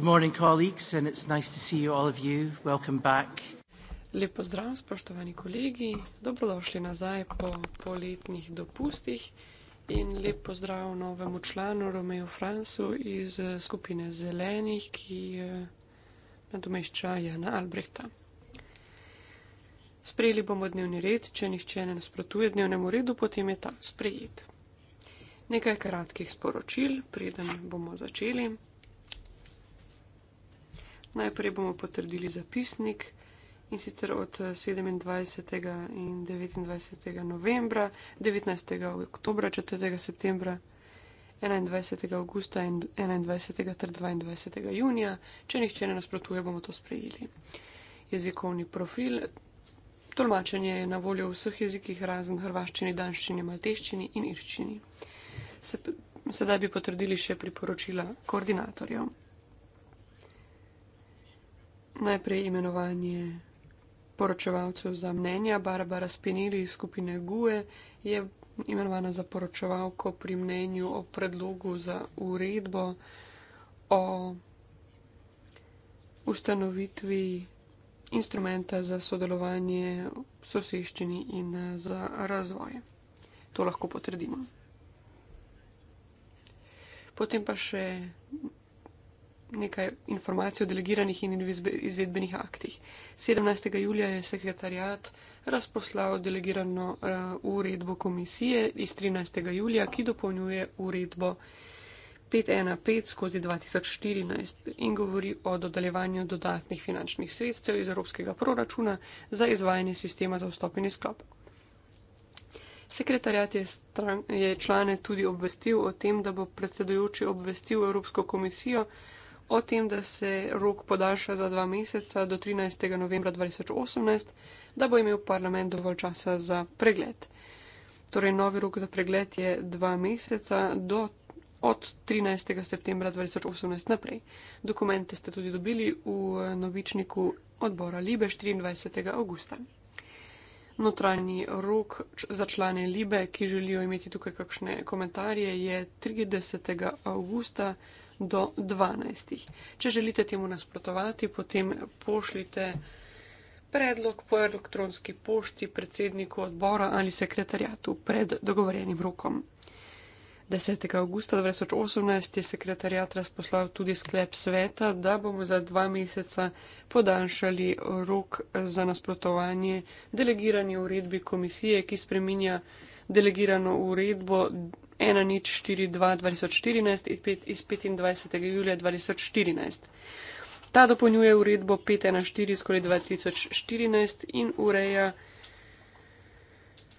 Good morning, colleagues, and it's nice to see all of you. Welcome back. Lep pozdrav, spoštovani kolegi, dobrodošli nazaj po poletnih dopustih in lep pozdrav novemu članu Romeo Francu iz eh, skupine Zelenih, ki eh, nadomešča Jana Albrehta. Sprejeli bomo dnevni red, če nihče ne nasprotuje dnevnemu redu, potem je ta sprejet. Nekaj kratkih sporočil, preden bomo začeli. Najprej bomo potrdili zapisnik in sicer od 27. Eh, in 29. novembra, 19. oktobra, 4. septembra, 21. augusta in 21. ter 22. junija. Če nihče ne nasprotuje, bomo to sprejeli. Jezikovni profil. Tolmačenje je na voljo v vseh jezikih, razen hrvaščini, danščini, malteščini in irščini. Sedaj bi potrdili še priporočila koordinatorjev. Najprej imenovanje poročevalcev za mnenja. Barbara Spinelli iz skupine GUE je imenovana za poročevalko pri mnenju o predlogu za uredbo o ustanovitvi instrumenta za sodelovanje v soseščini in eh, za razvoj. To lahko potrdimo. Potem pa še nekaj informacij o delegiranih in izvedbenih aktih. 17. julija je sekretarjat razposlal delegirano uh, uredbo komisije iz 13. julija, ki dopolnjuje uredbo 515 skozi 2014 in govori o dodeljevanju dodatnih finančnih sredstev iz evropskega proračuna za izvajanje sistema za vstopeni sklop. Sekretarjat je, stran, je člane tudi obvestil o tem, da bo predsedujoči obvestil Evropsko komisijo o tem, da se rok podaljša za dva meseca do 13. novembra 2018, da bo imel parlament dovolj časa za pregled. Torej, novi rok za pregled je dva meseca do, od 13. septembra 2018 naprej. Dokumente ste tudi dobili v novičniku odbora Libe 24. augusta. Notranji rok za člane Libe, ki želijo imeti tukaj kakšne komentarje, je 30. augusta do 12. Če želite temu nasprotovati, potem pošljite predlog po elektronski pošti predsedniku odbora ali sekretarjatu pred dogovorjenim rokom. 10. augusta 2018 je sekretarjat razposlal tudi sklep sveta, da bomo za dva meseca podaljšali rok za nasprotovanje delegiranju uredbi komisije, ki spreminja delegirano uredbo 104-2014 iz 25. julija 2014. Ta dopolnjuje uredbo 514 skoraj 2014 in ureja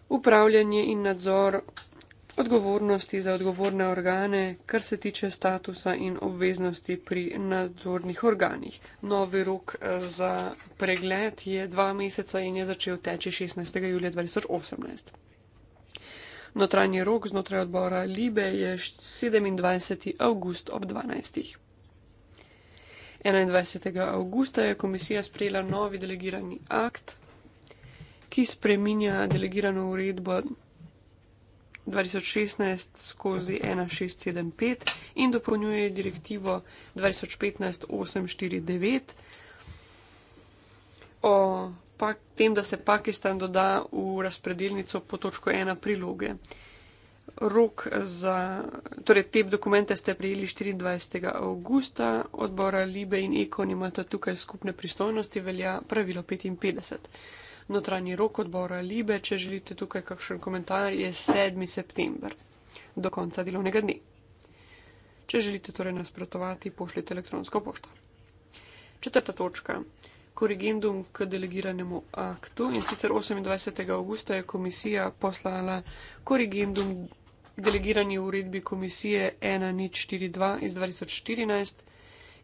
upravljanje in nadzor odgovornosti za odgovorne organe, kar se tiče statusa in obveznosti pri nadzornih organih. Novi rok eh, za pregled je dva meseca in je začel teči 16. julija 2018. Notranji rok znotraj odbora Libe je 27. avgust ob 12. 21. avgusta je komisija sprejela novi delegirani akt, ki spreminja delegirano uredbo 2016 skozi 1675 in dopolnjuje direktivo 2015 849 o tem, da se Pakistan doda v razpredelnico po točko ena priloge. Rok za, torej te dokumente ste prijeli 24. augusta, odbora Libe in Ekon imata tukaj skupne pristojnosti, velja pravilo 55. Notranji rok odbora Libe, če želite tukaj kakšen komentar, je 7. september, do konca delovnega dne. Če želite torej nasprotovati, pošljite elektronsko pošto. Četrta točka korigendum k delegiranemu aktu in sicer 28. augusta je komisija poslala korigendum delegirani uredbi komisije 1042 iz 2014,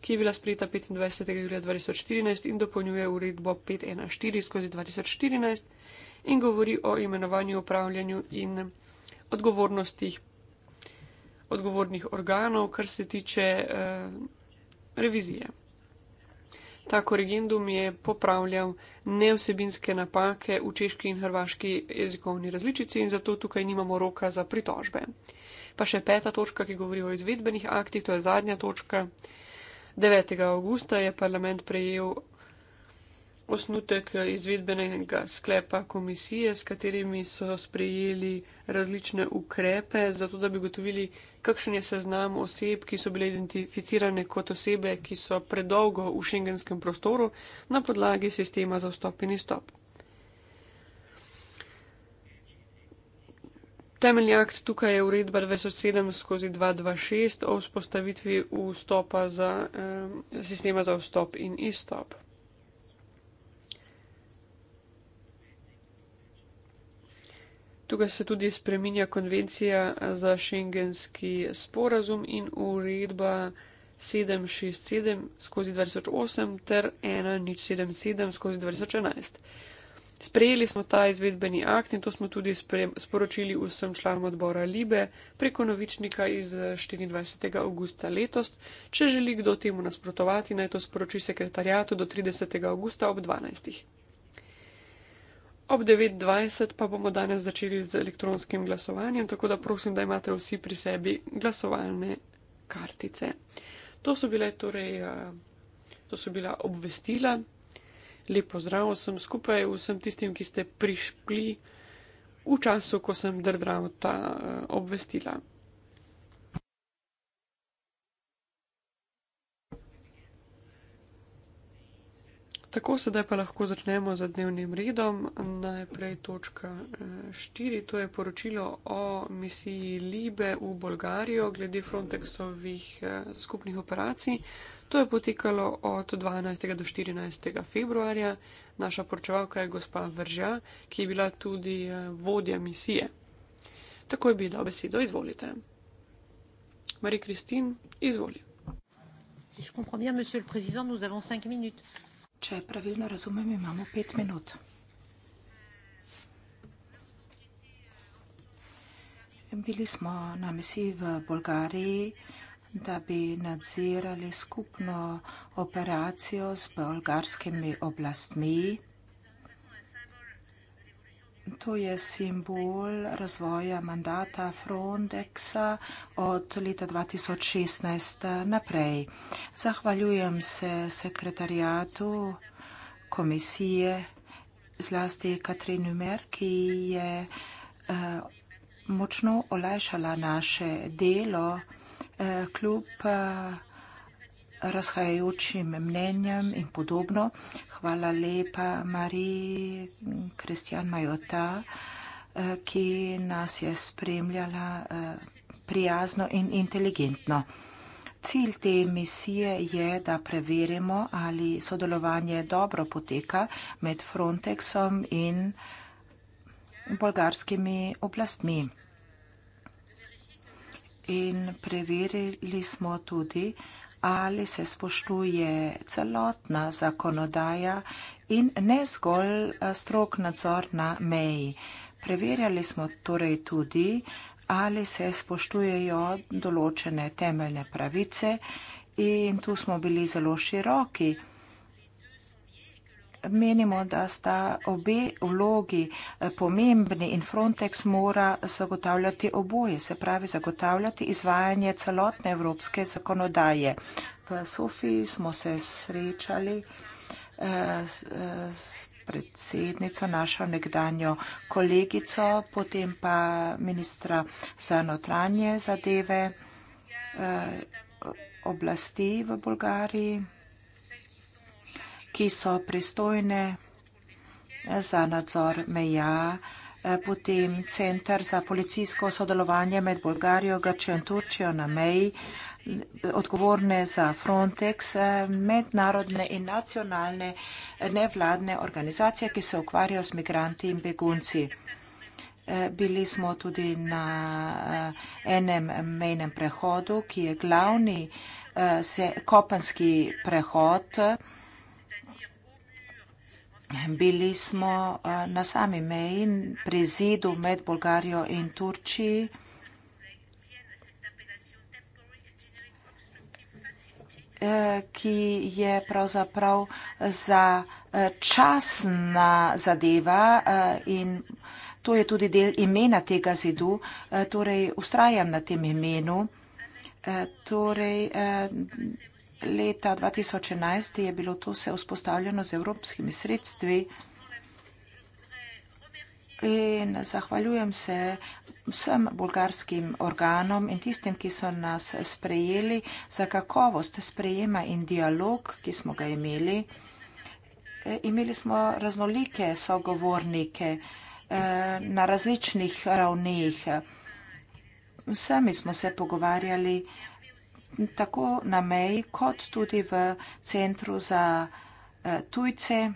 ki je bila sprejeta 25. julija 2014 in dopolnjuje uredbo 514 skozi 2014 in govori o imenovanju, upravljanju in odgovornostih odgovornih organov, kar se tiče eh, revizije ta korigendum je popravljal nevsebinske napake v češki in hrvaški jezikovni različici in zato tukaj nimamo roka za pritožbe. Pa še peta točka, ki govori o izvedbenih aktih, to je zadnja točka. 9. augusta je parlament prejel osnutek izvedbenega sklepa komisije, s katerimi so sprejeli različne ukrepe, zato da bi gotovili, kakšen je seznam oseb, ki so bile identificirane kot osebe, ki so predolgo v šengenskem prostoru na podlagi sistema za vstop in izstop. Temeljni akt tukaj je uredba 27/226 o vzpostavitvi vstopa za, eh, sistema za vstop in izstop. Tukaj se tudi spreminja konvencija za šengenski sporazum in uredba 767 skozi 2008 ter 1077 skozi 2011. Sprejeli smo ta izvedbeni akt in to smo tudi sporočili vsem članom odbora Libe preko novičnika iz 24. augusta letos. Če želi kdo temu nasprotovati, naj to sporoči sekretarjatu do 30. augusta ob 12. Ob 9.20 pa bomo danes začeli z elektronskim glasovanjem, tako da prosim, da imate vsi pri sebi glasovalne kartice. To so, bile, torej, eh, to so bila obvestila. Lepo zdrav vsem skupaj, vsem tistim, ki ste prišli v času, ko sem drdral ta eh, obvestila. Tako, sedaj pa lahko začnemo z dnevnim redom. Najprej točka 4, eh, to je poročilo o misiji Libe v Bolgarijo glede Frontexovih eh, skupnih operacij. To je potekalo od 12. do 14. februarja. Naša poročevalka je gospa Vržja, ki je bila tudi eh, vodja misije. Takoj bi dal besedo, izvolite. Marie-Christine, izvolite. Če razumem, gospod predsednik, imamo 5 minut. Če pravilno razumem, imamo pet minut. Bili smo na misiji v Bolgariji, da bi nadzirali skupno operacijo z bolgarskimi oblastmi. To je simbol razvoja mandata Frondexa od leta 2016 naprej. Zahvaljujem se sekretarijatu komisije zlasti Katrinu Mer, ki je uh, močno olajšala naše delo uh, kljub uh, razhajajočim mnenjem in podobno. Hvala lepa Mariji Kristjan Majota, eh, ki nas je spremljala eh, prijazno in inteligentno. Cilj te misije je, da preverimo, ali sodelovanje dobro poteka med Frontexom in bolgarskimi oblastmi. In preverili smo tudi, ali se spoštuje celotna zakonodaja in ne zgolj eh, strok nadzor na meji. Preverjali smo torej tudi, ali se spoštujejo določene temeljne pravice in tu smo bili zelo široki. Menimo, da sta obe vlogi eh, pomembni in Frontex mora zagotavljati oboje, se pravi zagotavljati izvajanje celotne evropske zakonodaje. V Sofiji smo se srečali eh, eh, s predsednico, našo nekdanjo kolegico, potem pa ministra za notranje zadeve eh, oblasti v Bolgariji ki so pristojne za nadzor meja, eh, potem Centr za policijsko sodelovanje med Bolgarijo, Grčijo in Turčijo na meji, odgovorne za Frontex, eh, mednarodne in nacionalne nevladne organizacije, ki se ukvarjajo z migranti in begunci. Eh, bili smo tudi na enem mejnem prehodu, ki je glavni kopenski prehod, ki je glavni prehod, Bili smo eh, na sami meji pri zidu med Bolgarijo in Turčiji. Eh, ki je pravzaprav za eh, časna zadeva in to je tudi del imena tega zidu, torej ustrajam na tem imenu. Torej, leta 2011 je bilo to vse vzpostavljeno z evropskimi sredstvi in zahvaljujem se vsem bolgarskim organom in tistim, ki so nas sprejeli za kakovost sprejema in dialog, ki smo ga imeli. E, imeli smo raznolike sogovornike e, na različnih ravneh. Vsemi smo se pogovarjali in tako na meji, kot tudi v centru za eh, tujce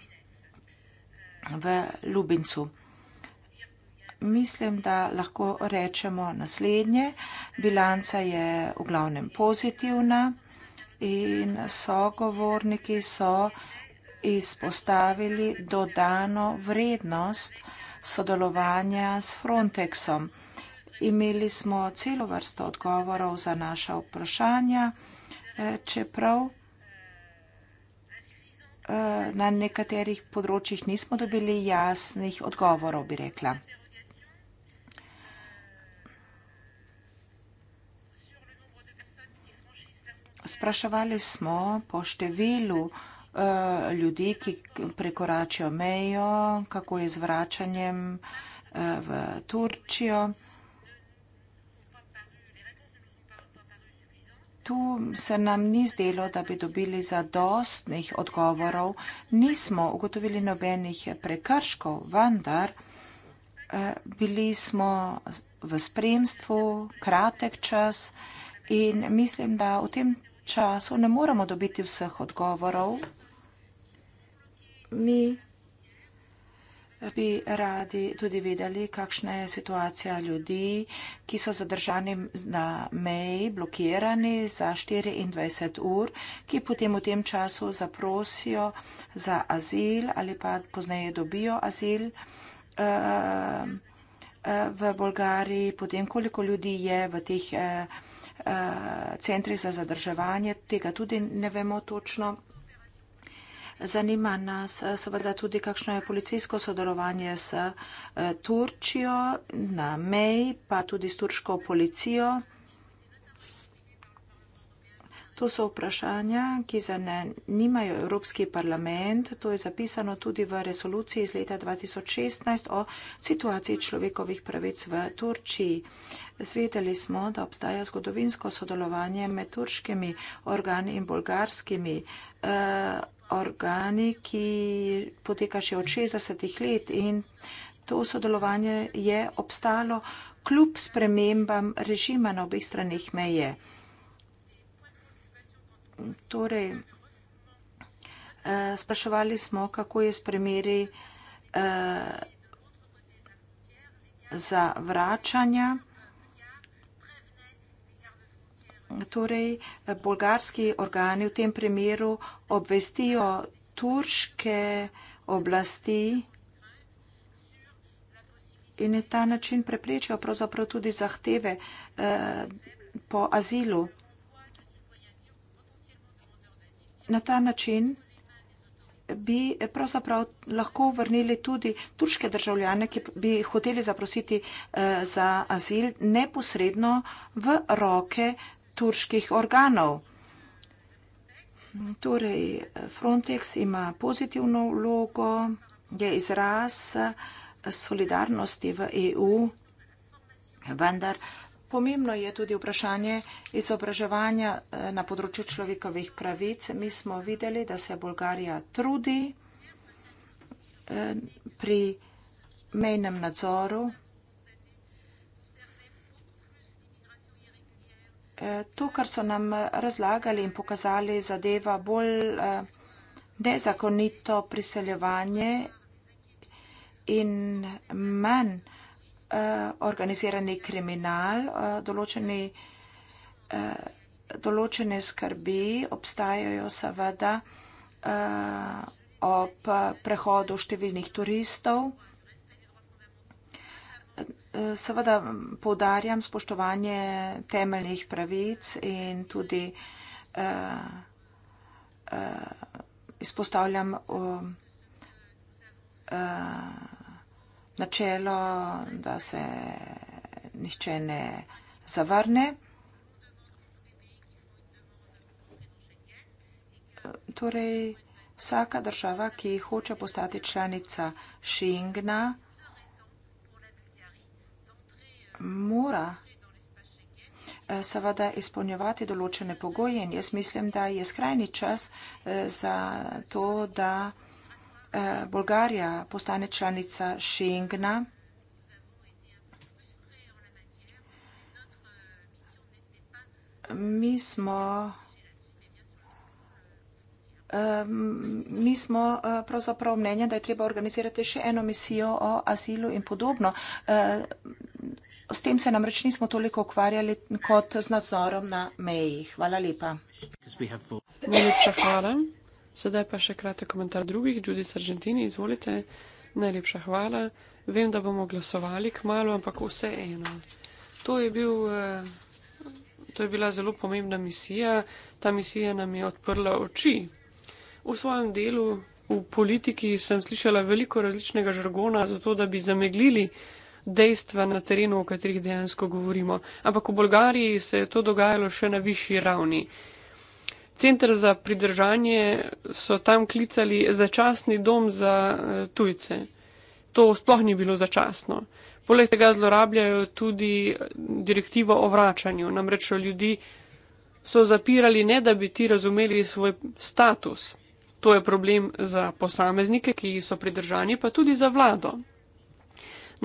v Ljubincu. Mislim, da lahko rečemo naslednje. Bilanca je v glavnem pozitivna in sogovorniki so izpostavili dodano vrednost sodelovanja s Frontexom. Imeli smo celo vrsto odgovorov za naša vprašanja, eh, čeprav eh, na nekaterih področjih nismo dobili jasnih odgovorov, bi rekla. Spraševali smo po številu eh, ljudi, ki prekoračijo mejo, kako je z vračanjem v Turčijo. tu se nam ni zdelo, da bi dobili zadostnih odgovorov, nismo ugotovili nobenih prekrškov, vendar eh, bili smo v spremstvu kratek čas in mislim, da v tem času ne moremo dobiti vseh odgovorov. Mi bi radi tudi videli, kakšna je situacija ljudi, ki so zadržani na meji, blokirani za 24 ur, ki potem v tem času zaprosijo za azil ali pa pozneje dobijo azil eh, v Bolgariji, potem koliko ljudi je v teh eh, eh, centrih za zadrževanje, tega tudi ne vemo točno. Zanima nas eh, seveda tudi, kakšno je policijsko sodelovanje s eh, Turčijo na meji, pa tudi s turško policijo. To so vprašanja, ki zanimajo Evropski parlament. To je zapisano tudi v resoluciji iz leta 2016 o situaciji človekovih pravic v Turčiji. Zvedeli smo, da obstaja zgodovinsko sodelovanje med turškimi organi in bolgarskimi organi. Uh, eh, organi, ki poteka še od 60 let in to sodelovanje je obstalo kljub spremembam režima na obeh stranih meje. Torej, eh, spraševali smo, kako je s primeri eh, za vračanja torej bolgarski organi v tem primeru obvestijo turške oblasti in na ta način preprečijo pravzaprav tudi zahteve eh, po azilu. Na ta način bi pravzaprav lahko vrnili tudi turške državljane, ki bi hoteli zaprositi eh, za azil neposredno v roke turških organov. Torej, Frontex ima pozitivno vlogo, je izraz solidarnosti v EU, vendar pomembno je tudi vprašanje izobraževanja eh, na področju človekovih pravic. Mi smo videli, da se Bolgarija trudi eh, pri mejnem nadzoru. Eh, to, kar so nam eh, razlagali in pokazali, zadeva bolj eh, nezakonito priseljevanje in manj organizirani kriminal, določeni, določene skrbi obstajajo seveda ob prehodu številnih turistov seveda poudarjam spoštovanje temeljnih pravic in tudi uh, uh, izpostavljam uh, uh, načelo, da se nihče ne zavrne. Torej, vsaka država, ki hoče postati članica Šingna, mora eh, seveda izpolnjevati določene pogoje in jaz mislim, da je skrajni čas eh, za to, da eh, Bolgarija postane članica Schengna. Mi smo mi smo pravzaprav mnenja, da je treba organizirati še eno misijo o azilu in podobno s tem se namreč nismo toliko ukvarjali kot z nadzorom na meji. Hvala lepa. Najlepša hvala. Sedaj pa še kratek komentar drugih. Judy Sargentini, izvolite. Najlepša hvala. Vem, da bomo glasovali k malu, ampak vse eno. To je, bil, eh, to je bila zelo pomembna misija. Ta misija nam je odprla oči. V svojem delu v politiki sem slišala veliko različnega žargona, zato da bi zameglili dejstva na terenu, o katerih dejansko govorimo. Ampak v Bolgariji se je to dogajalo še na višji ravni. Centr za pridržanje so tam klicali začasni dom za eh, tujce. To sploh ni bilo začasno. Poleg tega zlorabljajo tudi direktivo o vračanju. Namreč ljudi so zapirali, ne da bi ti razumeli svoj status. To je problem za posameznike, ki so pridržani, pa tudi za vlado.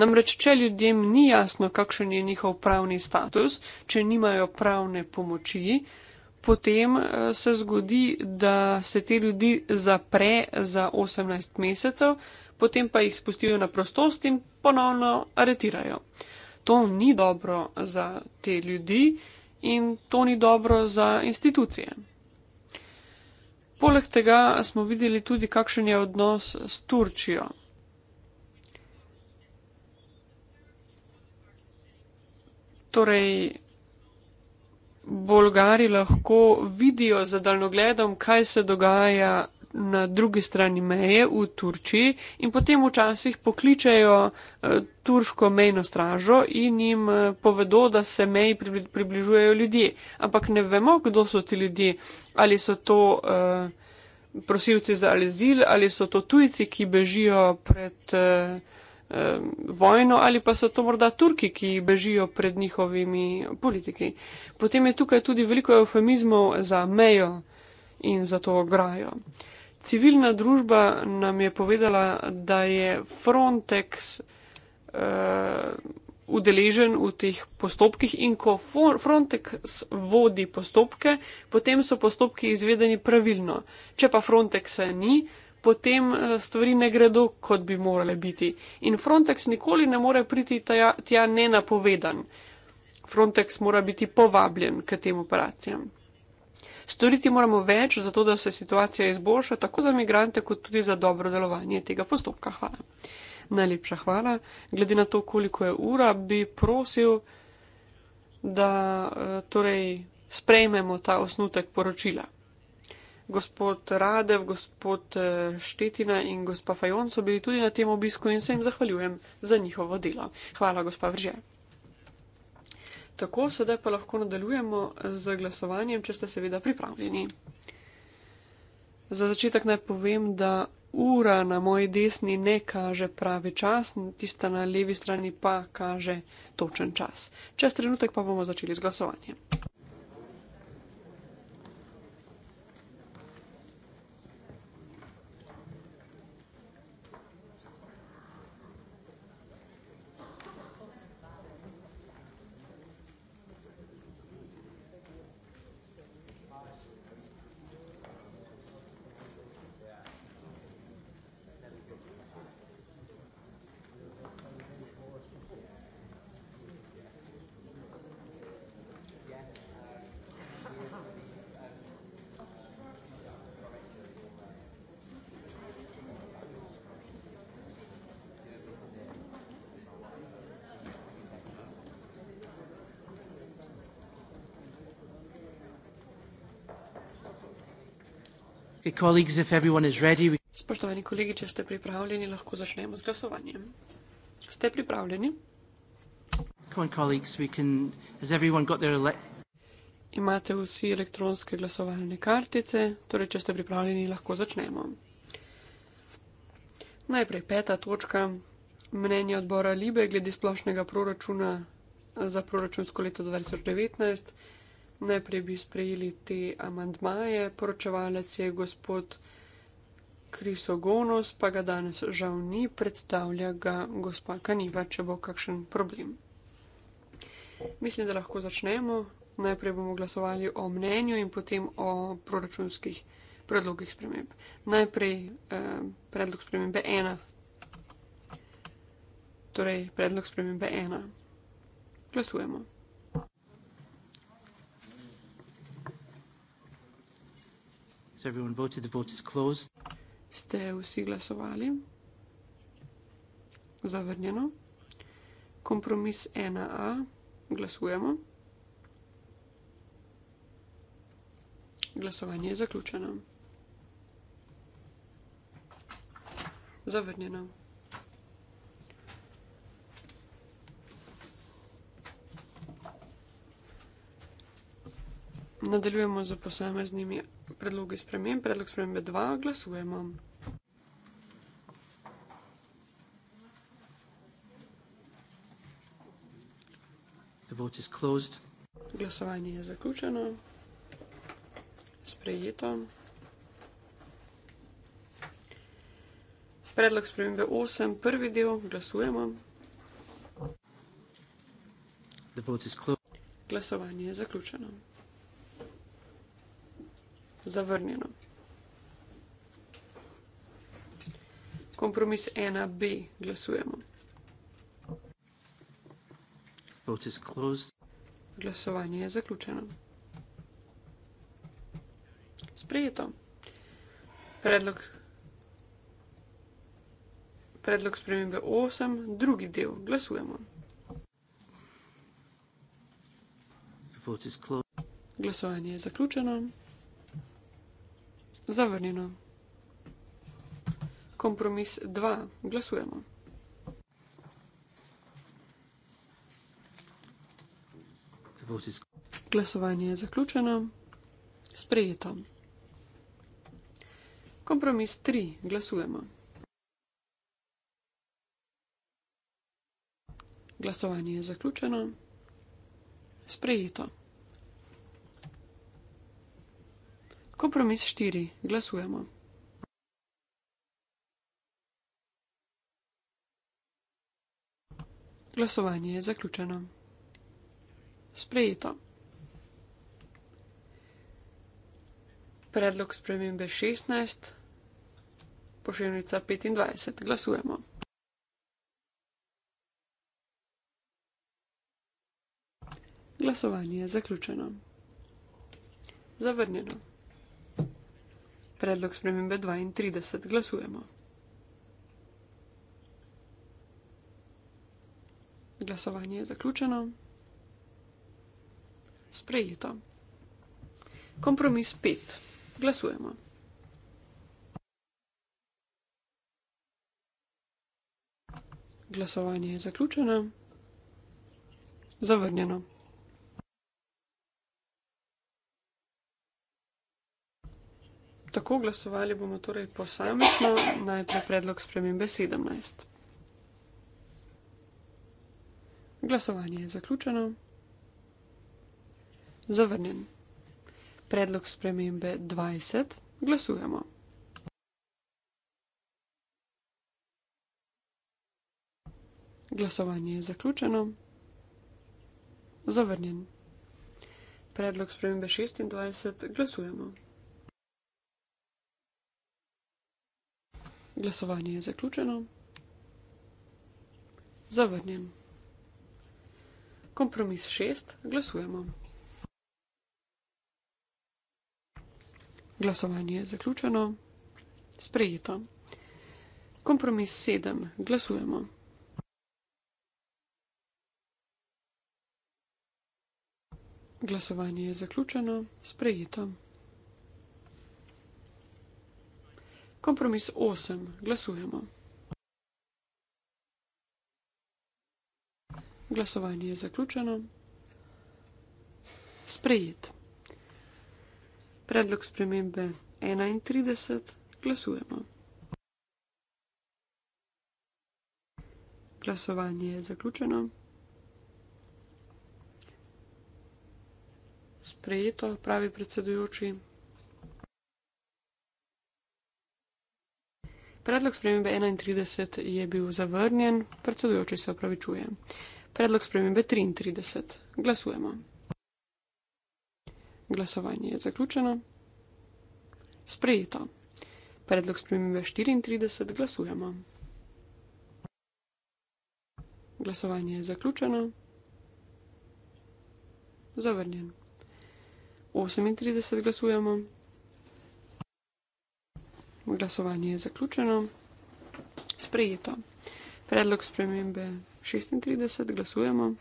Namreč, če ljudem ni jasno, kakšen je njihov pravni status, če nimajo pravne pomoči, potem eh, se zgodi, da se te ljudi zapre za 18 mesecev, potem pa jih spustijo na prostost in ponovno aretirajo. To ni dobro za te ljudi in to ni dobro za institucije. Poleg tega smo videli tudi, kakšen je odnos s Turčijo. torej Bolgari lahko vidijo za daljnogledom, kaj se dogaja na drugi strani meje v Turčiji in potem včasih pokličejo eh, turško mejno stražo in jim eh, povedo, da se meji približujejo ljudje. Ampak ne vemo, kdo so ti ljudje, ali so to uh, prosilci za alizil, ali so to tujci, ki bežijo pred. Uh, Eh, vojno ali pa so to morda Turki, ki bežijo pred njihovimi politiki. Potem je tukaj tudi veliko eufemizmov za mejo in za to ograjo. Civilna družba nam je povedala, da je Frontex uh, udeležen v teh postopkih in ko Frontex vodi postopke, potem so postopki izvedeni pravilno. Če pa Frontexa ni, potem eh, stvari ne gredo, kot bi morale biti. In Frontex nikoli ne more priti tja, tja nenapovedan. Frontex mora biti povabljen k tem operacijam. Storiti moramo več, zato da se situacija izboljša, tako za imigrante, kot tudi za dobro delovanje tega postopka. Hvala. Najlepša hvala. Glede na to, koliko je ura, bi prosil, da eh, torej, sprejmemo ta osnutek poročila gospod Radev, gospod eh, Štetina in gospa Fajon so bili tudi na tem obisku in se jim zahvaljujem za njihovo delo. Hvala, gospa Vrže. Tako, sedaj pa lahko nadaljujemo z glasovanjem, če ste seveda pripravljeni. Za začetek naj povem, da ura na moji desni ne kaže pravi čas, tista na levi strani pa kaže točen čas. Čez trenutek pa bomo začeli z glasovanjem. Spoštovani kolegi, če ste pripravljeni, lahko začnemo z glasovanjem. Ste pripravljeni? On, can, Imate vsi elektronske glasovalne kartice, torej če ste pripravljeni, lahko začnemo. Najprej peta točka. Mnenje odbora Libe glede splošnega proračuna za proračunsko leto 2019. Najprej bi sprejeli te amantmaje, poročevalec je gospod Krisogonos, pa ga danes žal ni, predstavlja ga gospa Kaniva, če bo kakšen problem. Mislim, da lahko začnemo. Najprej bomo glasovali o mnenju in potem o proračunskih predlogih sprememb. Najprej eh, predlog spremembe ena. Torej, predlog spremembe ena. Glasujemo. Ste vsi glasovali? Zavrnjeno. Kompromis 1a. Glasujemo. Glasovanje je zaključeno. Zavrnjeno. Nadaljujemo z posameznimi predlogi spremem, predlog spremembe 2, glasujemo. Glasovanje je zaključeno, sprejeto. Predlog spremembe 8, prvi del, glasujemo. Glasovanje je zaključeno zavrnjeno. Kompromis 1b glasujemo. Glasovanje je zaključeno. Sprejeto. Predlog, predlog spremembe 8, drugi del. Glasujemo. Glasovanje je zaključeno. Zavrnjeno. Kompromis 2. Glasujemo. Glasovanje je zaključeno. Sprejeto. Kompromis 3. Glasujemo. Glasovanje je zaključeno. Sprejeto. Kompromis štiri. Glasujemo. Glasovanje je zaključeno. Sprejeto. Predlog spremembe 16, pošiljnica 25. Glasujemo. Glasovanje je zaključeno. Zavrnjeno. Predlog spremembe 32 glasujemo. Glasovanje je zaključeno. Sprejeto. Kompromis 5. Glasujemo. Glasovanje je zaključeno. Zavrnjeno. Tako glasovali bomo torej posamično, najprej predlog spremembe 17. Glasovanje je zaključeno. Zavrnjen. Predlog spremembe 20. Glasujemo. Glasovanje je zaključeno. Zavrnjen. Predlog spremembe 26. Glasujemo. Glasovanje je zaključeno. Zavrnjen. Kompromis šest. Glasujemo. Glasovanje je zaključeno. Sprejeto. Kompromis sedem. Glasujemo. Glasovanje je zaključeno. Sprejeto. Kompromis 8. Glasujemo. Glasovanje je zaključeno. Sprejet. Predlog spremembe 31. Glasujemo. Glasovanje je zaključeno. Sprejeto, pravi predsedujoči. Predlog spremembe 31 je bil zavrnjen, predsedujoči se opravičuje. Predlog spremembe 33. Glasujemo. Glasovanje je zaključeno. Sprejeto. Predlog spremembe 34. Glasujemo. Glasovanje je zaključeno. Zavrnjen. 38. Glasujemo glasovanje je zaključeno, sprejeto. Predlog spremembe 36, glasujemo.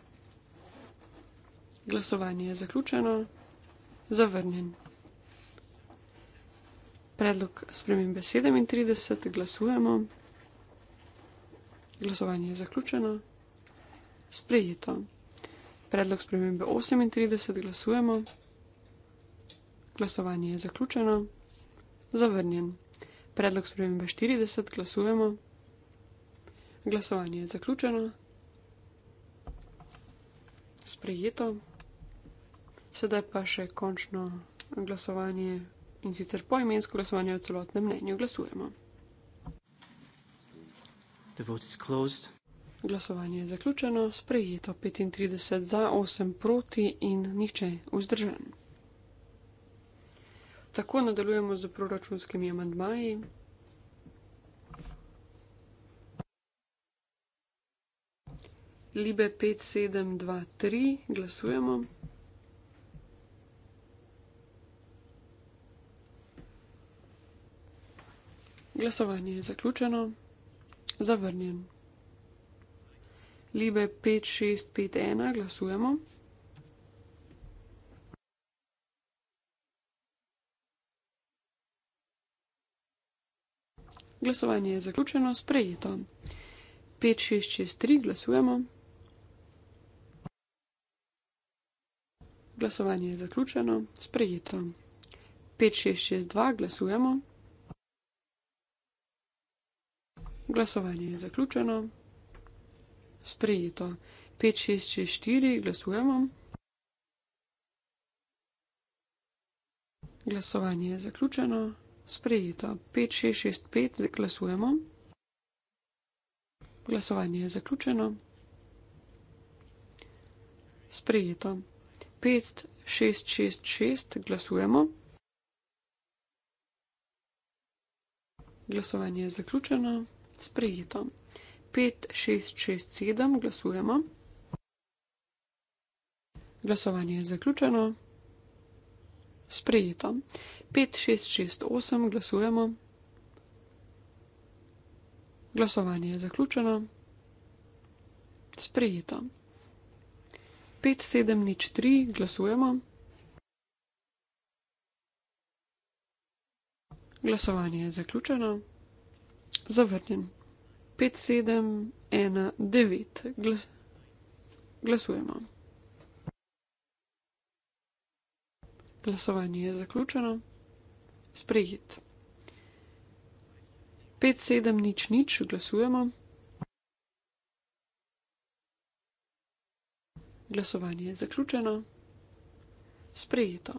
Glasovanje je zaključeno, zavrnjen. Predlog spremembe 37, glasujemo. Glasovanje je zaključeno, sprejeto. Predlog spremembe 38, glasujemo. Glasovanje je zaključeno, zavrnjen predlog spremembe 40, glasujemo. Glasovanje je zaključeno. Sprejeto. Sedaj pa še končno glasovanje in sicer poimensko glasovanje o celotnem mnenju. Glasujemo. Glasovanje je zaključeno, sprejeto 35 za, 8 proti in nihče vzdržan. Tako nadaljujemo z proračunskimi amantmaji. Libe 5, 7, 2, 3, glasujemo. Glasovanje je zaključeno. Zavrnjen. Libe 5, 6, 5, 1, glasujemo. Glasujemo. Glasovanje je zaključeno, sprejeto. 5, 6, 6, 3 glasujemo. Glasovanje je zaključeno, sprejeto. 5, 6, 6, 2 glasujemo. Glasovanje je zaključeno, sprejeto. 5, 6, 6, 4 glasujemo. Glasovanje je zaključeno, Sprejeto. 5, 6, 6, 5, zdaj glasujemo. Glasovanje je zaključeno. Sprejeto. 5, 6, 6, 6, glasujemo. Glasovanje je zaključeno. Sprejeto. 5, 6, 6, 7, glasujemo. Glasovanje je zaključeno. Sprejeto. 5, 6, 6, 8, glasujemo. Glasovanje je zaključeno. Sprejeto. 5, 7, 0, 3, glasujemo. Glasovanje je zaključeno. Zavrnjen. 5, 7, 1, 9, Glas glasujemo. Glasovanje je zaključeno sprejet. 5700, glasujemo. Glasovanje je zaključeno. Sprejeto.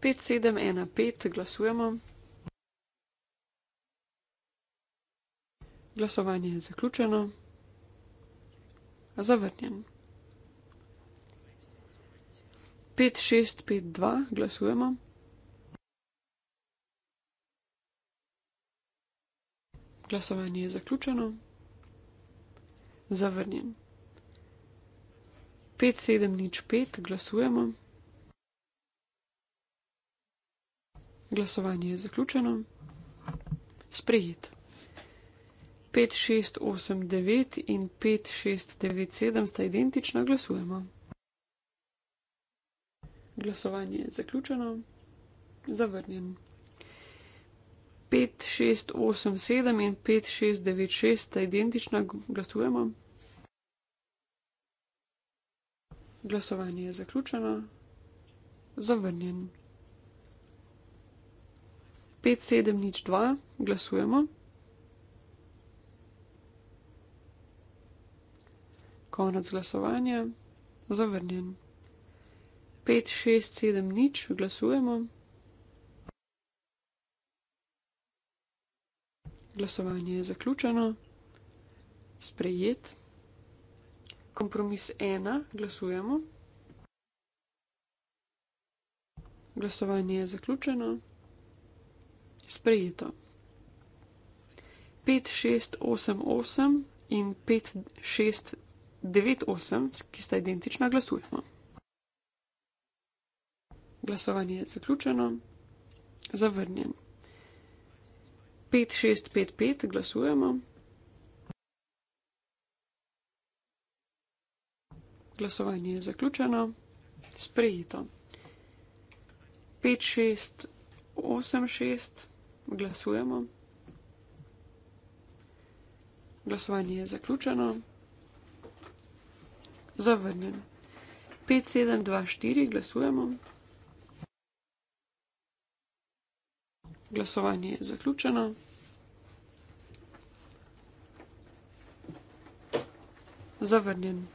5715, glasujemo. Glasovanje je zaključeno. Zavrnjen. 5652, glasujemo. Glasovanje je zaključeno. Zavrnjen. 5705 glasujemo. Glasovanje je zaključeno. Sprejet. 5689 in 5697 sta identična, glasujemo. Glasovanje je zaključeno. Zavrnjen. 5, 6, 8, 7 in 5, 6, 9, 6 sta identična, glasujemo. Glasovanje je zaključeno, zavrnjen. 5, 7, nič 2, glasujemo. Konec glasovanja, zavrnjen. 5, 6, 7, nič, glasujemo. Glasovanje je zaključeno, sprejet. Kompromis ena, glasujemo. Glasovanje je zaključeno, sprejeto. 5, 6, 8, 8 in 5, 6, 9, 8, ki sta identična, glasujemo. Glasovanje je zaključeno, zavrnjen. 5655 glasujemo. Glasovanje je zaključeno, sprejeto. 5686 glasujemo. Glasovanje je zaključeno, zavrnjen. 5724 glasujemo. Glasovanje je zaključeno. Zavrnjen.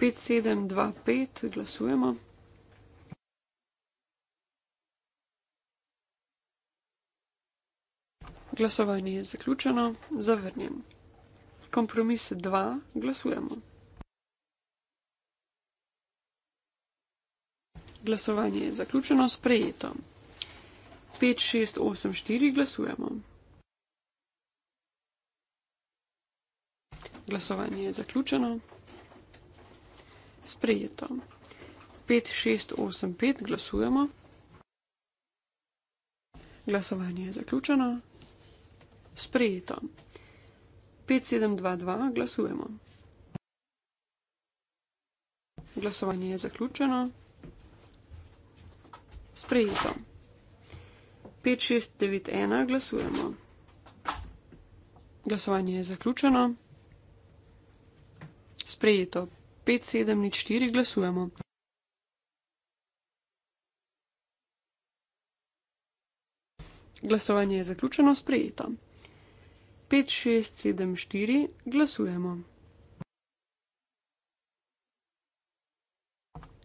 5725, glasujemo. Glasovanje je zaključeno, zavrnjen. Kompromis 2, glasujemo. Glasovanje je zaključeno, sprejeto. 5, 6, 8, 4 glasujemo. Glasovanje je zaključeno. Sprejeto. 5, 6, 8, 5 glasujemo. Glasovanje je zaključeno. Sprejeto. 5, 7, 2, 2 glasujemo. Glasovanje je zaključeno. Sprejeto. 5691 glasujemo. Glasovanje je zaključeno. Sprejeto. 5704 glasujemo. Glasovanje je zaključeno. Sprejeto. 5674 glasujemo.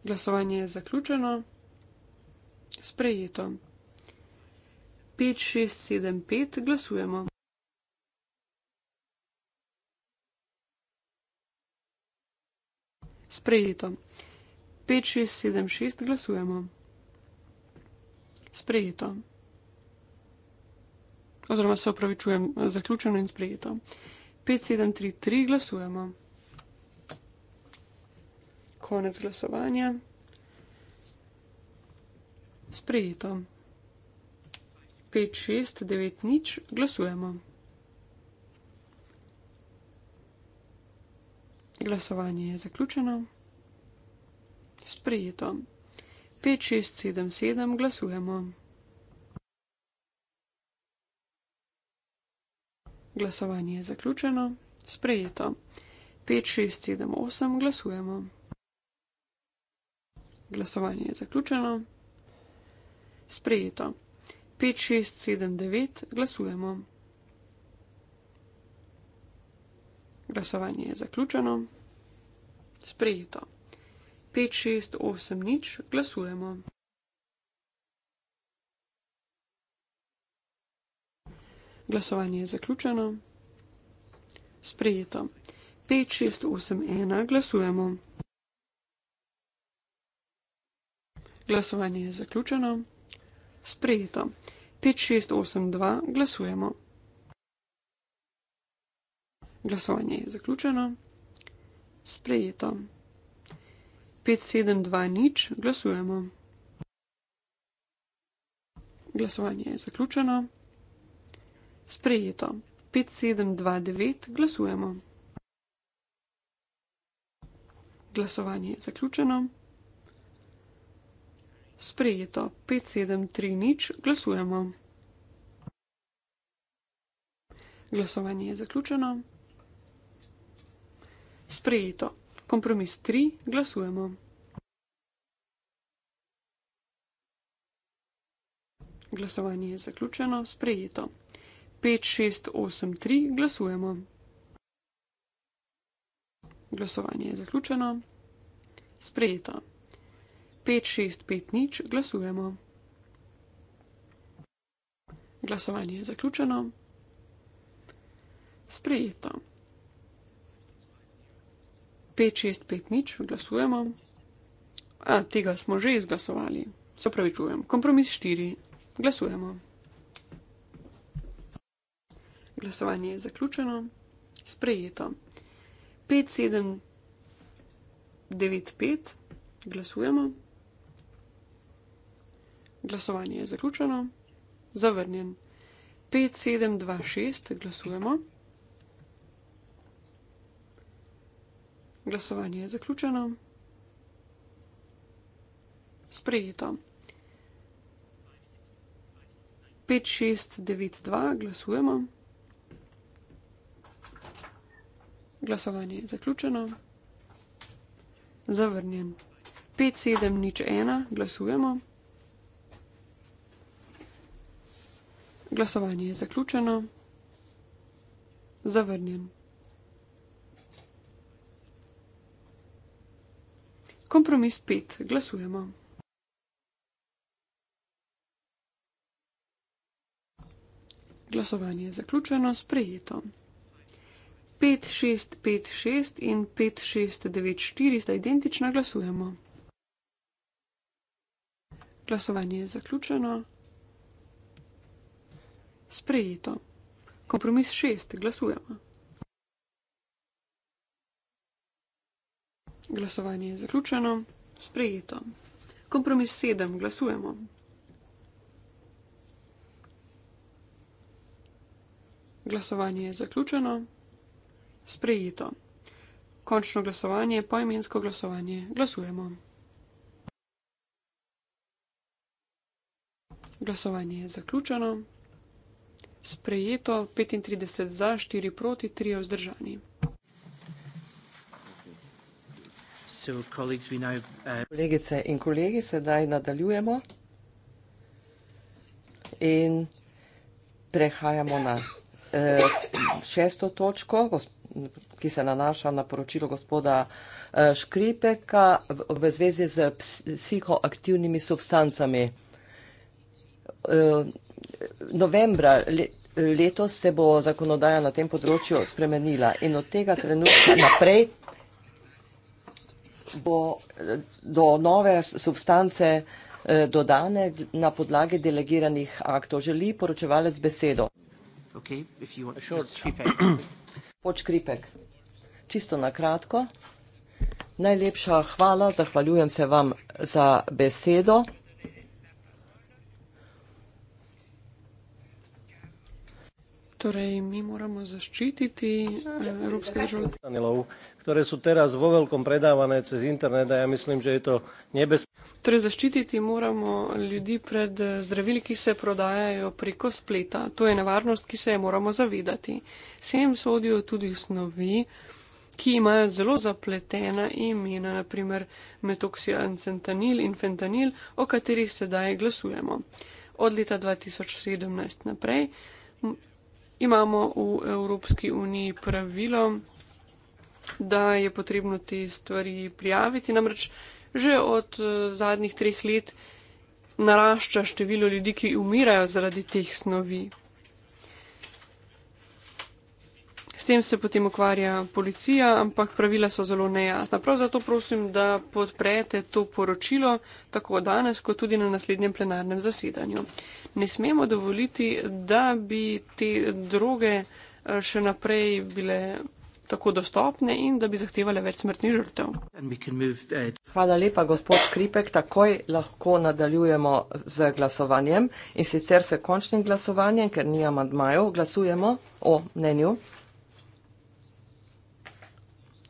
Glasovanje je zaključeno. Sprejeto pet, šest, sedem, pet, glasujemo. Sprejeto. Pet, šest, sedem, šest, glasujemo. Sprejeto. Oziroma se opravičujem, zaključeno in sprejeto. 5733 glasujemo. Konec glasovanja. Sprejeto pet, šest, devet, nič, glasujemo. Glasovanje je zaključeno. Sprejeto. 5, 6, 7, 7 glasujemo. Glasovanje je zaključeno. Sprejeto. 5, 6, 7, 8 glasujemo. Glasovanje je zaključeno. Sprejeto. 5, 6, 7, 9 glasujemo. Glasovanje je zaključeno. Sprejeto. 5, 6, 8, nič glasujemo. Glasovanje je zaključeno. Sprejeto. 5, 6, 8, 1 glasujemo. Glasovanje je zaključeno. Sprejeto. 5682 glasujemo. Glasovanje je zaključeno. Sprejeto. 572 nič glasujemo. Glasovanje je zaključeno. Sprejeto. 5729 glasujemo. Glasovanje je zaključeno. Sprejeto. 5730. Glasujemo. Glasovanje je zaključeno. Sprejeto. Kompromis 3. Glasujemo. Glasovanje je zaključeno. Sprejeto. 5683. Glasujemo. Glasovanje je zaključeno. Sprejeto. 5650, glasujemo. Glasovanje je zaključeno. Sprejeto. 5650, glasujemo. A, tega smo že izglasovali. Se pravi, čujem. Kompromis 4. Glasujemo. Glasovanje je zaključeno. Sprejeto. 5795, glasujemo glasovanje je zaključeno, zavrnjen. 5, 7, 2, 6, glasujemo. Glasovanje je zaključeno, sprejeto. 5, 6, 9, 2, glasujemo. Glasovanje je zaključeno, zavrnjen. 5, 7, 0, 1, glasujemo. Glasovanje je zaključeno. Zavrnjen. Kompromis 5. Glasujemo. Glasovanje je zaključeno. Sprejeto. 5, 6, 5, 6 in 5, 6, 9, 4 sta identična. Glasujemo. Glasovanje je zaključeno. Sprejeto. Kompromis šest. Glasujemo. Glasovanje je zaključeno. Sprejeto. Kompromis sedem. Glasujemo. Glasovanje je zaključeno. Sprejeto. Končno glasovanje, poimensko glasovanje. Glasujemo. Glasovanje je zaključeno sprejeto 35 za, 4 proti, 3 vzdržani. Uh, Kolegice in kolegi, sedaj nadaljujemo in prehajamo na eh, šesto točko, ki se nanaša na poročilo gospoda eh, Škripeka v zvezi z psihoaktivnimi substancami. Eh, novembra le, letos se bo zakonodaja na tem področju spremenila in od tega trenutka naprej bo eh, do nove substance eh, dodane na podlagi delegiranih aktov. Želi poročevalec besedo. Okay, Poč Kripek, čisto na kratko. Najlepša hvala, zahvaljujem se vam za besedo. ktoré my moramo zaštítiť, európske eh, državy. ktoré sú teraz vo veľkom predávané cez internet a ja myslím, že je to nebezpečné. Ktoré zaštítiť moramo ľudí pred eh, zdravili, ki sa prodajajú pri kosplita. To je nevárnosť, ki sa je moramo zavídať. Sem sodijo tudi snovi, ki imajo zelo zapletena imena, naprimer metoksiancentanil in fentanil, o katerih sedaj glasujemo. Od leta 2017 naprej imamo v Evropski uniji pravilo, da je potrebno te stvari prijaviti. Namreč že od eh, zadnjih treh let narašča število ljudi, ki umirajo zaradi teh snovi. S tem se potem ukvarja policija, ampak pravila so zelo nejasna. Prav zato prosim, da podprete to poročilo tako danes, kot tudi na naslednjem plenarnem zasedanju. Ne smemo dovoliti, da bi te droge eh, še naprej bile tako dostopne in da bi zahtevale več smrtnih žrtev. Hvala lepa, gospod Kripek. Takoj lahko nadaljujemo z glasovanjem in sicer se končnim glasovanjem, ker ni amadmajev, glasujemo o mnenju.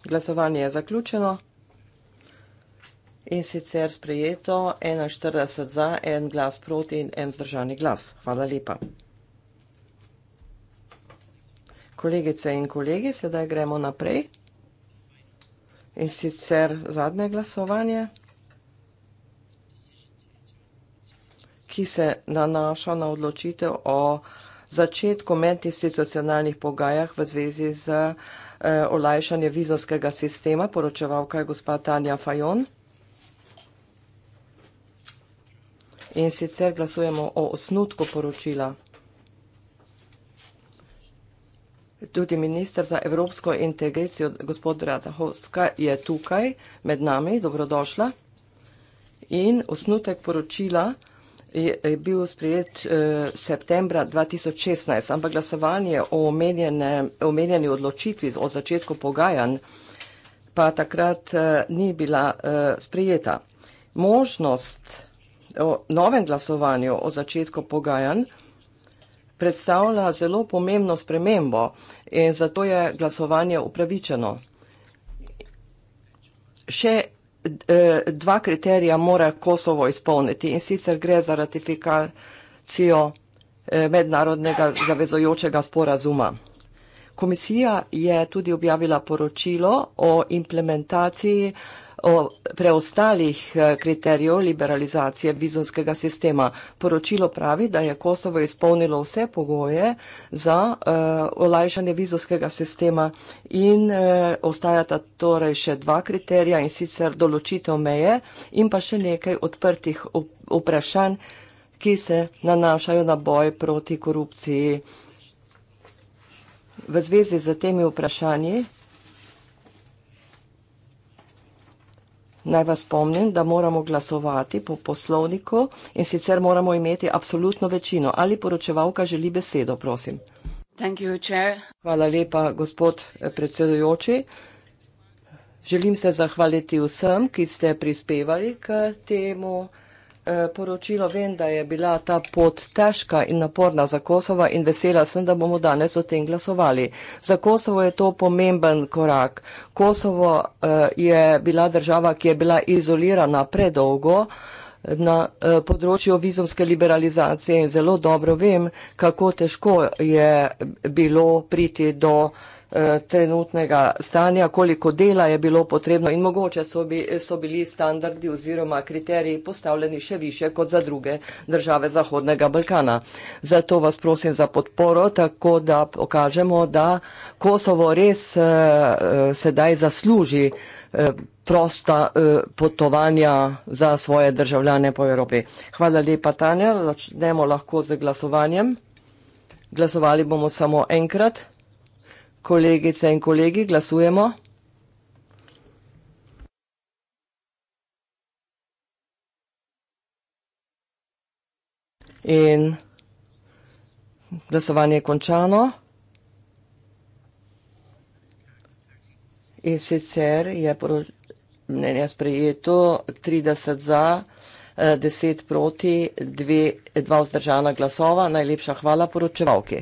Glasovanje je zaključeno in sicer sprejeto 41 za, en glas proti in en zdržani glas. Hvala lepa. Kolegice in kolegi, sedaj gremo naprej. In sicer zadnje glasovanje, ki se nanaša na odločitev o začetku medinstitucionalnih pogajah v zvezi z uh, eh, olajšanje vizovskega sistema. Poročevalka je gospa Tanja Fajon. In sicer glasujemo o osnutku poročila. Tudi minister za evropsko integracijo, gospod Rada Hostka, je tukaj med nami. Dobrodošla. In osnutek poročila je bil sprejet eh, septembra 2016, ampak glasovanje o omenjeni odločitvi o začetku pogajanj pa takrat eh, ni bila eh, sprejeta. Možnost o novem glasovanju o začetku pogajanj predstavlja zelo pomembno spremembo in zato je glasovanje upravičeno. Še Eh, dva kriterija mora Kosovo izpolniti in sicer gre za ratifikacijo eh, mednarodnega zavezojočega sporazuma. Komisija je tudi objavila poročilo o implementaciji eh, o preostalih eh, kriterijev liberalizacije vizonskega sistema. Poročilo pravi, da je Kosovo izpolnilo vse pogoje za uh, olajšanje vizonskega sistema in uh, ostajata torej še dva kriterija in sicer določitev meje in pa še nekaj odprtih vprašanj, ki se nanašajo na boj proti korupciji. V zvezi z temi vprašanji Naj vas spomnim, da moramo glasovati po poslovniku in sicer moramo imeti absolutno večino. Ali poročevalka želi besedo, prosim? You, Hvala lepa, gospod eh, predsedujoči. Želim se zahvaliti vsem, ki ste prispevali k temu. Eh, poročilo. Vem, da je bila ta pot težka in naporna za Kosovo in vesela sem, da bomo danes o tem glasovali. Za Kosovo je to pomemben korak. Kosovo eh, je bila država, ki je bila izolirana predolgo na eh, področju vizumske liberalizacije in zelo dobro vem, kako težko je bilo priti do trenutnega stanja, koliko dela je bilo potrebno in mogoče so, bi, so bili standardi oziroma kriteriji postavljeni še više kot za druge države Zahodnega Balkana. Zato vas prosim za podporo, tako da pokažemo, da Kosovo res eh, eh sedaj zasluži eh, prosta eh, potovanja za svoje državljane po Evropi. Hvala lepa, Tanja. Začnemo lahko z glasovanjem. Glasovali bomo samo enkrat. Kolegice in kolegi, glasujemo. In glasovanje je končano. In sicer je mnenje sprejeto 30 za, 10 eh, proti, 2 vzdržana glasova. Najlepša hvala poročevalki.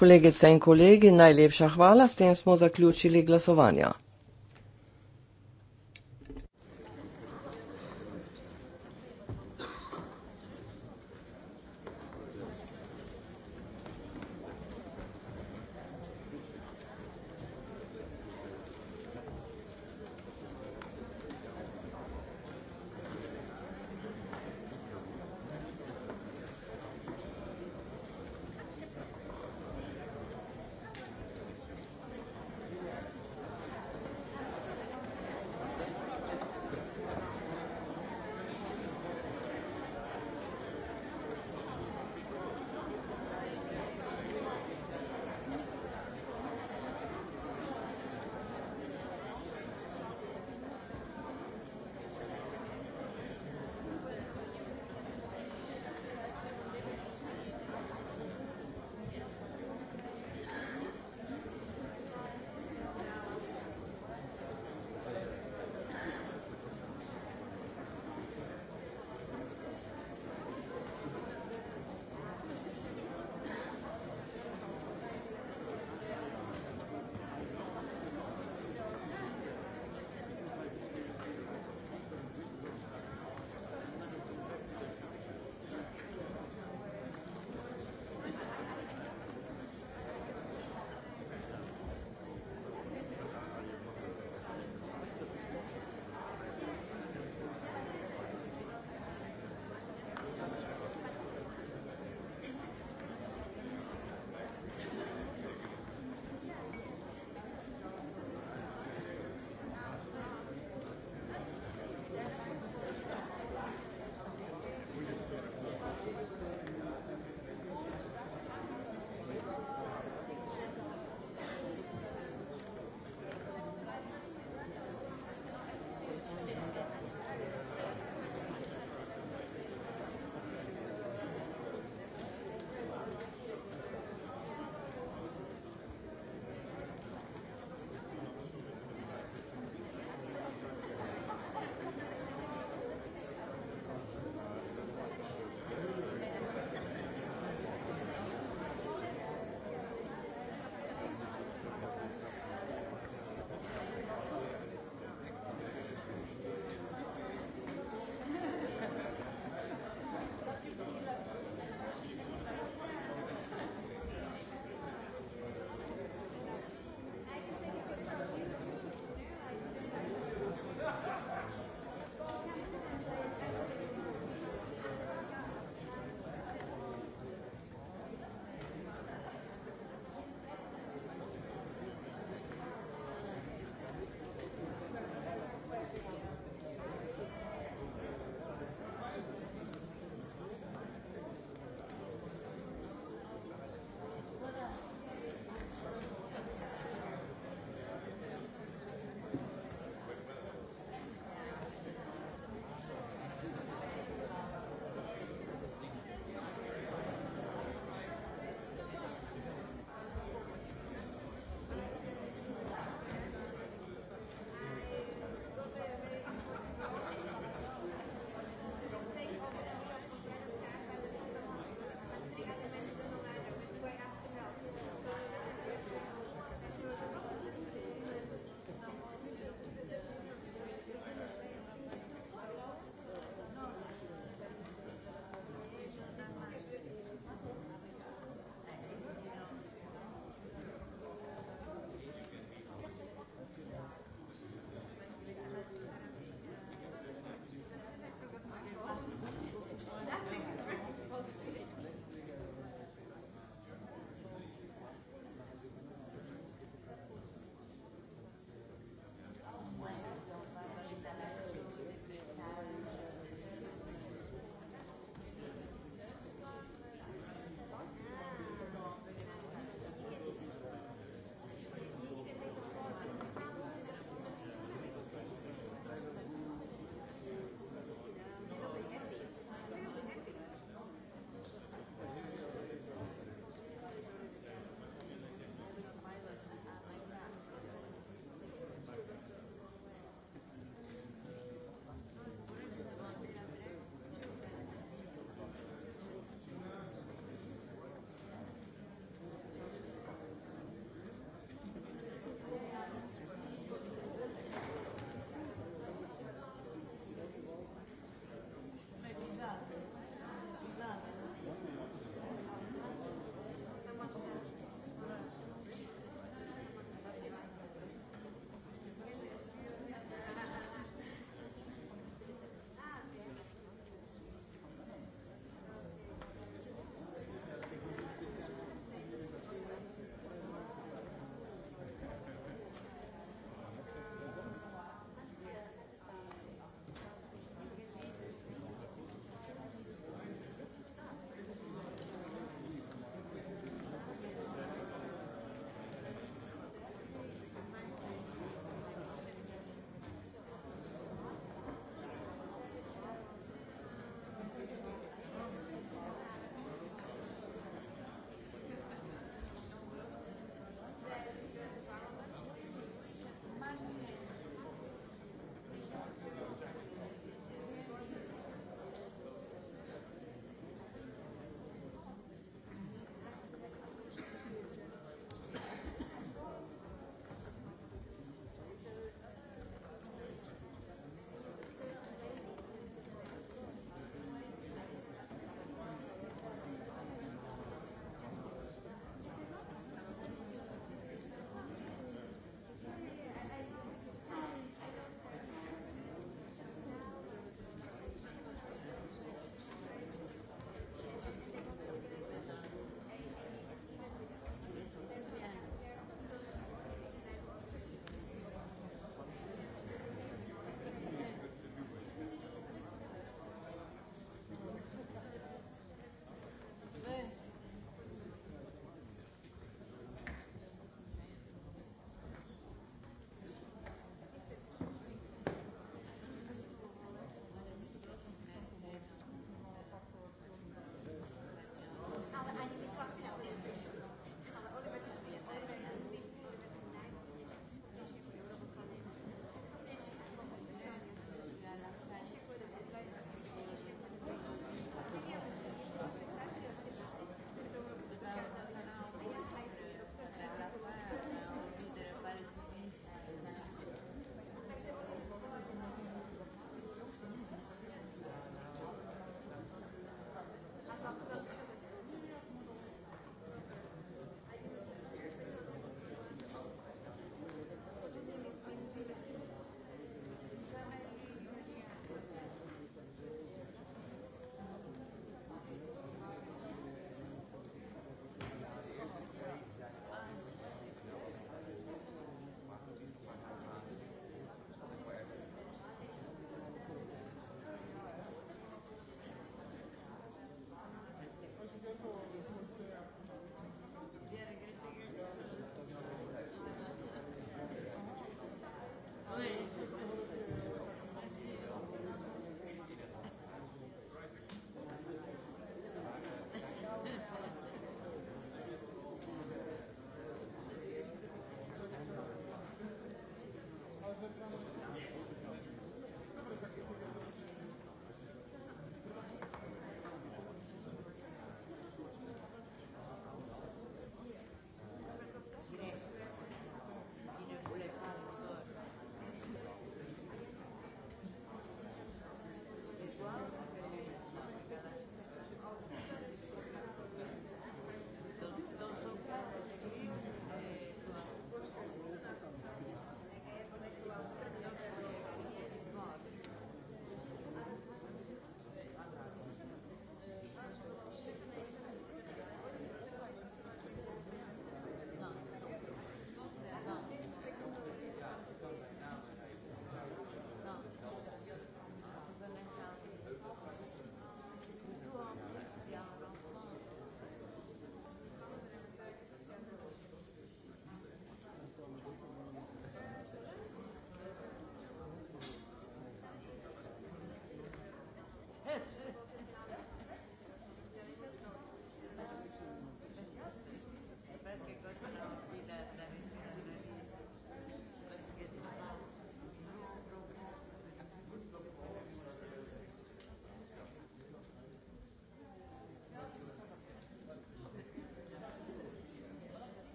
Kolegice in kolegi, najlepša hvala. S tem smo zaključili glasovanja.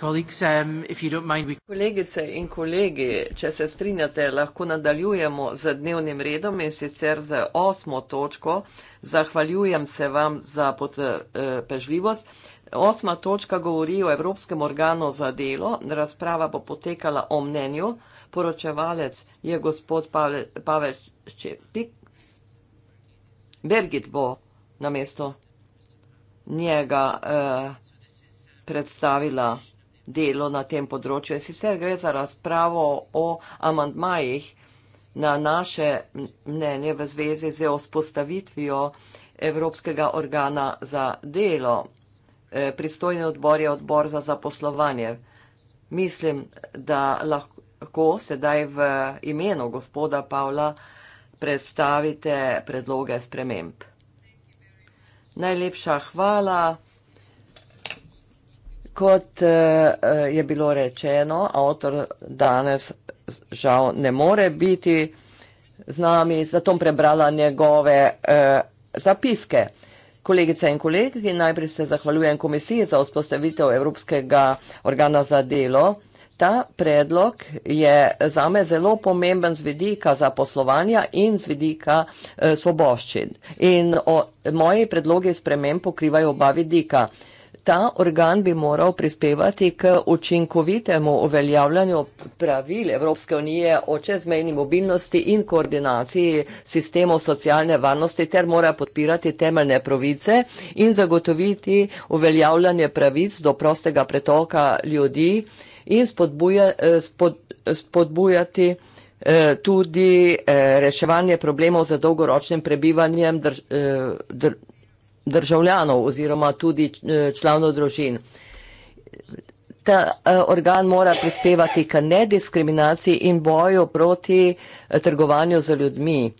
Um, Kolegice in kolegi, če se strinjate, lahko nadaljujemo z dnevnim redom in sicer z osmo točko. Zahvaljujem se vam za potrpežljivost. Eh, Osma točka govori o Evropskem organu za delo. Razprava bo potekala o mnenju. Poročevalec je gospod Pavel, Pavel Čepik. Bergit bo na mesto njega eh, predstavila delo na tem področju. In sicer gre za razpravo o amantmajih na naše mnenje v zvezi z vzpostavitvijo Evropskega organa za delo. E, pristojni odbor je odbor za zaposlovanje. Mislim, da lahko sedaj v imenu gospoda Pavla predstavite predloge sprememb. Najlepša hvala kot eh, eh, je bilo rečeno, avtor danes žal ne more biti z nami, zato prebrala njegove eh, zapiske. Kolegice in kolegi, najprej se zahvaljujem Komisiji za vzpostavitev Evropskega organa za delo. Ta predlog je za me zelo pomemben z vidika za poslovanja in z vidika svoboščin. In moji predlogi spremem pokrivajo oba vidika ta organ bi moral prispevati k učinkovitemu uveljavljanju pravil Evropske unije o čezmejni mobilnosti in koordinaciji sistemov socialne varnosti ter mora podpirati temeljne pravice in zagotoviti uveljavljanje pravic do prostega pretoka ljudi in spodbuja, eh, spod, spodbujati eh, tudi eh, reševanje problemov za dolgoročnim prebivanjem držav. Dr, državljanov oziroma tudi eh, članov družin. Ta eh, organ mora prispevati k nediskriminaciji in boju proti eh, trgovanju za ljudmi.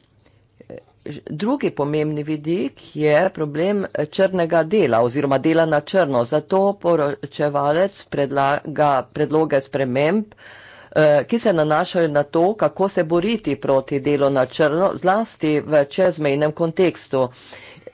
Drugi pomembni vidik je problem črnega dela oziroma dela na črno. Zato poročevalec predlaga predloge sprememb, ki se nanašajo na to, kako se boriti proti delu na črno, zlasti v čezmejnem kontekstu.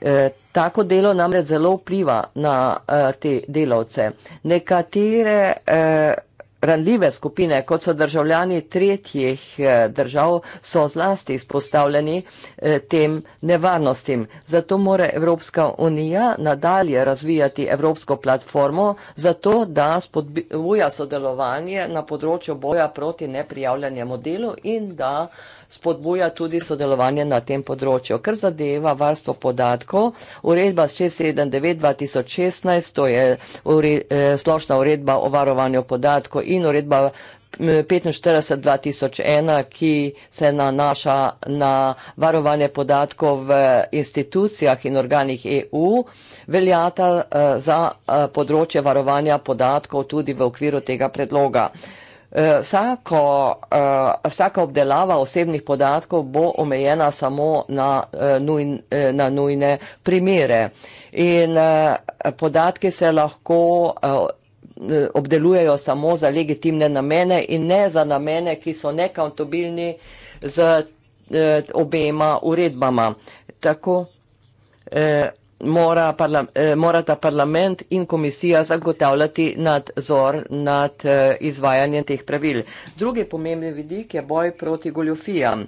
Eh, tako delo namreč zelo vpliva na eh, te delavce. Nekatere eh, Ranljive skupine, kot so državljani tretjih eh, držav, so zlasti izpostavljeni eh, tem nevarnostim. Zato mora Evropska unija nadalje razvijati Evropsko platformo, zato da spodbuja sodelovanje na področju boja proti neprijavljanjemu delu in da spodbuja tudi sodelovanje na tem področju. Kar zadeva varstvo podatkov, uredba 679-2016, to je ure, e, splošna uredba o varovanju podatkov in uredba 45-2001, ki se nanaša na varovanje podatkov v institucijah in organih EU, veljata eh, za eh, področje varovanja podatkov tudi v okviru tega predloga. Eh, vsako, vsaka obdelava osebnih podatkov bo omejena samo na, nujn, na nujne primere. In podatke se lahko Eh, obdelujejo samo za legitimne namene in ne za namene, ki so nekauntabilni z eh, obema uredbama. Tako eh, mora parla, eh, morata parlament in komisija zagotavljati nadzor nad eh, izvajanjem teh pravil. Drugi pomembni vidik je boj proti goljofijam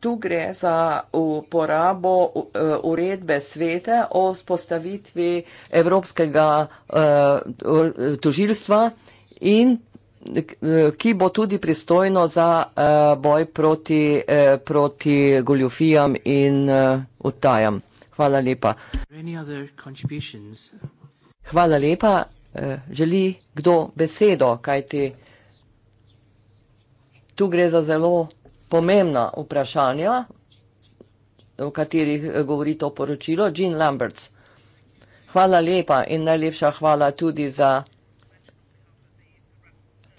tu gre za uporabo e, uredbe svete o spostavitvi Evropskega e, e, tožilstva in ki bo tudi pristojno za boj proti, proti goljofijam in utajam. Hvala lepa. Hvala lepa. Želi kdo besedo, kajti tu gre za zelo pomembna vprašanja, o katerih eh, govori to poročilo, Jean Lamberts. Hvala lepa in najlepša hvala tudi za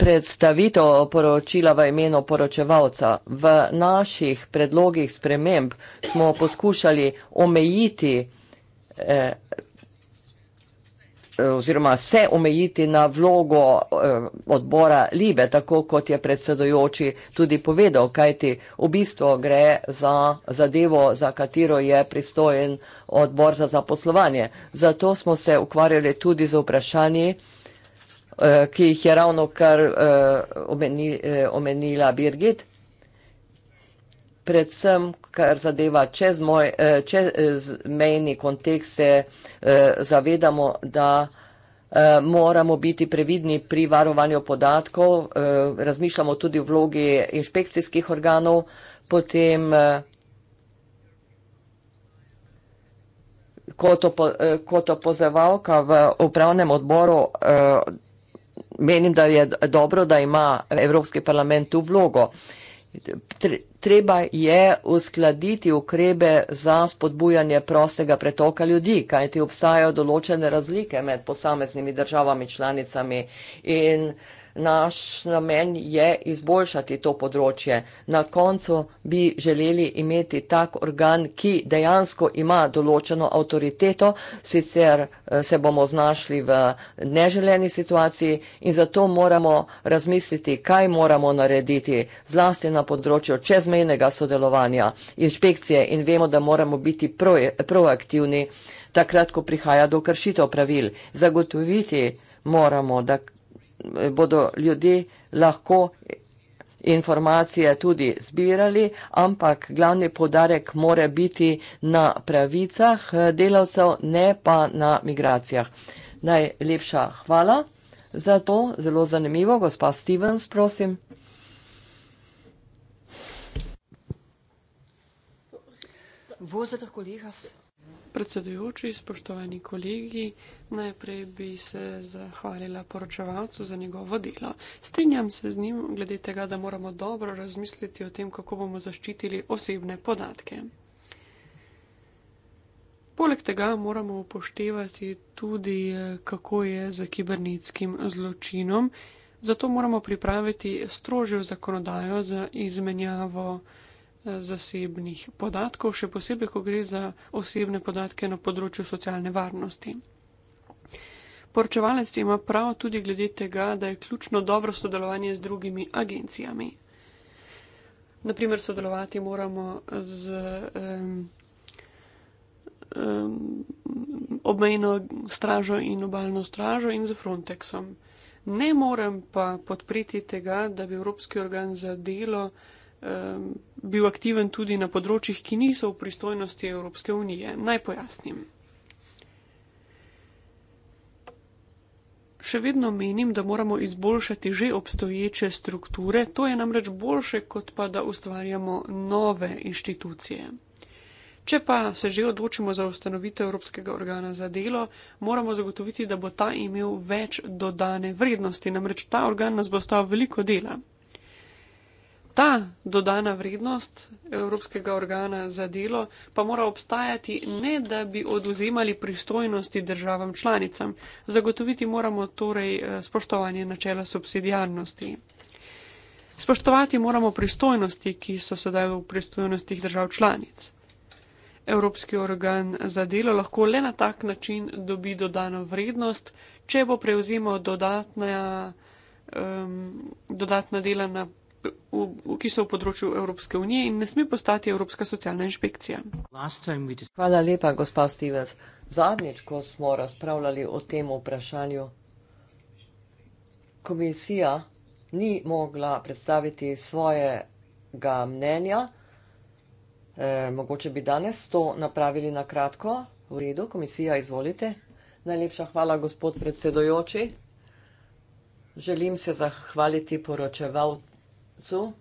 predstavitev poročila v imenu poročevalca. V naših predlogih sprememb smo poskušali omejiti eh, oziroma se omejiti na vlogo eh, odbora Libe, tako kot je predsedojoči tudi povedal, kajti v bistvu gre za zadevo, za katero je pristojen odbor za zaposlovanje. Zato smo se ukvarjali tudi z vprašanji, eh, ki jih je ravno kar eh, omenila Birgit predvsem, kar zadeva čez, moj, eh, čez eh, mejni kontekst, se eh, zavedamo, da moramo biti previdni pri varovanju podatkov, razmišljamo tudi v vlogi inšpekcijskih organov, potem kot, opo, kot opozevalka v upravnem odboru menim, da je dobro, da ima Evropski parlament tu vlogo. Treba je uskladiti ukrebe za spodbujanje prostega pretoka ljudi, kajti obstajajo določene razlike med posameznimi državami članicami in uh, naš namen je izboljšati to področje. Na koncu bi želeli imeti tak organ, ki dejansko ima določeno avtoriteto, sicer eh, se bomo znašli v neželeni situaciji in zato moramo razmisliti, kaj moramo narediti zlasti na področju čezmejnega sodelovanja inšpekcije in vemo, da moramo biti proaktivni takrat, ko prihaja do kršitev pravil. Zagotoviti moramo, da bodo ljudje lahko informacije tudi zbirali, ampak glavni podarek more biti na pravicah delavcev, ne pa na migracijah. Najlepša hvala za to, zelo zanimivo. Gospa Stevens, prosim. Wo ist der Kollege? Predsedujoči, spoštovani kolegi, najprej bi se zahvalila poročevalcu za njegovo delo. Strinjam se z njim glede tega, da moramo dobro razmisliti o tem, kako bomo zaščitili osebne podatke. Poleg tega moramo upoštevati tudi, kako je z kibernetskim zločinom, zato moramo pripraviti strožjo zakonodajo za izmenjavo podatkov zasebnih podatkov, še posebej, ko gre za osebne podatke na področju socialne varnosti. Poročevalec ima prav tudi glede tega, da je ključno dobro sodelovanje z drugimi agencijami. Naprimer, sodelovati moramo z um, um, obmejno stražo in obaljno stražo in z Frontexom. Ne morem pa podpreti tega, da bi Evropski organ za delo uh, bil aktiven tudi na področjih, ki niso v pristojnosti Evropske unije. Naj pojasnim. Še vedno menim, da moramo izboljšati že obstoječe strukture, to je namreč boljše, kot pa da ustvarjamo nove inštitucije. Če pa se že odločimo za ustanovitev Evropskega organa za delo, moramo zagotoviti, da bo ta imel več dodane vrednosti, namreč ta organ nas bo stal veliko dela ta dodana vrednost Evropskega organa za delo pa mora obstajati ne, da bi oduzemali pristojnosti državam članicam. Zagotoviti moramo torej eh, spoštovanje načela subsidijarnosti. Spoštovati moramo pristojnosti, ki so sedaj v pristojnostih držav članic. Evropski organ za delo lahko le na tak način dobi dodano vrednost, če bo prevzimo dodatna, um, dodatna dela na ki so v področju Evropske unije in ne sme postati Evropska socialna inšpekcija. Hvala lepa, gospa Stevens. Zadnjič, ko smo razpravljali o tem vprašanju, komisija ni mogla predstaviti svojega mnenja. E, mogoče bi danes to napravili na kratko. V redu, komisija, izvolite. Najlepša hvala, gospod predsedojoči. Želim se zahvaliti poročevalcu koncu.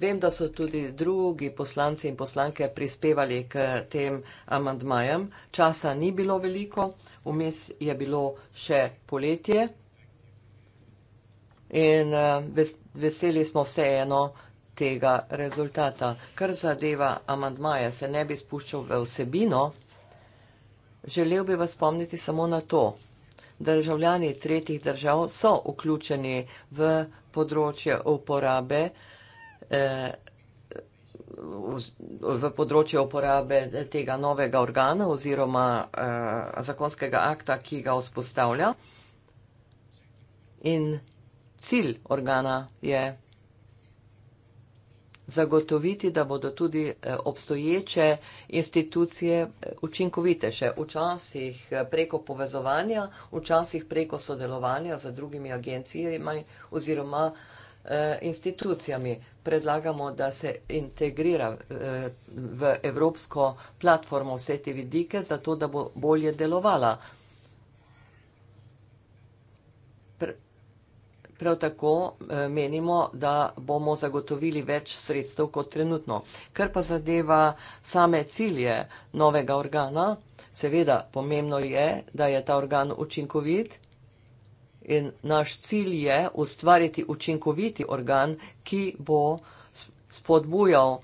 Vem, da so tudi drugi poslanci in poslanke prispevali k tem amandmajem. Časa ni bilo veliko, vmes je bilo še poletje. In eh, veseli smo vseeno tega rezultata. Kar zadeva amandmaje, se ne bi spuščal v vsebino. Želel bi vas spomniti samo na to državljani tretjih držav so vključeni v področje uporabe, eh, v področje uporabe tega novega organa oziroma eh, zakonskega akta, ki ga vzpostavlja. In cilj organa je zagotoviti, da bodo tudi eh, obstoječe institucije eh, učinkovitejše, včasih eh, preko povezovanja, včasih preko sodelovanja z drugimi agencijami oziroma institucijami. Predlagamo, da se integrira v evropsko platformo vse te vidike, zato da bo bolje delovala. Prav tako eh, menimo, da bomo zagotovili več sredstev kot trenutno. Ker pa zadeva same cilje novega organa, seveda pomembno je, da je ta organ učinkovit in naš cilj je ustvariti učinkoviti organ, ki bo spodbujal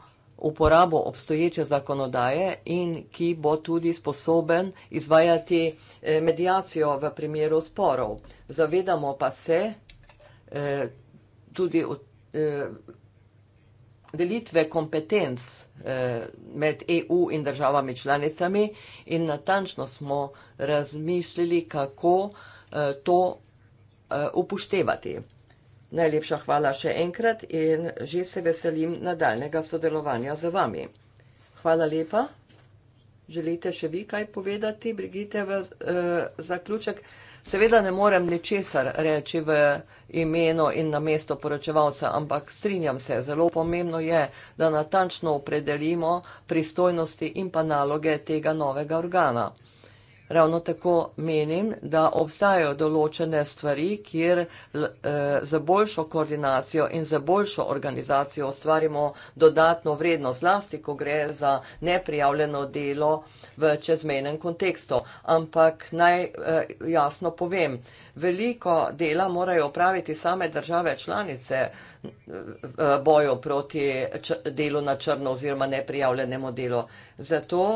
uporabo obstoječe zakonodaje in ki bo tudi sposoben izvajati eh, medijacijo v primeru sporov. Zavedamo pa se, da je to, Eh, tudi od, eh, delitve kompetenc eh, med EU in državami članicami in natančno smo razmislili, kako eh, to eh, upoštevati. Najlepša hvala še enkrat in že se veselim nadaljnega sodelovanja z vami. Hvala lepa. Želite še vi kaj povedati, Brigitte, v eh, zaključek? Seveda ne morem ničesar reči v imenu in na mesto poročevalca, ampak strinjam se, zelo pomembno je, da natančno opredelimo pristojnosti in pa naloge tega novega organa. Ravno tako menim, da obstajajo določene stvari, kjer eh, za boljšo koordinacijo in za boljšo organizacijo ustvarimo dodatno vrednost, zlasti, ko gre za neprijavljeno delo v čezmenem kontekstu. Ampak naj eh, jasno povem, veliko dela morajo opraviti same države članice eh, bojo proti delu na črno oziroma neprijavljenemu delu. Zato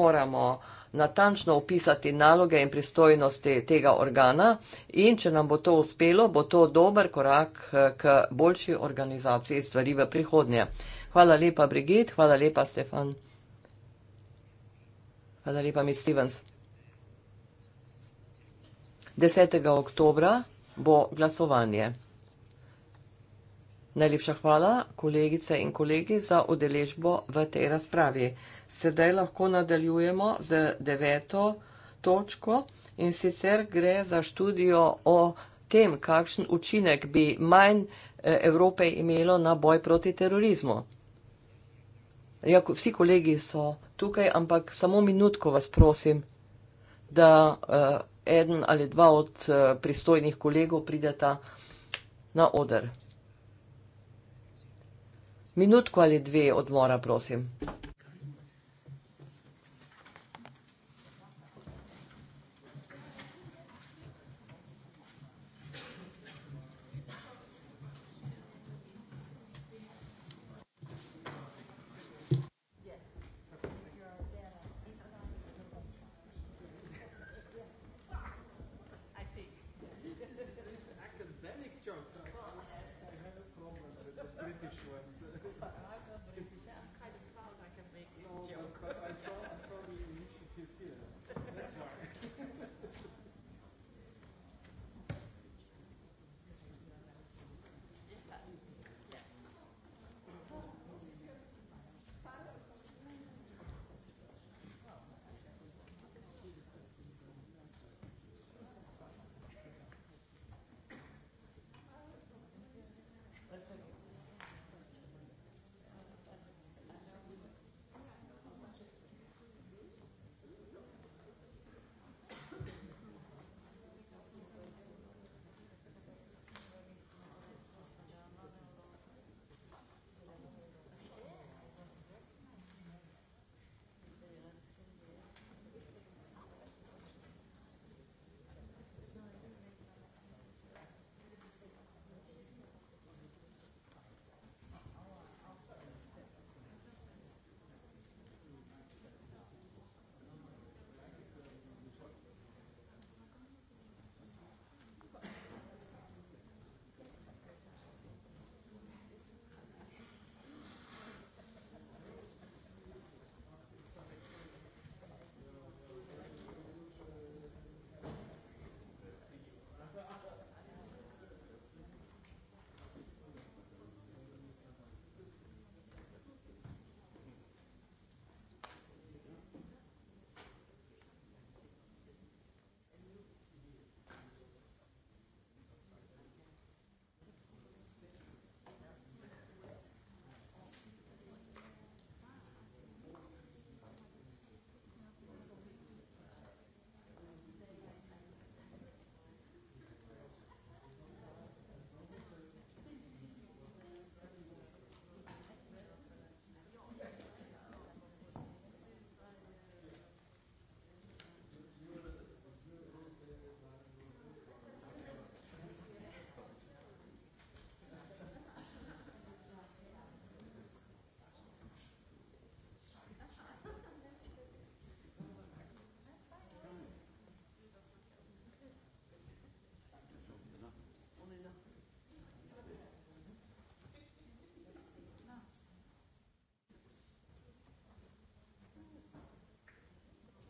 moramo vsega, natančno opisati naloge in pristojnosti tega organa in če nam bo to uspelo, bo to dober korak eh, k boljši organizaciji stvari v prihodnje. Hvala lepa, Brigit, hvala lepa, Stefan. Hvala lepa, mi Stevens. 10. oktobra bo glasovanje. Najlepša hvala, kolegice in kolegi, za udeležbo v tej razpravi sedaj lahko nadaljujemo z deveto točko in sicer gre za študijo o tem, kakšen učinek bi manj eh, Evrope imelo na boj proti terorizmu. Ja, vsi kolegi so tukaj, ampak samo minutko vas prosim, da uh, eden ali dva od uh, pristojnih kolegov prideta na oder. Minutko ali dve odmora, prosim.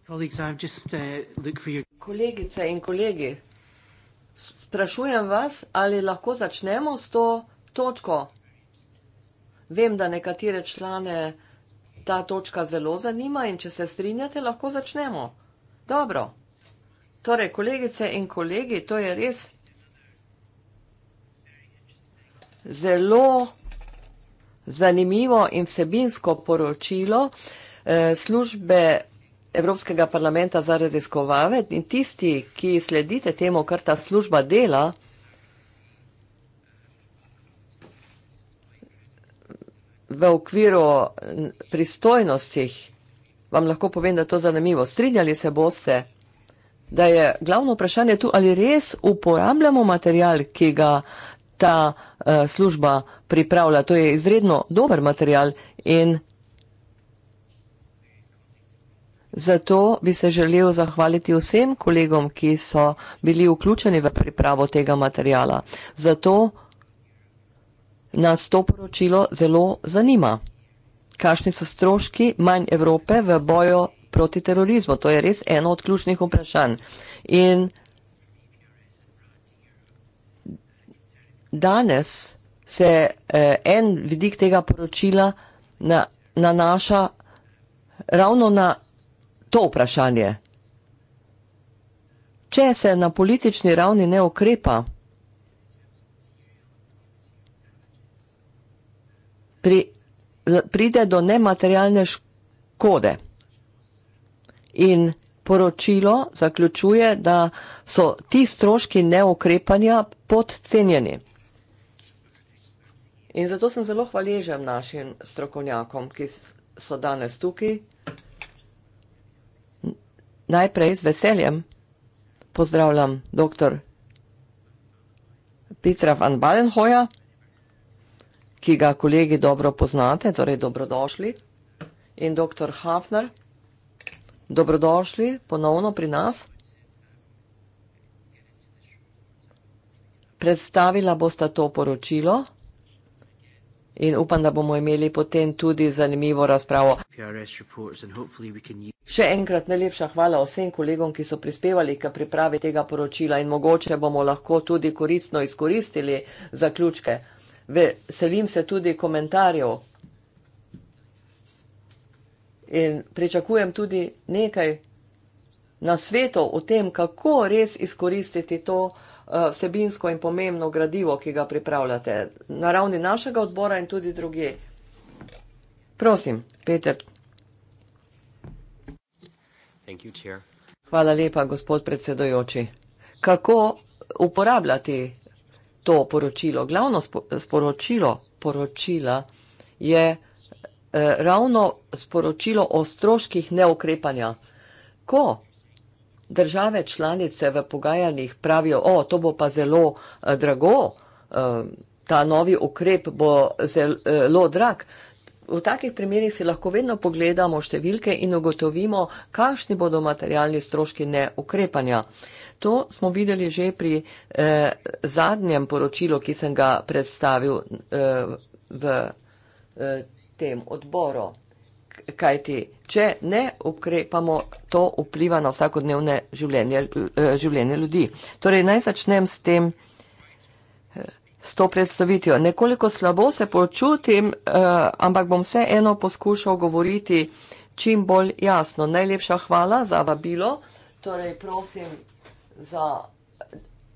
Uh, kolegice in kolegi, sprašujem vas, ali lahko začnemo s to točko. Vem, da nekatere člane ta točka zelo zanima in če se strinjate, lahko začnemo. Dobro. Torej, kolegice in kolegi, to je res zelo zanimivo in vsebinsko poročilo eh, službe Evropskega parlamenta za raziskovave in tisti, ki sledite temu, kar ta služba dela, v okviru pristojnostih, vam lahko povem, da je to zanimivo. Strinjali se boste, da je glavno vprašanje tu, ali res uporabljamo material, ki ga ta uh, služba pripravlja. To je izredno dober material in Zato bi se želel zahvaliti vsem kolegom, ki so bili vključeni v pripravo tega materijala. Zato nas to poročilo zelo zanima. Kakšni so stroški manj Evrope v boju proti terorizmu? To je res eno od ključnih vprašanj. In danes se eh, en vidik tega poročila nanaša ravno na to vprašanje. Če se na politični ravni ne okrepa, pri, pride do nematerialne škode. In poročilo zaključuje, da so ti stroški neokrepanja podcenjeni. In zato sem zelo hvaležen našim strokovnjakom, ki so danes tukaj najprej z veseljem pozdravljam dr. Petra van Balenhoja, ki ga kolegi dobro poznate, torej dobrodošli, in dr. Hafner, dobrodošli ponovno pri nas. Predstavila bosta to poročilo in upam, da bomo imeli potem tudi zanimivo razpravo. Še enkrat najlepša hvala vsem kolegom, ki so prispevali k pripravi tega poročila in mogoče bomo lahko tudi koristno izkoristili zaključke. Veselim se tudi komentarjev in pričakujem tudi nekaj nasvetov o tem, kako res izkoristiti to poročilo. Eh, vsebinsko in pomembno gradivo, ki ga pripravljate na ravni našega odbora in tudi druge. Prosim, Peter. You, Hvala lepa, gospod predsedojoči. Kako uporabljati to poročilo? Glavno sporočilo poročila je eh, ravno sporočilo o stroških neukrepanja. Ko države članice v pogajanjih pravijo, o, to bo pa zelo eh, drago, eh, ta novi ukrep bo zelo, eh, zelo drag. V takih primerjih si lahko vedno pogledamo številke in ugotovimo, kakšni bodo materialni stroški neukrepanja. To smo videli že pri eh, zadnjem poročilu, ki sem ga predstavil eh, v eh, tem odboru kajti če ne ukrepamo, to vpliva na vsakodnevne življenje, eh, življenje ljudi. Torej, naj začnem s tem, eh, s to predstavitijo. Nekoliko slabo se počutim, eh, ampak bom vse eno poskušal govoriti čim bolj jasno. Najlepša hvala za vabilo. Torej, prosim za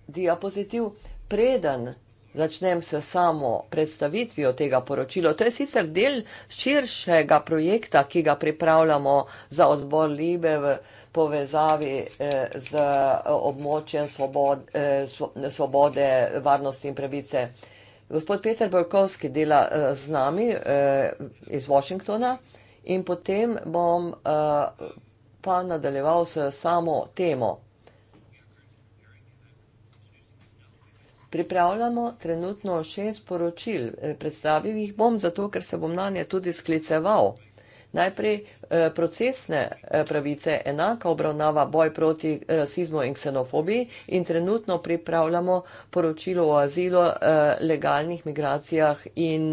diapozitiv. Preden začnem s samo predstavitvijo tega poročila. To je sicer del širšega projekta, ki ga pripravljamo za odbor Libe v povezavi eh, z eh, območjem svobode, eh, svobode varnosti in pravice. Gospod Peter Borkovski dela z nami iz Washingtona in potem bom pa nadaljeval s samo temo. Pripravljamo trenutno šest poročil, e, predstavil jih bom zato, ker se bom na nje tudi skliceval. Najprej e, procesne e, pravice enaka obravnava boj proti rasizmu in ksenofobiji in trenutno pripravljamo poročilo o azilu, legalnih migracijah in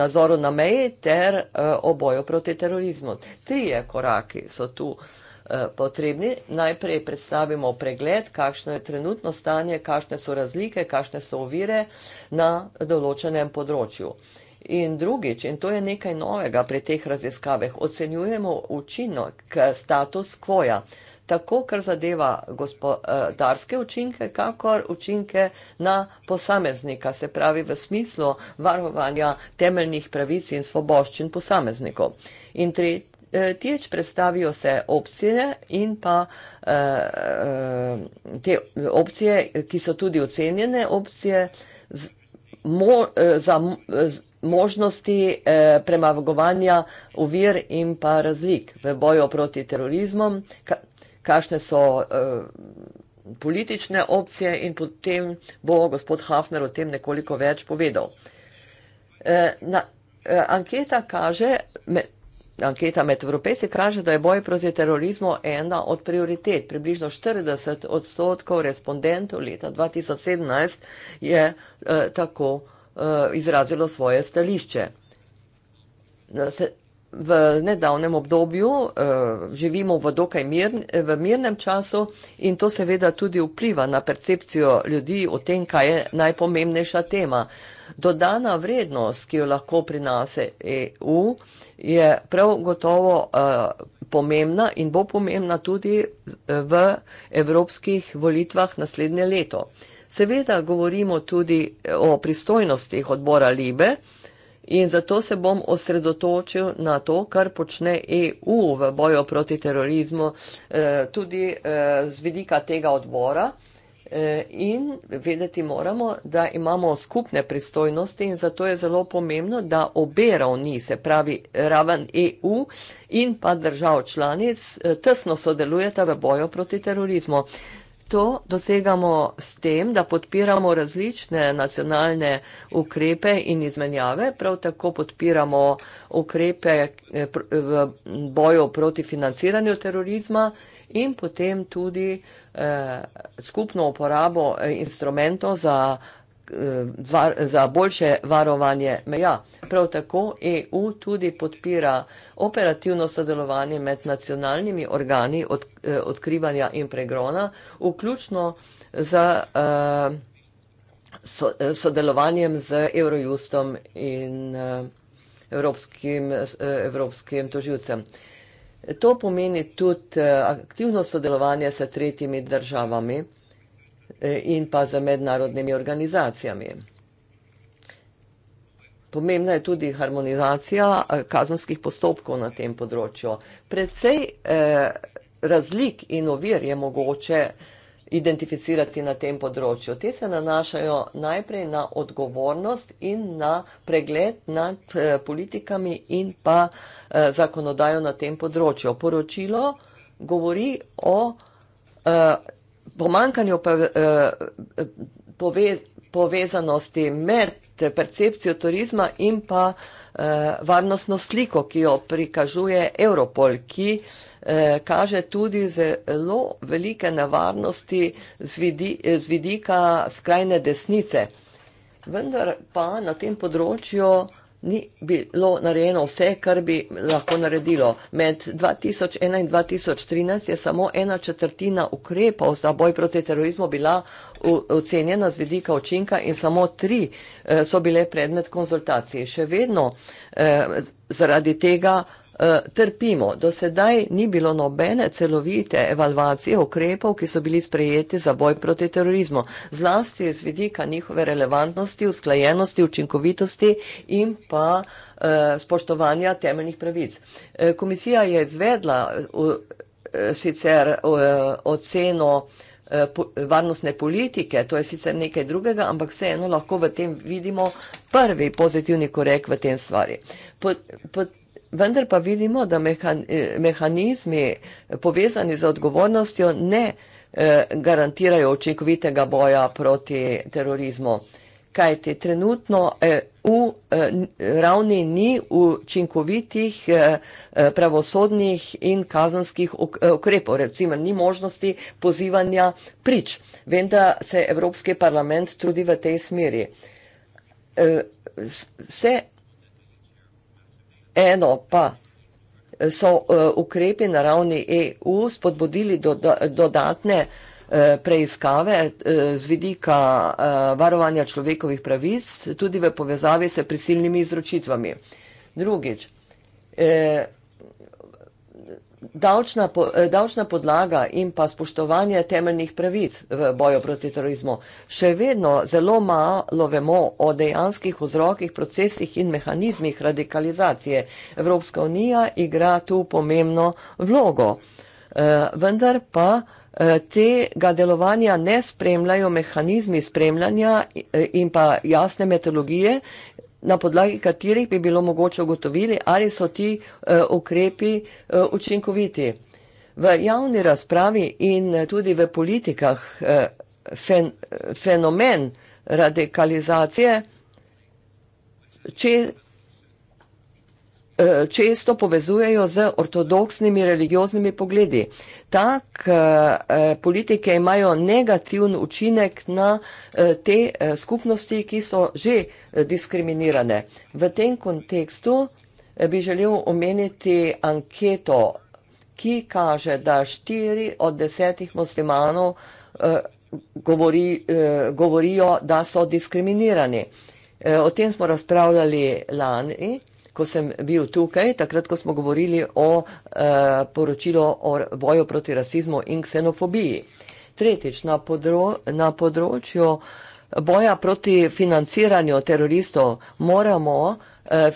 nadzoru na meji ter o boju proti terorizmu. Trije koraki so tu. Eh, potrebni. Najprej predstavimo pregled, kakšno je trenutno stanje, kakšne so razlike, kakšne so ovire na določenem področju. In drugič, in to je nekaj novega pri teh raziskavah, ocenjujemo učinek eh, status quoja, tako kar zadeva gospodarske eh, učinke, kakor učinke na posameznika, se pravi v smislu varovanja temeljnih pravic in svoboščin posameznikov. In tretjič, Eh, Tječ predstavijo se opcije in pa eh, eh, te opcije, ki so tudi ocenjene opcije za možnosti premagovanja uvir in pa razlik v boju proti terorizmom, kakšne so politične opcije in potem bo gospod Hafner o tem nekoliko več povedal. Anketa kaže, anketa med evropejci kaže, da je boj proti terorizmu ena od prioritet. Približno 40 odstotkov respondentov leta 2017 je e, tako e, izrazilo svoje stališče. Se, v nedavnem obdobju e, živimo v dokaj mir, v mirnem času in to seveda tudi vpliva na percepcijo ljudi o tem, kaj je najpomembnejša tema. Dodana vrednost, ki jo lahko prinese EU, je prav gotovo uh, pomembna in bo pomembna tudi eh, v evropskih volitvah naslednje leto. Seveda govorimo tudi eh, o pristojnostih odbora Libe in zato se bom osredotočil na to, kar počne EU v boju proti terorizmu, tudi z vidika tega odbora. E, in vedeti moramo, da imamo skupne pristojnosti in zato je zelo pomembno, da obe ravni, se pravi raven EU in pa držav članic, e, tesno sodelujeta v boju proti terorizmu. To dosegamo s tem, da podpiramo različne nacionalne ukrepe in izmenjave, prav tako podpiramo ukrepe e, v boju proti financiranju terorizma in in potem tudi eh, skupno uporabo eh, instrumentov za, eh, var, za boljše varovanje meja. Prav tako EU tudi podpira operativno sodelovanje med nacionalnimi organi od, eh, odkrivanja in pregrona, vključno z eh, so, eh, sodelovanjem z Eurojustom in eh, Evropskim, eh, Evropskim toživcem. Eh, To pomeni tudi eh, aktivno sodelovanje s tretjimi državami eh, in pa z mednarodnimi organizacijami. Pomembna je tudi harmonizacija eh, kazanskih postopkov na tem področju. Predvsej eh, razlik in ovir je mogoče eh, identificirati na tem področju. Te se nanašajo najprej na odgovornost in na pregled nad eh, politikami in pa eh, zakonodajo na tem področju. Poročilo govori o eh, pomankanju povezanosti med percepcijo turizma in pa varnostno sliko, ki jo prikažuje Europol, ki je Eh, kaže tudi zelo velike nevarnosti z, vidi, z vidika skrajne desnice. Vendar pa na tem področju ni bilo narejeno vse, kar bi lahko naredilo. Med 2001 in 2013 je samo ena četrtina ukrepov za boj proti terorizmu bila ocenjena z vidika učinka in samo tri eh, so bile predmet konzultacije. Še vedno eh, zaradi tega Eh, trpimo. Do sedaj ni bilo nobene celovite evalvacije ukrepov, ki so bili sprejeti za boj proti terorizmu, zlasti z vidika njihove relevantnosti, usklajenosti, učinkovitosti in pa eh, spoštovanja temeljnih pravic. Eh, komisija je izvedla sicer oceno varnostne politike, to je sicer nekaj drugega, ampak vseeno lahko v tem vidimo prvi pozitivni korek v tem stvari. Pot, pot, vendar pa vidimo, da eh, mehanizmi eh, povezani z odgovornostjo ne eh, garantirajo očekovitega boja proti terorizmu. Kajti trenutno EU ravni ni učinkovitih pravosodnih in kazanskih ukrepov, recimo ni možnosti pozivanja prič. Vem, da se Evropski parlament trudi v tej smeri. Vse Eno pa eh, so eh, ukrepi na ravni EU spodbodili do, do, dodatne eh, preiskave z vidika varovanja človekovih pravic, tudi v povezavi s prisilnimi izročitvami. Drugič, davčna, eh, davčna podlaga in pa spoštovanje temeljnih pravic v boju proti terorizmu. Še vedno zelo malo vemo o dejanskih vzrokih, procesih in mehanizmih radikalizacije. Evropska unija igra tu pomembno vlogo, eh, vendar pa eh, tega delovanja ne spremljajo mehanizmi spremljanja in pa jasne metodologije, na podlagi katerih bi bilo mogoče ugotoviti, ali so ti uh, ukrepi uh, učinkoviti. V javni razpravi in tudi v politikah uh, fen, fenomen radikalizacije, če Eh, često povezujejo z ortodoksnimi religioznimi pogledi. Tak eh, eh, politike imajo negativen učinek na te skupnosti, ki so že diskriminirane. V tem kontekstu bi želel omeniti anketo, ki kaže, da štiri od desetih muslimanov govori, govorijo, da so diskriminirani. O tem smo razpravljali lani ko sem bil tukaj, takrat, ko smo govorili o eh, poročilu o boju proti rasizmu in ksenofobiji. Tretjič, na, podro, na področju boja proti financiranju teroristov moramo eh, eh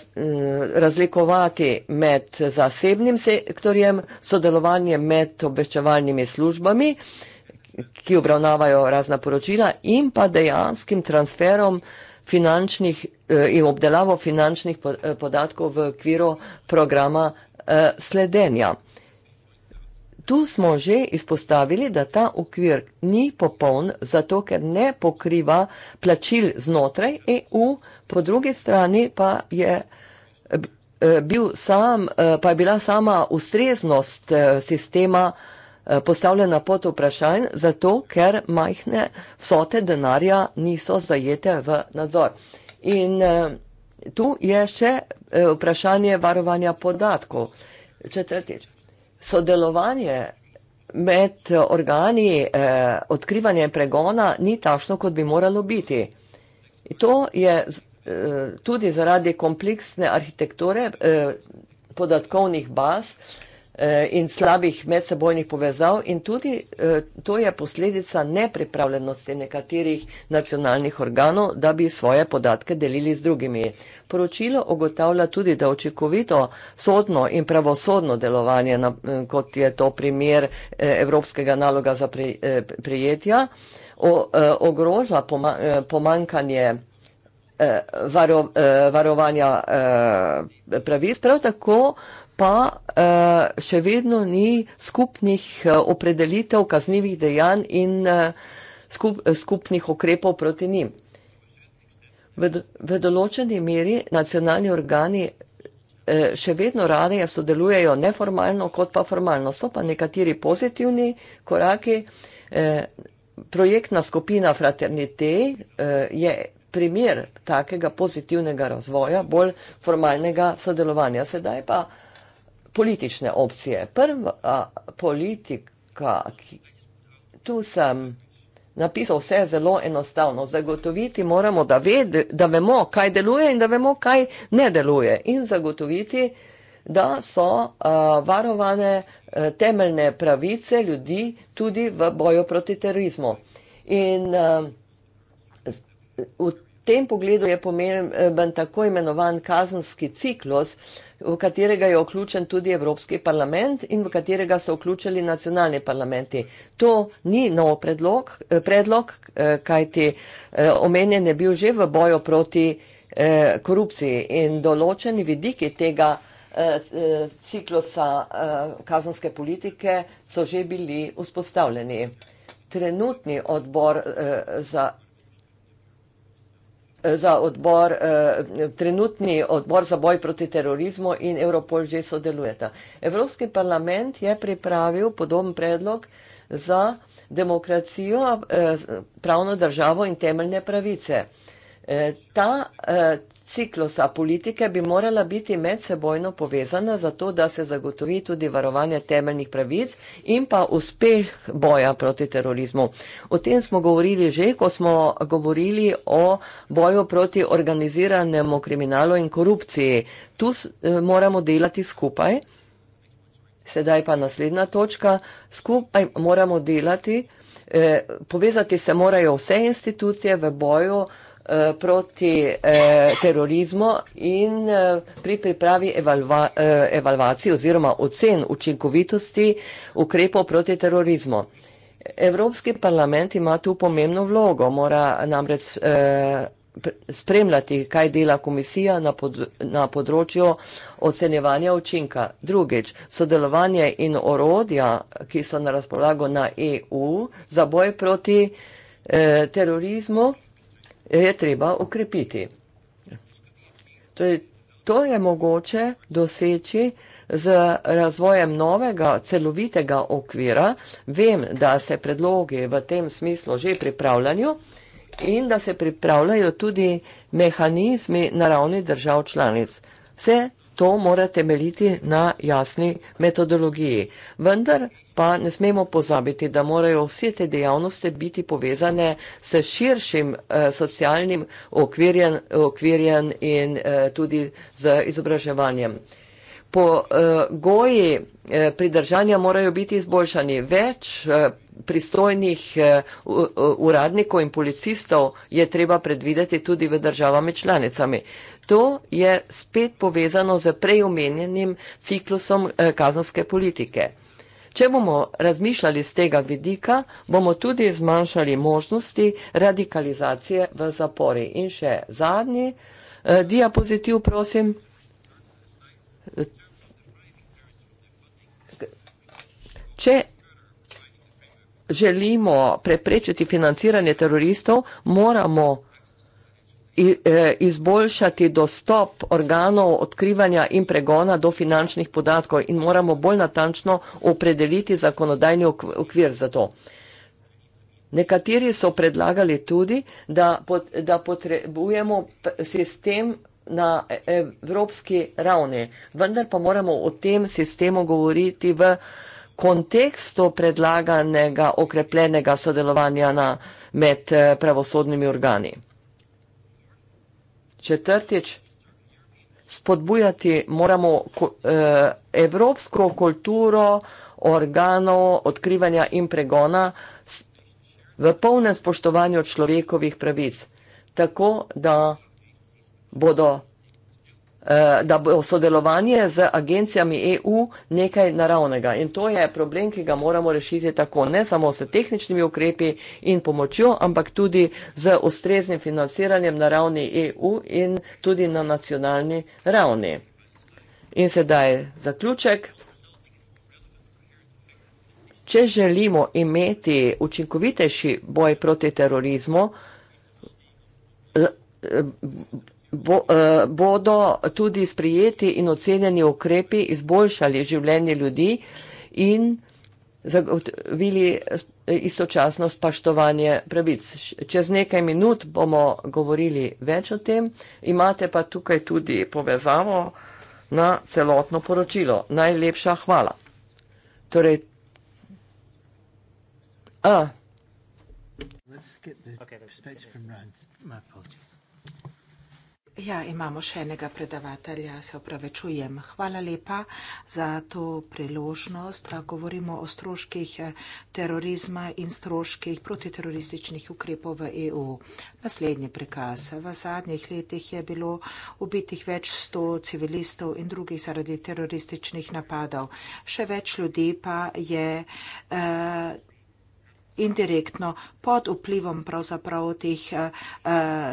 razlikovati med zasebnim sektorjem, sodelovanjem med obveščevalnimi službami, ki obravnavajo razna poročila, in pa dejanskim transferom finančnih Eh, in obdelavo finančnih eh, podatkov v okviru programa eh, sledenja. Tu smo že izpostavili, da ta okvir ni popoln, zato ker ne pokriva plačil znotraj EU, po drugi strani pa je, bil sam, pa je bila sama ustreznost sistema postavljena pod vprašanj, zato ker majhne vsote denarja niso zajete v nadzor. In uh, tu je še uh, vprašanje varovanja podatkov. Četrtič, sodelovanje med organi eh, odkrivanja in pregona ni takšno, kot bi moralo biti. To je eh, tudi zaradi kompleksne arhitekture eh, podatkovnih baz, eh, Eh, in slabih medsebojnih povezav, in tudi eh, to je posledica nepripravljenosti nekaterih nacionalnih organov, da bi svoje podatke delili z drugimi. Poročilo ugotavlja tudi, da očekovito sodno in pravosodno delovanje, eh, kot je to primer Evropskega naloga za prijetja, ogroža pomankanje varovanja pravic, prav tako pa uh, še vedno ni skupnih uh, opredelitev kaznjivih dejanj in uh, skup, uh, skupnih ukrepov proti njim. V, v določeni meri nacionalni organi uh, še vedno rade sodelujejo neformalno kot pa formalno. So pa nekateri pozitivni koraki. Uh, projektna skupina Fraternite uh, je primer takega pozitivnega razvoja, bolj formalnega sodelovanja. Sedaj pa politične opcije. Prva politika, ki, tu sem napisal vse zelo enostavno. Zagotoviti moramo, da, ved, da vemo, kaj deluje in da vemo, kaj ne deluje. In zagotoviti, da so uh, varovane uh, temeljne pravice ljudi tudi v boju proti terorizmu. In uh, v tem pogledu je pomemben tako imenovan kazenski ciklus. Uh, v katerega je vključen tudi Evropski parlament in v katerega so vključili nacionalni parlamenti. To ni nov predlog, eh, predlog eh, kajti eh, omenjen je bil že v boju proti korupciji in določeni vidiki tega ciklusa kazanske politike so že bili vzpostavljeni. Trenutni odbor za za odbor, eh, trenutni odbor za boj proti terorizmu in Europol že sodelujeta. Evropski parlament je pripravil podoben predlog za demokracijo, eh, pravno državo in temeljne pravice. Eh, ta, ciklusa politike bi morala biti medsebojno povezana, zato da se zagotovi tudi varovanje temeljnih pravic in pa uspeh boja proti terorizmu. O tem smo govorili že, ko smo govorili o boju proti organiziranemu kriminalu in korupciji. Tu eh, moramo delati skupaj. Sedaj pa naslednja točka. Skupaj moramo delati, eh, povezati se morajo vse institucije v boju proti terorizmu. Eh, proti eh, terorizmu in eh, pri pripravi evalva, evalvacij oziroma ocen učinkovitosti ukrepov proti terorizmu. Evropski parlament ima tu pomembno vlogo, mora namreč spremljati, kaj dela komisija na, pod, na področju ocenjevanja učinka. Drugič, sodelovanje in orodja, ki so na razpolago na EU za boj proti eh, terorizmu, eh, je treba ukrepiti. To torej, je, to je mogoče doseči z razvojem novega celovitega okvira. Vem, da se predlogi v tem smislu že pripravljajo in da se pripravljajo tudi mehanizmi na ravni držav članic. Vse to mora temeljiti na jasni metodologiji. Vendar pa ne smemo pozabiti, da morajo vse te dejavnosti biti povezane s širšim eh, socialnim okvirjen, okvirjen in eh, tudi z izobraževanjem. Po eh, goji eh, pridržanja morajo biti izboljšani več. Eh, pristojnih eh, uradnikov in policistov je treba predvideti tudi v državami članicami. To je spet povezano z prej omenjenim ciklusom eh, kazanske politike. Če bomo razmišljali z tega vidika, bomo tudi zmanjšali možnosti radikalizacije v zapori. In še zadnji eh, diapozitiv, prosim. Če želimo preprečiti financiranje teroristov, moramo E, izboljšati dostop organov odkrivanja in pregona do finančnih podatkov in moramo bolj natančno opredeliti zakonodajni okvir za to. Nekateri so predlagali tudi, da, pot, da potrebujemo sistem na e-, evropski ravni, vendar pa moramo o tem sistemu govoriti v kontekstu predlaganega okrepljenega sodelovanja na, med e, pravosodnimi organi. Četrtič, spodbujati moramo eh, evropsko kulturo organov odkrivanja in pregona v polnem spoštovanju človekovih pravic, tako da bodo Eh, da bo sodelovanje z agencijami EU nekaj naravnega. In to je problem, ki ga moramo rešiti tako, ne samo s tehničnimi ukrepi in pomočjo, ampak tudi z ustreznim financiranjem na ravni EU in tudi na nacionalni ravni. In sedaj zaključek. Če želimo imeti učinkovitejši boj proti terorizmu, bo, uh, bodo tudi sprijeti in ocenjeni ukrepi izboljšali življenje ljudi in zagotovili eh, istočasno spaštovanje pravic. Čez nekaj minut bomo govorili več o tem, imate pa tukaj tudi povezavo na celotno poročilo. Najlepša hvala. Torej, a. Let's get the okay, speech from Rand. My apologies. Ja, imamo še enega predavatelja, se opravičujem. Hvala lepa za to priložnost. Govorimo o stroških eh, terorizma in stroških protiterorističnih ukrepov v EU. Naslednji prikaz. V zadnjih letih je bilo ubitih več sto civilistov in drugih zaradi terorističnih napadov. Še več ljudi pa je. Eh, indirektno pod vplivom pravzaprav teh uh,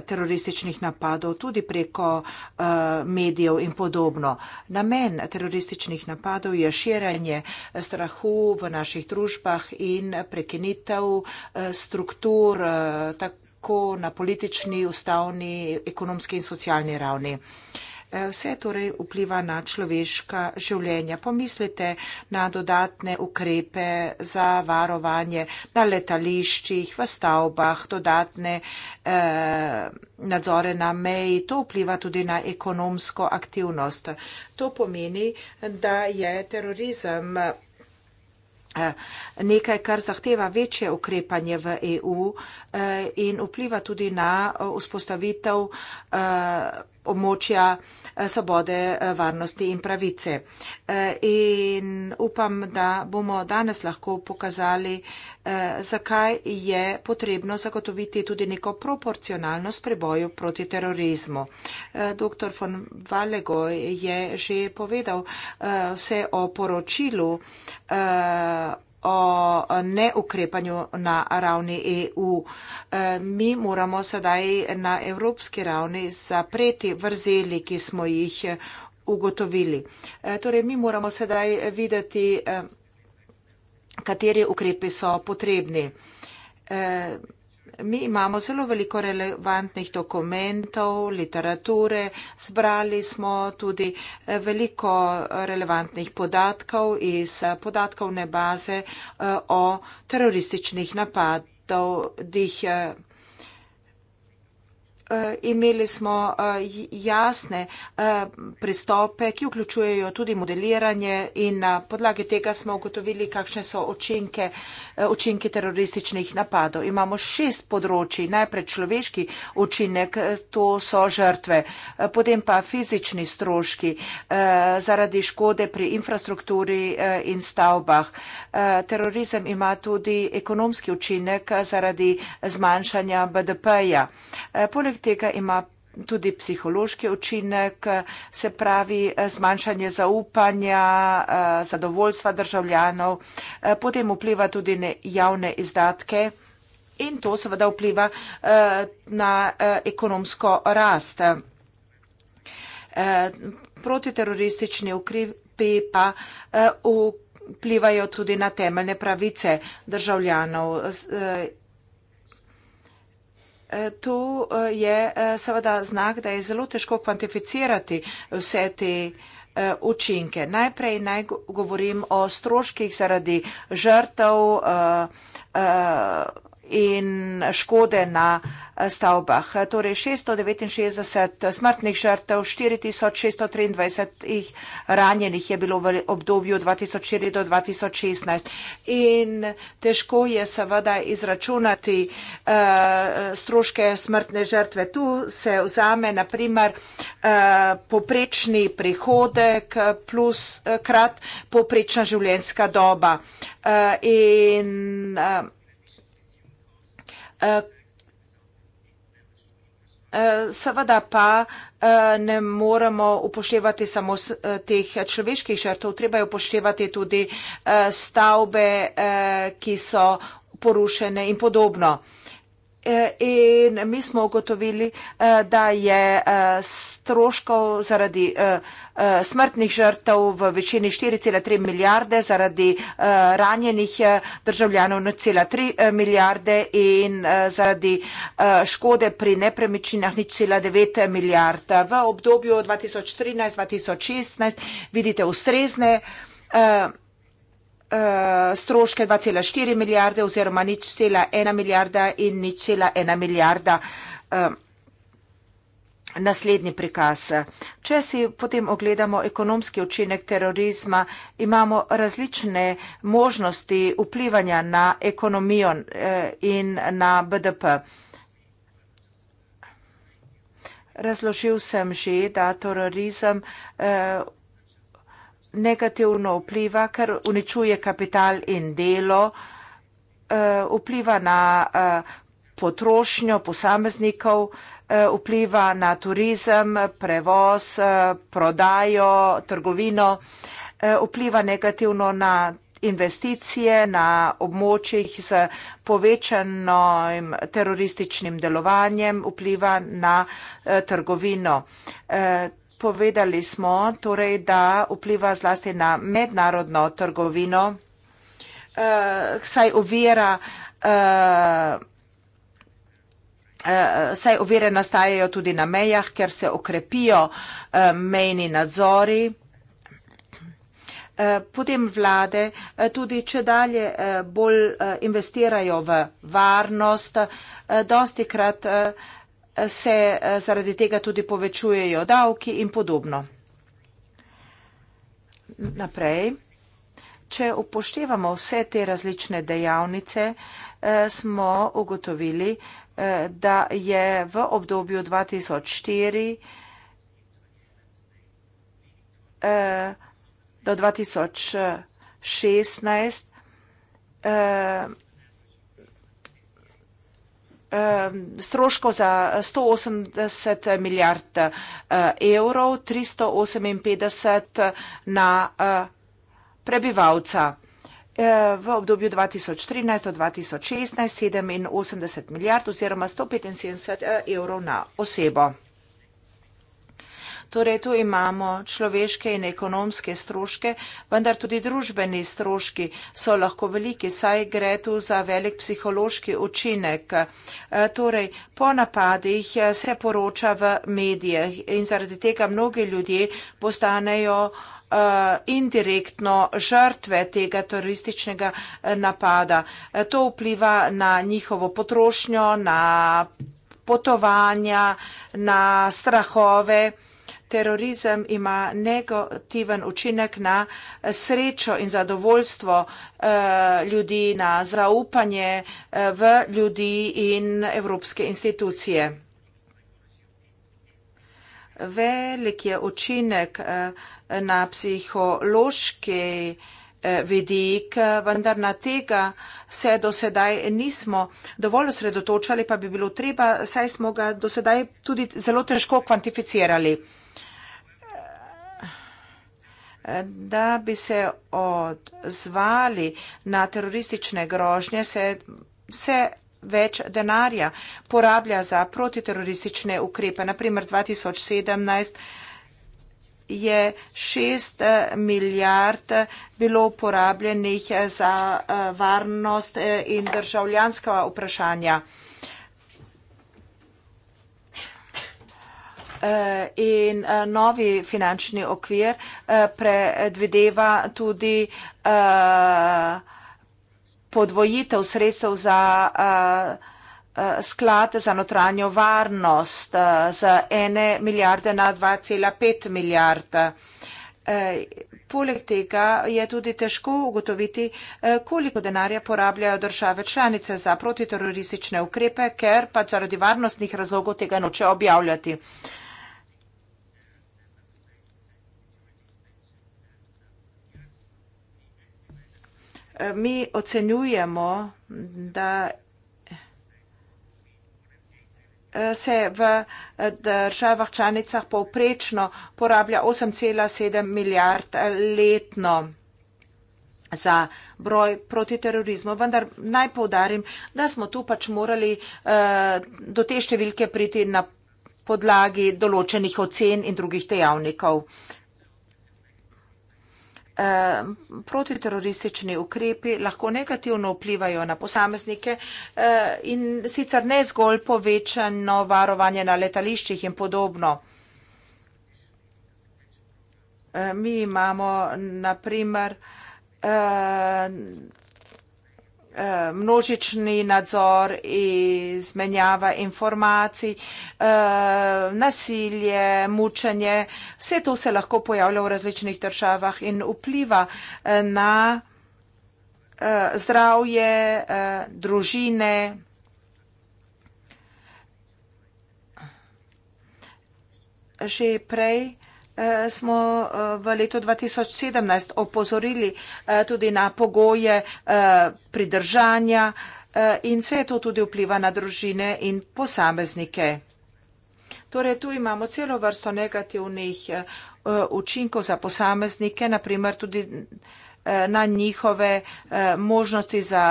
terorističnih napadov, tudi preko uh, medijev in podobno. Namen terorističnih napadov je širanje strahu v naših družbah in prekinitev uh, struktur uh, tako na politični, ustavni, ekonomski in socialni ravni. Uh, Eh, vse torej vpliva na človeška življenja. Pomislite na dodatne ukrepe za varovanje na letališčih, v stavbah, dodatne eh, nadzore na meji. To vpliva tudi na ekonomsko aktivnost. To pomeni, da je terorizem eh, nekaj, kar zahteva večje ukrepanje v EU eh, in vpliva tudi na vzpostavitev območja eh, svobode, eh, varnosti in pravice. Eh, in upam, da bomo danes lahko pokazali, zakaj je potrebno zagotoviti tudi neko proporcionalnost pri boju proti terorizmu. Dr. von Vallego je že povedal vse o poročilu o neukrepanju na ravni EU. E, mi moramo sedaj na evropski ravni zapreti vrzeli, ki smo jih ugotovili. E, torej, mi moramo sedaj videti, e, kateri ukrepi so potrebni. Mi imamo zelo veliko relevantnih dokumentov, literature, zbrali smo tudi eh, veliko eh, relevantnih podatkov iz eh, podatkovne baze o terorističnih napadov. Dih, Eh, imeli smo eh, jasne eh, prestope, ki vključujejo tudi modeliranje in na podlagi tega smo ugotovili, kakšne so očinke, očinke terorističnih napadov. Imamo šest področji, najprej človeški učinek, to so žrtve, potem pa fizični stroški zaradi škode pri infrastrukturi in stavbah. Terorizem ima tudi ekonomski učinek zaradi zmanjšanja BDP-ja. Poleg tega ima tudi psihološki učinek, se pravi zmanjšanje zaupanja, eh, zadovoljstva državljanov, eh, potem vpliva tudi na javne izdatke in to seveda vpliva eh, na ekonomsko rast. Protiteroristični ukrepi pa vplivajo tudi na temeljne pravice državljanov To eh, je eh, seveda znak, da je zelo težko kvantificirati vse te eh, učinke. Najprej naj govorim o stroških zaradi žrtev. Uh, uh, in škode na eh, stavbah. Torej 669 smrtnih žrtev, 4623 jih ranjenih je bilo v obdobju 2004 do 2016. In težko je seveda izračunati uh, stroške smrtne žrtve. Tu se vzame naprimer uh, eh, poprečni prihodek plus uh, krat poprečna življenjska doba. Uh, in uh, Eh, eh, seveda pa eh, ne moremo upoštevati samo teh človeških žrtev, treba je upoštevati tudi stavbe, ki so porušene in podobno in mi smo ugotovili, eh, da je eh, stroškov zaradi eh, smrtnih žrtev v večini 4,3 milijarde, zaradi ranjenih državljanov 0,3 milijarde in zaradi škode pri nepremičninah 0,9 milijarda. V obdobju 2013-2016 vidite ustrezne Eh, stroške 2,4 milijarde oziroma nič cela ena milijarda in nič cela ena milijarda. Eh, naslednji prikaz. Če si potem ogledamo ekonomski učinek terorizma, imamo različne možnosti vplivanja na ekonomijo eh, in na BDP. Razložil sem že, da terorizem negativno vpliva, ker uničuje kapital in delo, eh, vpliva na eh, potrošnjo posameznikov, eh, vpliva na turizem, prevoz, prodajo, trgovino, vpliva negativno na investicije na območjih z povečanim terorističnim delovanjem, vpliva na trgovino povedali smo, torej, da vpliva zlasti na mednarodno trgovino, uh, saj ovira. Uh, Saj ovire nastajajo tudi na mejah, ker se okrepijo mejni nadzori. Potem vlade tudi, če dalje bolj investirajo v varnost, dosti krat se eh, zaradi tega tudi povečujejo davki in podobno. Naprej, če upoštevamo vse te različne dejavnice, eh, smo ugotovili, eh, da je v obdobju 2004 do 2016 stroškov za 180 eh, eh, milijard eh, evrov, 358 na prebivalca. V obdobju 2013 do 2016 87 milijard oziroma 175 evrov na osebo. Torej, tu imamo človeške in ekonomske stroške, vendar tudi družbeni stroški so lahko veliki, saj gre tu za velik psihološki učinek. E, torej, po napadih e, se poroča v medijih in zaradi tega mnogi ljudje postanejo e, indirektno žrtve tega terorističnega napada. To vpliva na njihovo potrošnjo, na potovanja, na strahove terorizem ima negativen učinek na srečo in zadovoljstvo eh, ljudi, na zaupanje eh, v ljudi in evropske institucije. Velik je učinek eh, na psihološki vidik, vendar na tega se do sedaj nismo dovolj osredotočali, pa bi bilo treba, saj smo ga do sedaj tudi zelo težko kvantificirali da bi se odzvali na teroristične grožnje, se vse več denarja porablja za protiteroristične ukrepe. Naprimer, 2017 je 6 eh, milijard bilo uporabljenih eh, za eh, varnost in državljanska vprašanja. Eh, in eh, novi finančni okvir eh, predvideva tudi podvojitev sredstev za sklad za notranjo varnost z ene milijarde na 2,5 milijarde. Poleg tega je tudi težko ugotoviti, koliko denarja porabljajo države članice za protiteroristične ukrepe, ker pa zaradi varnostnih razlogov tega noče objavljati. mi ocenjujemo, da eh, se v eh, državah članicah povprečno porablja 8,7 milijard eh, letno za broj proti terorizmu, vendar naj povdarim, da smo tu pač morali do te številke priti na podlagi določenih ocen in drugih dejavnikov. Eh, protiteroristični ukrepi lahko negativno vplivajo na posameznike eh, in sicer ne zgolj povečano varovanje na letališčih in podobno. Eh, mi imamo naprimer tudi Eh, množični nadzor, izmenjava informacij, eh, nasilje, mučenje, vse to se lahko pojavlja v različnih državah in vpliva eh, na zdravje, družine. Že prej. Eh, smo eh, v letu 2017 opozorili eh, tudi na pogoje pridržanja in vse to tudi vpliva na družine in posameznike. Torej, tu imamo celo vrsto negativnih učinkov za posameznike, naprimer tudi na njihove možnosti za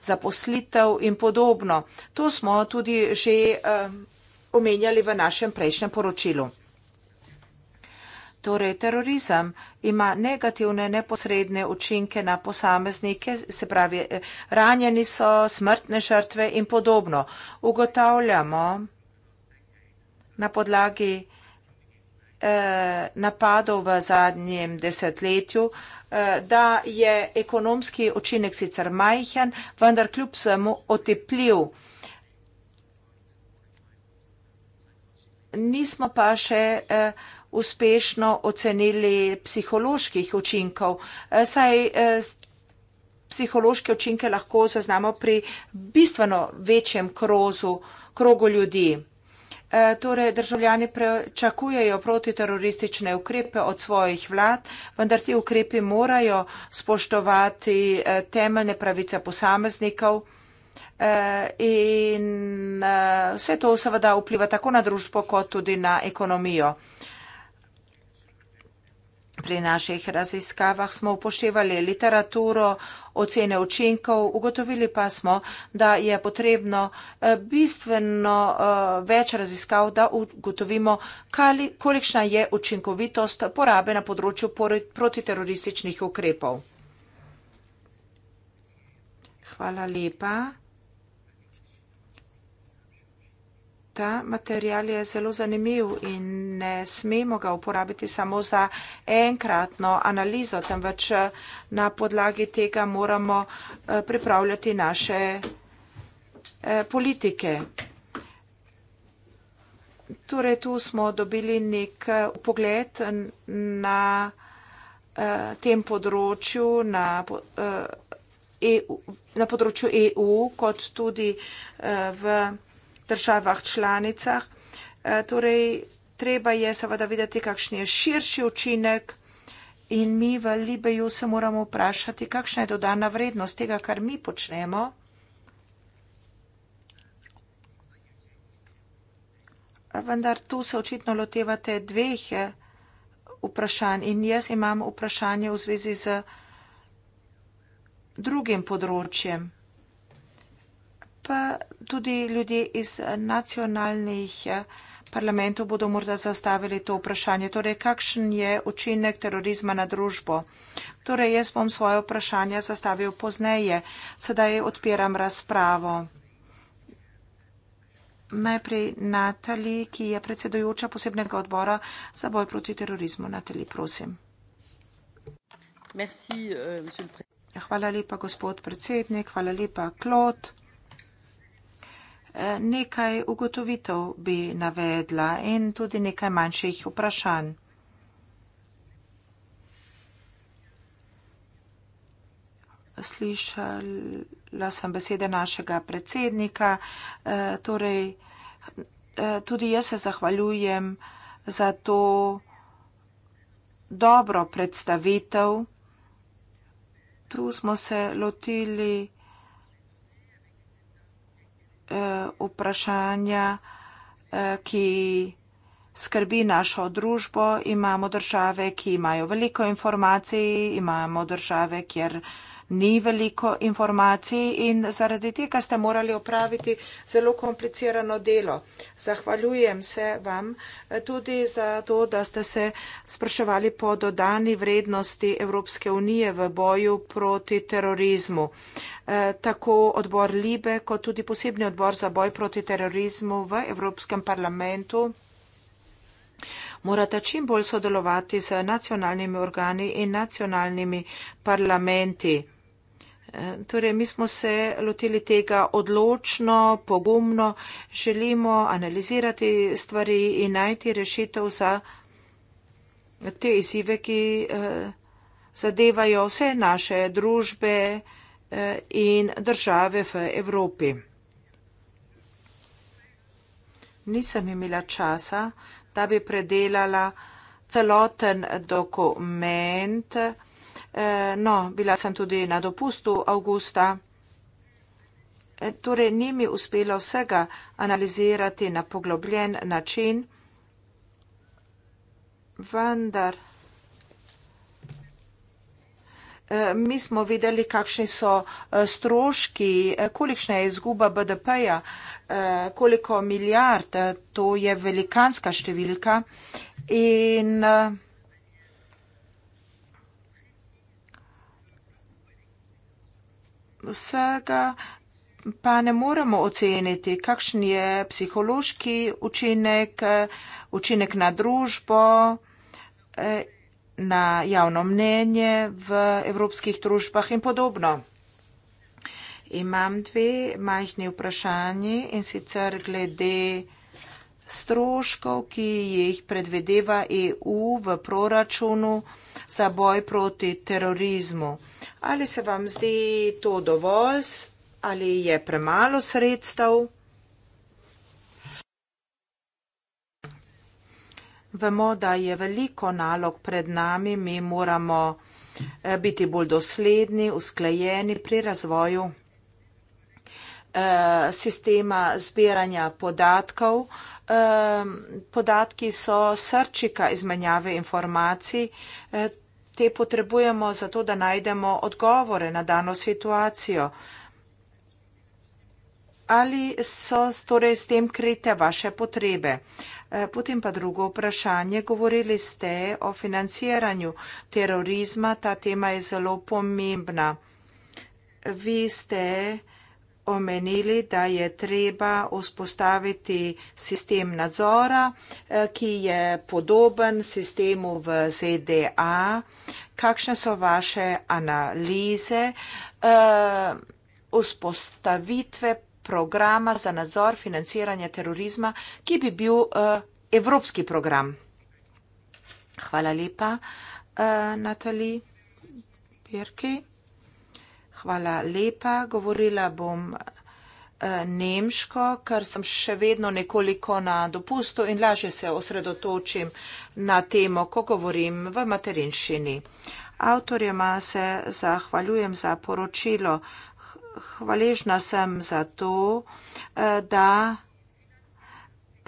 zaposlitev in podobno. To smo tudi že omenjali v našem prejšnjem poročilu. Torej, terorizem ima negativne, neposredne učinke na posameznike, se pravi, eh, ranjeni so, smrtne žrtve in podobno. Ugotavljamo na podlagi eh, napadov v zadnjem desetletju, eh, da je ekonomski učinek sicer majhen, vendar kljub vsemu otepljiv. Nismo pa še. Eh, uspešno ocenili psiholoških učinkov. Eh, saj eh, psihološke učinke lahko zaznamo pri bistveno večjem krozu, krogu ljudi. Eh, torej, državljani prečakujejo protiteroristične ukrepe od svojih vlad, vendar ti ukrepi morajo spoštovati temeljne pravice posameznikov. In vse to seveda vpliva tako na družbo, kot tudi na ekonomijo. Pri naših raziskavah smo upoštevali literaturo, ocene učinkov, ugotovili pa smo, da je potrebno eh, bistveno eh, več raziskav, da ugotovimo, kolikšna je učinkovitost porabe na področju protiterorističnih ukrepov. Hvala lepa. ta material je zelo zanimiv in ne smemo ga uporabiti samo za enkratno analizo, temveč eh, na podlagi tega moramo eh, pripravljati naše eh, politike. Torej, tu smo dobili nek pogled na tem področju, na, EU, e na področju EU, kot tudi v državah članicah. E, torej, treba je seveda videti, kakšen je širši učinek in mi v Libeju se moramo vprašati, kakšna je dodana vrednost tega, kar mi počnemo. Vendar tu se očitno lotevate dveh e, vprašanj in jaz imam vprašanje v zvezi z drugim področjem pa tudi ljudje iz nacionalnih eh, parlamentov bodo morda zastavili to vprašanje. Torej, kakšen je učinek terorizma na družbo? Torej, jaz bom svoje vprašanje zastavil pozneje. Sedaj odpiram razpravo. Najprej Natali, ki je predsedujoča posebnega odbora za boj proti terorizmu. Natali, prosim. Merci, uh, Hvala lepa, gospod predsednik. Hvala lepa, Klot nekaj ugotovitev bi navedla in tudi nekaj manjših vprašanj. Slišala sem besede našega predsednika, eh, torej eh, tudi jaz se zahvaljujem za to dobro predstavitev. Tu smo se lotili eh, vprašanja, eh, ki skrbi našo družbo. Imamo države, ki imajo veliko informacij, imamo države, kjer eh, ni veliko informacij in zaradi tega ste morali opraviti zelo komplicirano delo. Zahvaljujem se vam eh, tudi za to, da ste se spraševali po dodani vrednosti Evropske unije v boju proti terorizmu. Eh, tako odbor Libe, kot tudi posebni odbor za boj proti terorizmu v Evropskem parlamentu morata čim bolj sodelovati z nacionalnimi organi in nacionalnimi parlamenti. Torej, mi smo se lotili tega odločno, pogumno, želimo analizirati stvari in najti rešitev za te izzive, ki eh, zadevajo vse naše družbe eh, in države v Evropi. Nisem imela časa, da bi predelala celoten dokument, ki je vse, Eh, no, bila sem tudi na dopustu avgusta. Eh, torej, ni mi uspelo vsega analizirati na poglobljen način, vendar eh, mi smo videli, kakšni so stroški, kolikšna je izguba BDP-ja, koliko milijard, to je velikanska številka. In, vsega pa ne moremo oceniti, kakšen je psihološki učinek, učinek na družbo, eh, na javno mnenje v evropskih družbah in podobno. Imam dve majhni vprašanji in sicer glede stroškov, ki jih predvedeva EU v proračunu za boj proti terorizmu ali se vam zdi to dovolj, ali je premalo sredstev. Vemo, da je veliko nalog pred nami, mi moramo eh, biti bolj dosledni, usklajeni pri razvoju eh, sistema zbiranja podatkov. Eh, podatki so srčika izmenjave informacij, te potrebujemo zato, da najdemo odgovore na dano situacijo. Ali so torej s tem krite vaše potrebe? Eh, potem pa drugo vprašanje. Govorili ste o financiranju terorizma. Ta tema je zelo pomembna. Vi ste omenili, da je treba vzpostaviti sistem nadzora, eh, ki je podoben sistemu v ZDA. Kakšne so vaše analize eh, vzpostavitve programa za nadzor financiranja terorizma, ki bi bil eh, evropski program? Hvala lepa, Natali Pirki. Hvala lepa. Govorila bom eh, nemško, ker sem še vedno nekoliko na dopustu in lažje se osredotočim na temo, ko govorim v materinščini. Avtorjema se zahvaljujem za poročilo. Hvaležna sem za to, eh, da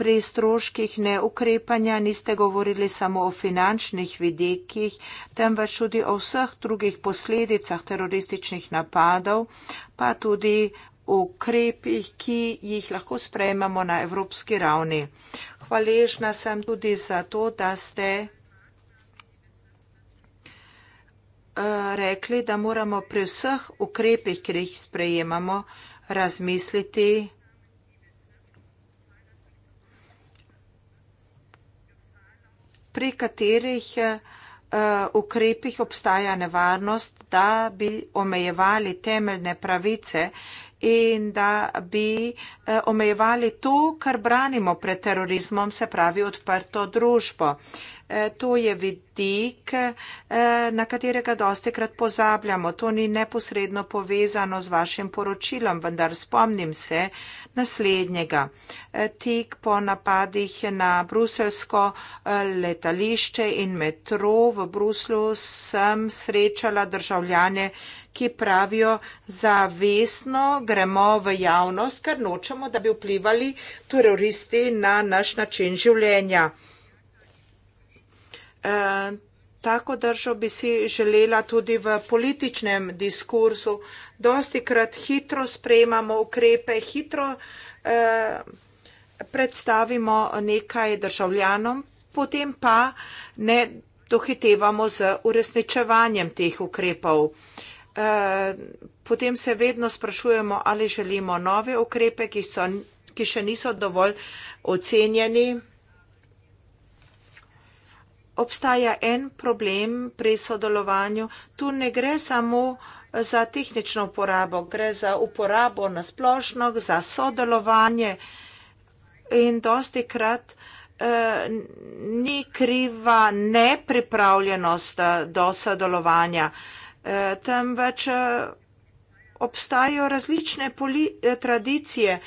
pri stroških neukrepanja niste govorili samo o finančnih vidikih, temveč tudi o vseh drugih posledicah terorističnih napadov, pa tudi ukrepih, ki jih lahko sprejmemo na evropski ravni. Hvaležna sem tudi za to, da ste eh, rekli, da moramo pri vseh ukrepih, ki jih sprejemamo, razmisliti, pri katerih eh, ukrepih obstaja nevarnost, da bi omejevali temeljne pravice in da bi eh, omejevali to, kar branimo pred terorizmom, se pravi odprto družbo. Eh, to je vidik, eh, na katerega dostikrat pozabljamo. To ni neposredno povezano z vašim poročilom, vendar spomnim se naslednjega. Eh, tik po napadih na bruselsko letališče in metro v Bruslu sem srečala državljane, ki pravijo zavestno gremo v javnost, ker nočemo, da bi vplivali teroristi na naš način življenja. Eh, tako držo bi si želela tudi v političnem diskursu. Dosti krat hitro sprejemamo ukrepe, hitro eh, predstavimo nekaj državljanom, potem pa ne dohitevamo z uresničevanjem teh ukrepov. Eh, potem se vedno sprašujemo, ali želimo nove ukrepe, ki, so, ki še niso dovolj ocenjeni obstaja en problem pri sodelovanju. Tu ne gre samo za tehnično uporabo, gre za uporabo na splošno, za sodelovanje in dosti krat eh, ni kriva nepripravljenost eh, do sodelovanja. Eh, temveč obstajajo različne tradicije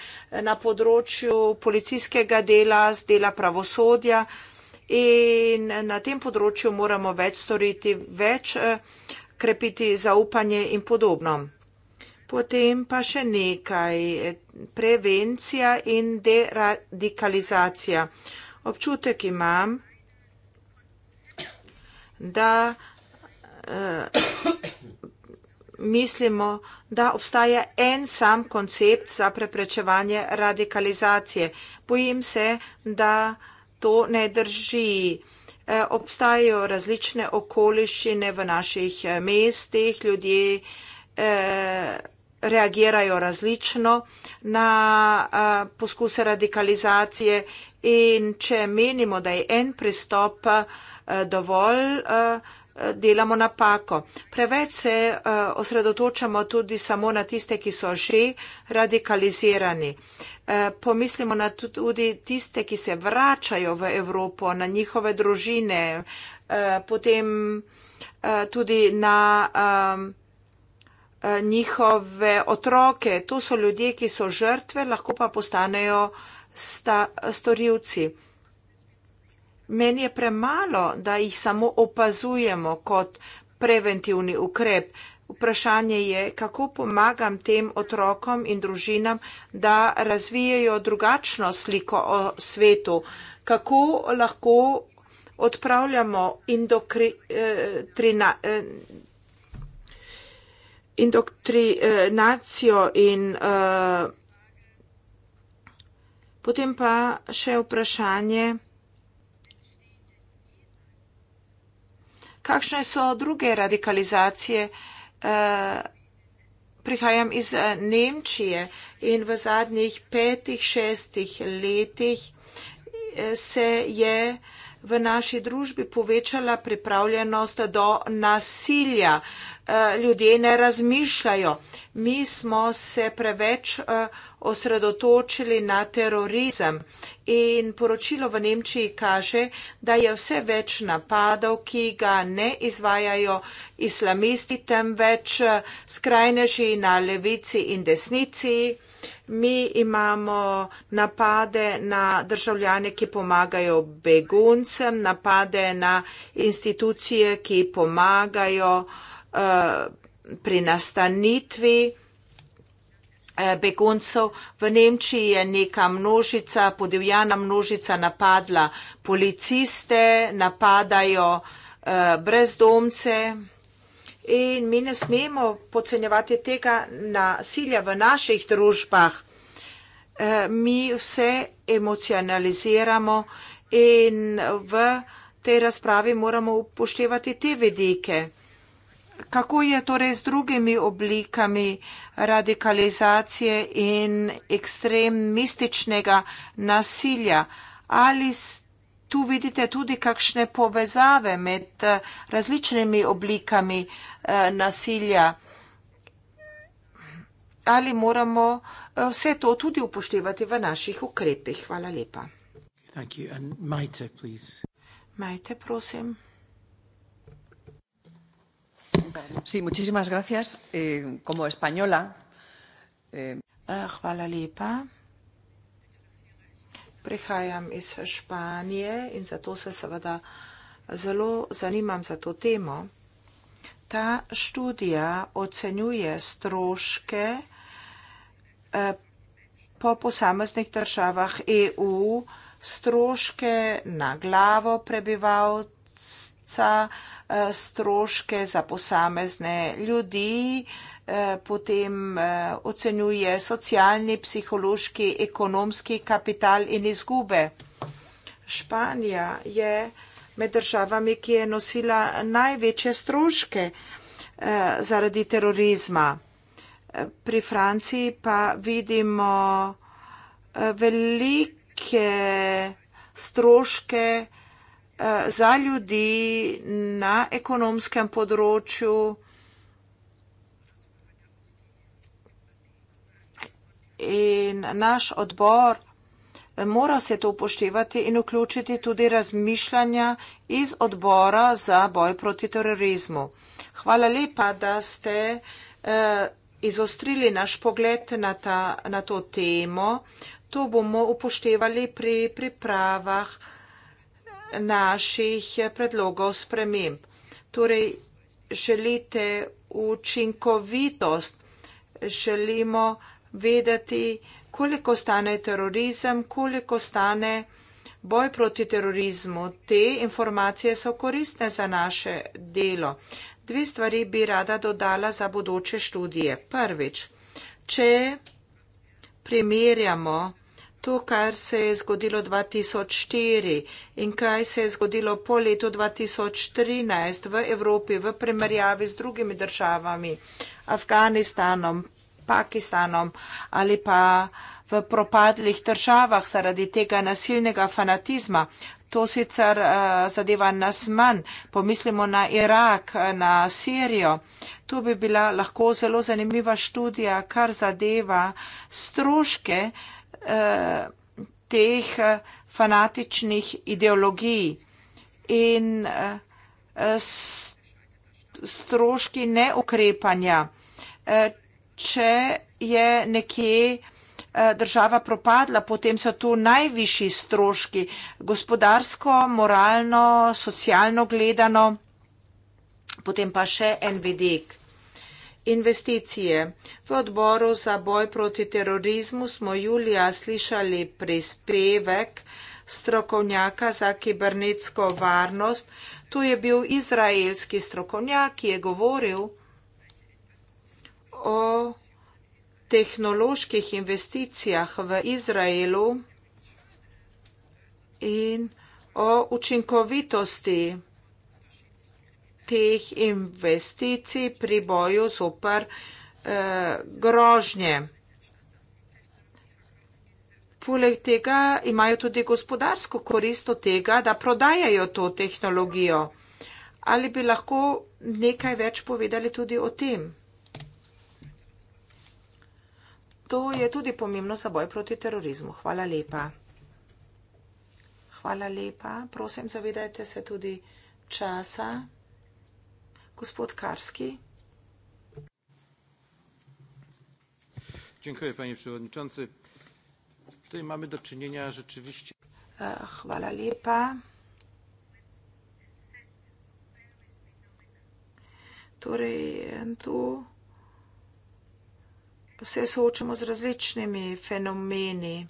na področju policijskega dela, dela pravosodja in In na tem področju moramo več storiti, več eh, krepiti zaupanje in podobno. Potem pa še nekaj. Eh, prevencija in deradikalizacija. Občutek imam, da eh, mislimo, da obstaja en sam koncept za preprečevanje radikalizacije. Bojim se, da to ne drži. E, obstajajo različne okoliščine v naših e, mestih, ljudje e, reagirajo različno na poskuse radikalizacije in če menimo, da je en pristop dovolj, delamo napako. Preveč se osredotočamo tudi samo na tiste, ki so že radikalizirani. Eh, pomislimo na tudi tiste, ki se vračajo v Evropo, na njihove družine, eh, potem eh, tudi na njihove otroke. To so ljudje, ki so žrtve, lahko pa postanejo storilci. Meni je premalo, da jih samo opazujemo kot preventivni ukrep. Vprašanje je, kako pomagam tem otrokom in družinam, da razvijajo drugačno sliko o svetu, kako lahko odpravljamo eh, eh, indoktrinacijo in. Eh, potem pa še vprašanje, kakšne so druge radikalizacije, uh, Eh, prihajam iz eh, Nemčije in v zadnjih petih, šestih letih eh, se je v naši družbi povečala pripravljenost do nasilja. Uh, Eh, ljudje ne razmišljajo. Mi smo se preveč uh, osredotočili na terorizem in poročilo v Nemčiji kaže, da je vse več napadov, ki ga ne izvajajo islamisti, temveč uh, skrajneži na levici in desnici. Mi imamo napade na državljane, ki pomagajo beguncem, napade na institucije, ki pomagajo uh, uh, pri nastanitvi eh, beguncev. V Nemčiji je neka množica, podivjana množica napadla policiste, napadajo eh, brezdomce in mi ne smemo pocenjevati tega nasilja v naših družbah. Eh, mi vse emocionaliziramo in v tej razpravi moramo upoštevati te vedike. Kako je torej z drugimi oblikami radikalizacije in ekstremističnega nasilja? Ali tu vidite tudi kakšne povezave med eh, različnimi oblikami eh, nasilja? Ali moramo eh, vse to tudi upoštevati v naših ukrepih? Hvala lepa. Majte, prosim. Sí, muchísimas gracias. Eh, como española. Eh, eh, hvala lepa. Prihajam iz Španije in zato se seveda zelo zanimam za to temo. Ta študija ocenjuje stroške eh, po posameznih državah EU, stroške na glavo prebivalca. Eh, stroške za posamezne ljudi, eh, potem eh, ocenjuje socialni, psihološki, ekonomski kapital in izgube. Španija je med državami, ki je nosila največje stroške zaradi terorizma. Pri Franciji pa vidimo velike stroške, Eh, za ljudi na ekonomskem področju. In naš odbor eh, mora se to upoštevati in vključiti tudi razmišljanja iz odbora za boj proti terorizmu. Hvala lepa, da ste eh, izostrili naš pogled na, ta, na to temo. To bomo upoštevali pri pripravah naših predlogov sprememb. Torej, želite učinkovitost, želimo vedeti, koliko stane terorizem, koliko stane boj proti terorizmu. Te informacije so koristne za naše delo. Dve stvari bi rada dodala za bodoče študije. Prvič, če primerjamo to, kar se je zgodilo 2004 in kaj se je zgodilo po letu 2013 v Evropi v primerjavi z drugimi državami, Afganistanom, Pakistanom ali pa v propadlih državah zaradi tega nasilnega fanatizma. To sicer uh, zadeva nas manj. Pomislimo na Irak, eh, na Sirijo. To bi bila lahko zelo zanimiva študija, kar zadeva stroške, uh, Eh, teh eh, fanatičnih ideologij in eh, stroški neukrepanja. Če je nekje država propadla, potem so tu najvišji stroški gospodarsko, moralno, socialno gledano, potem pa še en vidik. Investicije. V odboru za boj proti terorizmu smo julija slišali prispevek strokovnjaka za kibernetsko varnost. Tu je bil izraelski strokovnjak, ki je govoril o tehnoloških investicijah v Izraelu in o učinkovitosti teh investicij pri boju zoper eh, grožnje. Poleg tega imajo tudi gospodarsko koristo tega, da prodajajo to tehnologijo. Ali bi lahko nekaj več povedali tudi o tem? To je tudi pomembno za boj proti terorizmu. Hvala lepa. Hvala lepa. Prosim, zavedajte se tudi časa gospod Karski. Dziękuję, panie przewodniczący. Tutaj mamy do czynienia rzeczywiście. Chwala e, lepa. Torej, tu se soočamo z različnimi fenomeni.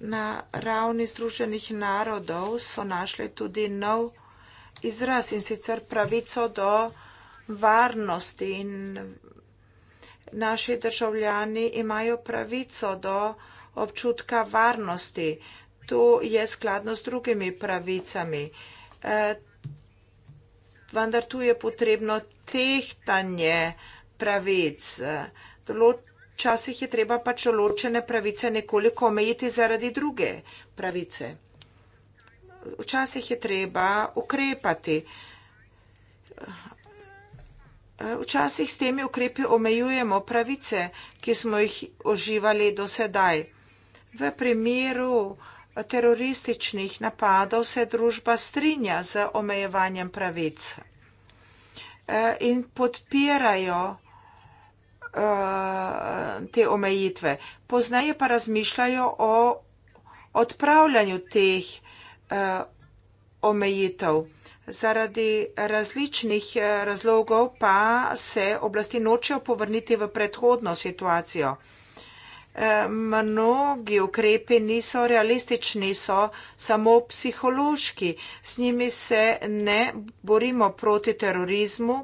Na ravni Združenih narodov so našli tudi nov izraz in sicer pravico do varnosti in naši državljani imajo pravico do občutka varnosti. To je skladno s drugimi pravicami. E, vendar tu je potrebno tehtanje pravic. Včasih je treba pač določene pravice nekoliko omejiti zaradi druge pravice včasih je treba ukrepati. Včasih s temi ukrepi omejujemo pravice, ki smo jih uživali do sedaj. V primeru terorističnih napadov se družba strinja z omejevanjem pravic eh, in podpirajo eh, te omejitve. Poznaje pa razmišljajo o odpravljanju teh omejitev. Eh, omejitev. Zaradi različnih eh, razlogov pa se oblasti nočejo povrniti v predhodno situacijo. Eh, mnogi ukrepi niso realistični, so samo psihološki. S njimi se ne borimo proti terorizmu,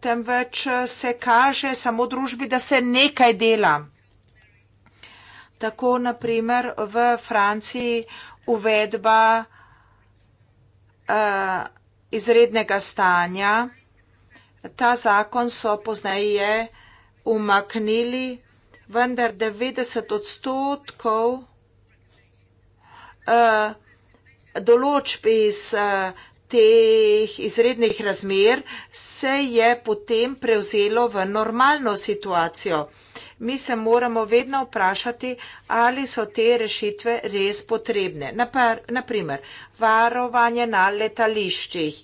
temveč se kaže samo družbi, da se nekaj dela. Tako naprimer v Franciji uvedba uh, izrednega stanja. Ta zakon so pozneje umaknili, vendar 90 odstotkov uh, določb iz uh, teh izrednih razmer se je potem prevzelo v normalno situacijo mi se moramo vedno vprašati, ali so te rešitve res potrebne. Napar, naprimer, varovanje na letališčih.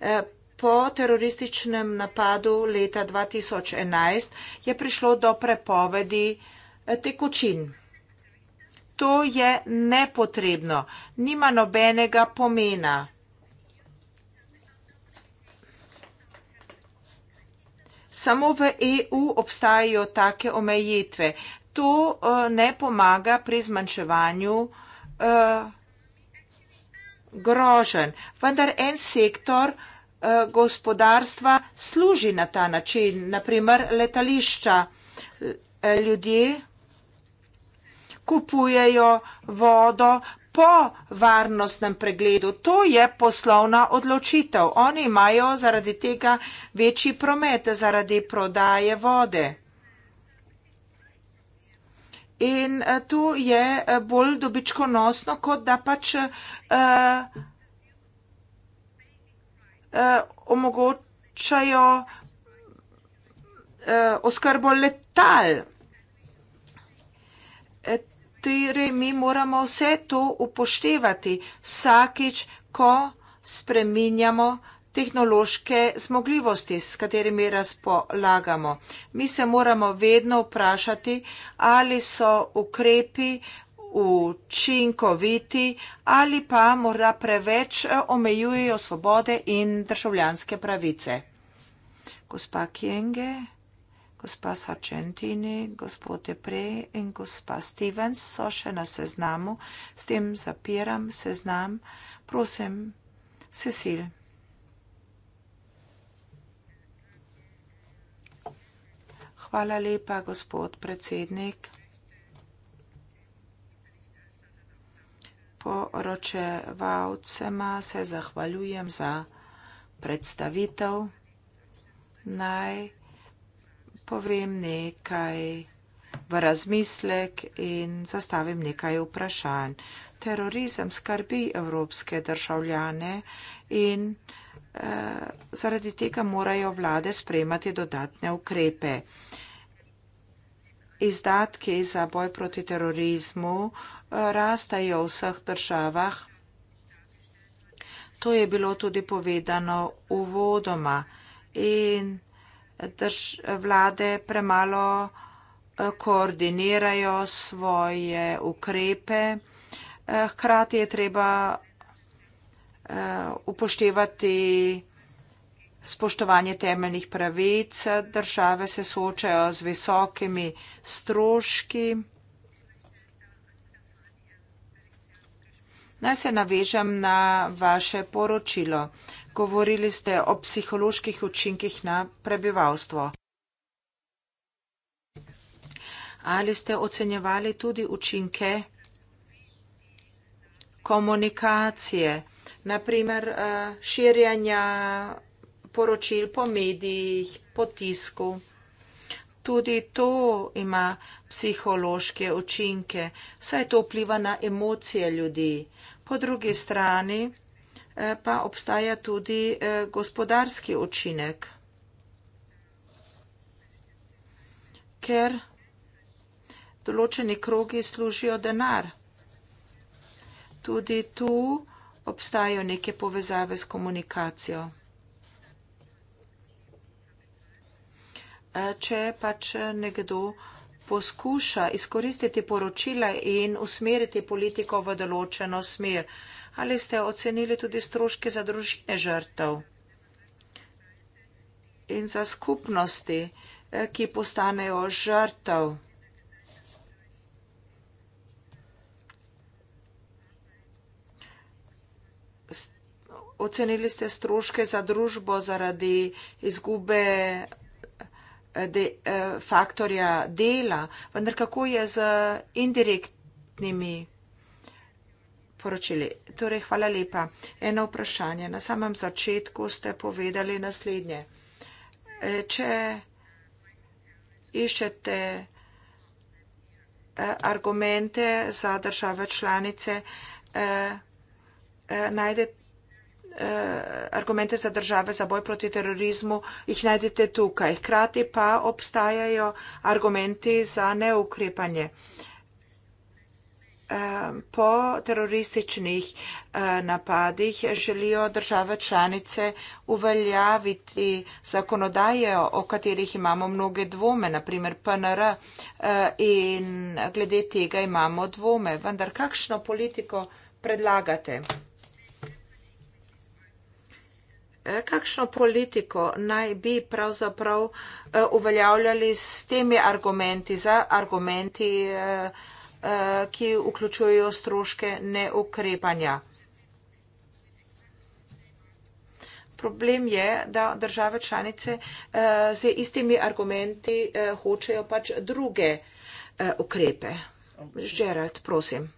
Eh, po terorističnem napadu leta 2011 je prišlo do prepovedi eh, tekočin. To je nepotrebno, nima nobenega pomena. Samo v EU obstajajo take omejitve. To uh, ne pomaga pri zmanjševanju uh, eh, grožen. Vendar en sektor uh, gospodarstva služi na ta način, naprimer letališča. Ljudje kupujejo vodo, po varnostnem pregledu. To je poslovna odločitev. Oni imajo zaradi tega večji promet, zaradi prodaje vode. In eh, to je eh, bolj dobičkonosno, kot da pač uh, uh, omogočajo uh, oskrbo letal torej mi moramo vse to upoštevati vsakič, ko spreminjamo tehnološke zmogljivosti, s katerimi razpolagamo. Mi se moramo vedno vprašati, ali so ukrepi učinkoviti ali pa morda preveč eh, omejujejo svobode in državljanske pravice. Gospa Kienge. Gospa Sargentini, gospod Depre in gospa Stevens so še na seznamu. S tem zapiram seznam. Prosim, Cecil. Hvala lepa, gospod predsednik. Poročevalcema se zahvaljujem za predstavitev. Naj povem nekaj v razmislek in zastavim nekaj vprašanj. Terorizem skrbi evropske državljane in eh, zaradi tega morajo vlade sprejemati dodatne ukrepe. Izdatki za boj proti terorizmu eh, rastejo v vseh državah. To je bilo tudi povedano uvodoma. In drž, vlade premalo eh, koordinirajo svoje ukrepe. Eh, hkrati je treba eh, upoštevati spoštovanje temeljnih pravic. Države se soočajo z visokimi stroški. Naj se navežem na vaše poročilo govorili ste o psiholoških učinkih na prebivalstvo. Ali ste ocenjevali tudi učinke komunikacije, naprimer eh, širjanja poročil po medijih, po tisku? Tudi to ima psihološke učinke, saj to vpliva na emocije ljudi. Po drugi strani, Eh, pa obstaja tudi eh, gospodarski učinek. Ker določeni krogi služijo denar. Tudi tu obstajajo neke povezave s komunikacijo. Eh, če pač nekdo poskuša izkoristiti poročila in usmeriti politiko v določeno smer, Ali ste ocenili tudi stroške za družine žrtev in za skupnosti, eh, ki postanejo žrtev? Ocenili ste stroške za družbo zaradi izgube eh, de, eh, faktorja dela, vendar kako je z indirektnimi? poročili. Torej, hvala lepa. Eno vprašanje. Na samem začetku ste povedali naslednje. E, če iščete e, argumente za države članice, e, najdete argumente za države za boj proti terorizmu, jih najdete tukaj. Hkrati pa obstajajo argumenti za neukrepanje po terorističnih eh, napadih želijo države članice uveljaviti zakonodaje, o katerih imamo mnoge dvome, naprimer PNR eh, in glede tega imamo dvome. Vendar kakšno politiko predlagate? Eh, kakšno politiko naj bi pravzaprav uveljavljali s temi argumenti za argumenti Eh, ki vključujejo stroške neokrepanja. Problem je, da države članice eh, z istimi argumenti eh, hočejo pač druge ukrepe. Žerald, prosim.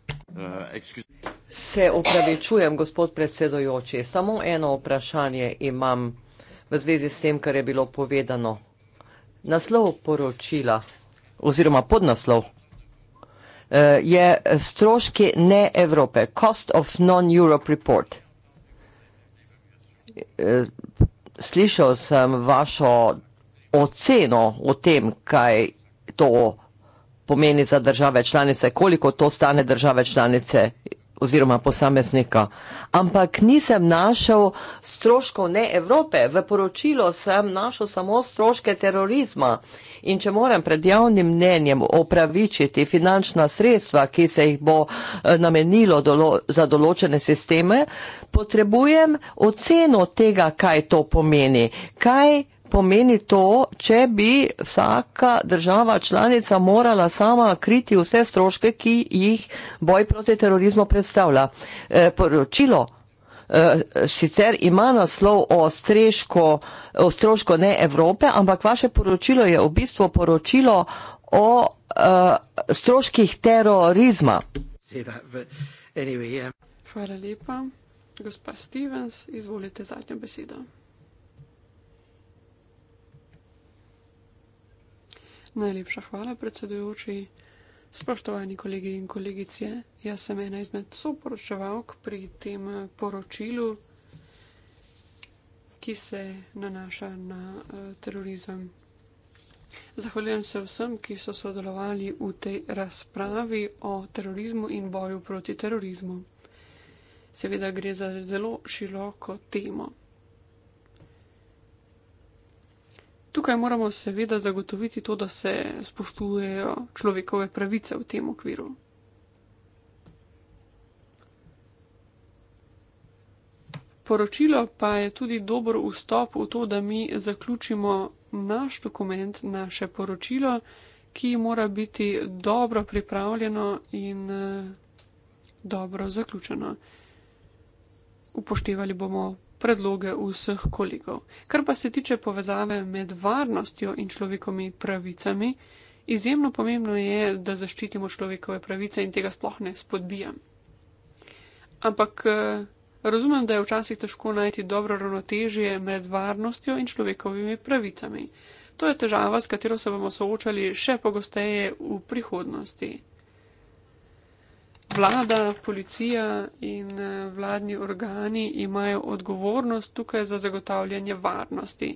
Se upravičujem, gospod predsedojoči. Samo eno vprašanje imam v zvezi s tem, kar je bilo povedano. Naslov poročila oziroma podnaslov Eh, je stroške ne Evrope, cost of non-Europe report. Eh, slišal sem vašo oceno o tem, kaj to pomeni za države članice, koliko to stane države članice Evrope oziroma posameznika. Ampak nisem našel stroškov ne Evrope, v poročilu sem našel samo stroške terorizma. In če moram pred javnim mnenjem opravičiti finančna sredstva, ki se jih bo eh, namenilo dolo za določene sisteme, potrebujem oceno tega, kaj to pomeni, kaj pomeni to, če bi vsaka država članica morala sama kriti vse stroške, ki jih boj proti terorizmu predstavlja. E, poročilo e, sicer ima naslov o, streško, o stroško ne Evrope, ampak vaše poročilo je v bistvu poročilo o e, stroških terorizma. Hvala lepa. Gospa Stevens, izvolite zadnjo besedo. Najlepša hvala, predsedujoči. Spoštovani kolegi in kolegice, jaz sem ena izmed soporočevalk pri tem poročilu, ki se nanaša na uh, terorizem. Zahvaljujem se vsem, ki so sodelovali v tej razpravi o terorizmu in boju proti terorizmu. Seveda gre za zelo široko temo. Tukaj moramo seveda zagotoviti to, da se spoštujejo človekove pravice v tem okviru. Poročilo pa je tudi dober vstop v to, da mi zaključimo naš dokument, naše poročilo, ki mora biti dobro pripravljeno in eh, dobro zaključeno. Upoštevali bomo predloge vseh kolegov. Kar pa se tiče povezave med varnostjo in človekovimi pravicami, izjemno pomembno je, da zaščitimo človekove pravice in tega sploh ne spodbijam. Ampak eh, razumem, da je včasih težko najti dobro ravnotežje med varnostjo in človekovimi pravicami. To je težava, s katero se bomo soočali še pogosteje v prihodnosti vlada, policija in eh, vladni organi imajo odgovornost tukaj za zagotavljanje varnosti.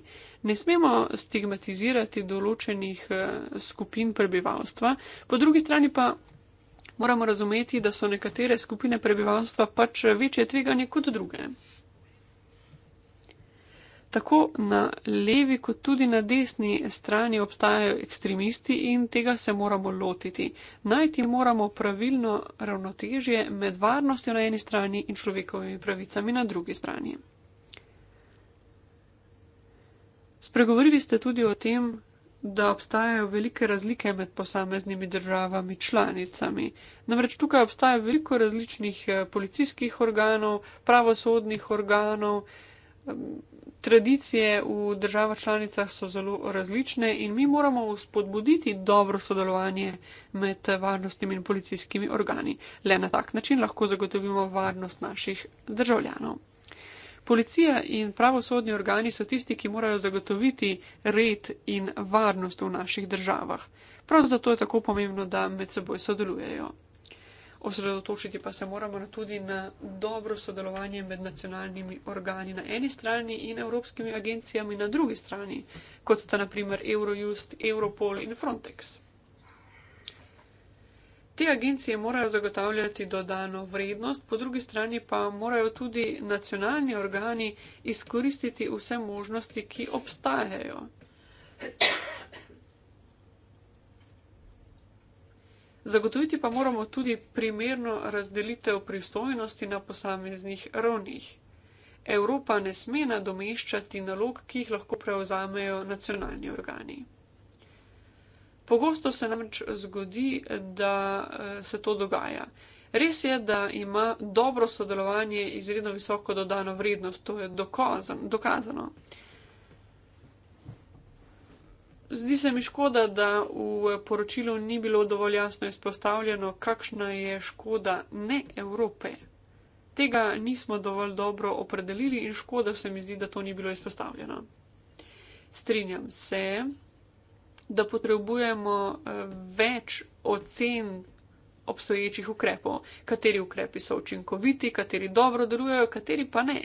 Ne smemo stigmatizirati določenih eh, skupin prebivalstva, po drugi strani pa moramo razumeti, da so nekatere skupine prebivalstva pač eh, večje tveganje kot druge. Tako na levi, kot tudi na desni strani obstajajo ekstremisti in tega se moramo lotiti. Najti moramo pravilno ravnotežje med varnostjo na eni strani in človekovimi pravicami na drugi strani. Spregovorili ste tudi o tem, da obstajajo velike razlike med posameznimi državami članicami. Namreč tukaj obstaja veliko različnih eh, policijskih organov, pravosodnih organov, tradicije v državah članicah so zelo različne in mi moramo spodbuditi dobro sodelovanje med varnostnimi in policijskimi organi. Le na tak način lahko zagotovimo varnost naših državljanov. Policija in pravosodni organi so tisti, ki morajo zagotoviti red in varnost v naših državah. Prav zato je tako pomembno, da med seboj sodelujejo osredotočiti pa se moramo na tudi na dobro sodelovanje med nacionalnimi organi na eni strani in evropskimi agencijami na drugi strani, kot sta naprimer Eurojust, Europol in Frontex. Te agencije morajo zagotavljati dodano vrednost, po drugi strani pa morajo tudi nacionalni organi izkoristiti vse možnosti, ki obstajajo. Zagotoviti pa moramo tudi primerno razdelitev pristojnosti na posameznih ravnih. Evropa ne sme nadomeščati nalog, ki jih lahko prevzamejo nacionalni organi. Pogosto se namreč zgodi, da eh, se to dogaja. Res je, da ima dobro sodelovanje izredno visoko dodano vrednost, to je dokazano. Zdi se mi škoda, da v poročilu ni bilo dovolj jasno izpostavljeno, kakšna je škoda ne Evrope. Tega nismo dovolj dobro opredelili in škoda se mi zdi, da to ni bilo izpostavljeno. Strinjam se, da potrebujemo eh, več ocen obstoječih ukrepov, kateri ukrepi so učinkoviti, kateri dobro delujejo, kateri pa ne.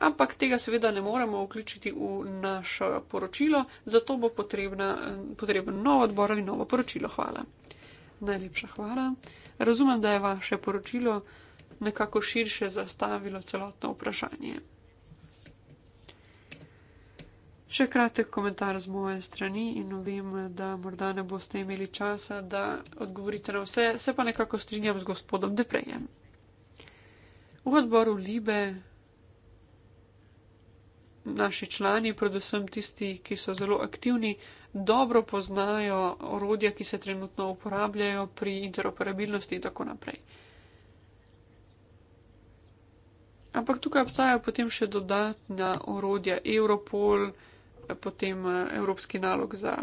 Ampak tega seveda ne moremo vključiti v naše poročilo, zato bo potrebna, potreben nov odbor ali novo poročilo. Hvala. Najlepša hvala. Razumem, da je vaše poročilo nekako širše zastavilo celotno vprašanje. Še kratek komentar z moje strani in vem, da morda ne boste imeli časa, da odgovorite na vse, se pa nekako strinjam z gospodom Deprejem. V odboru Libe naši člani, predvsem tisti, ki so zelo aktivni, dobro poznajo orodja, ki se trenutno uporabljajo pri interoperabilnosti in tako naprej. Ampak tukaj obstajajo potem še dodatna orodja Europol, potem eh, Evropski nalog za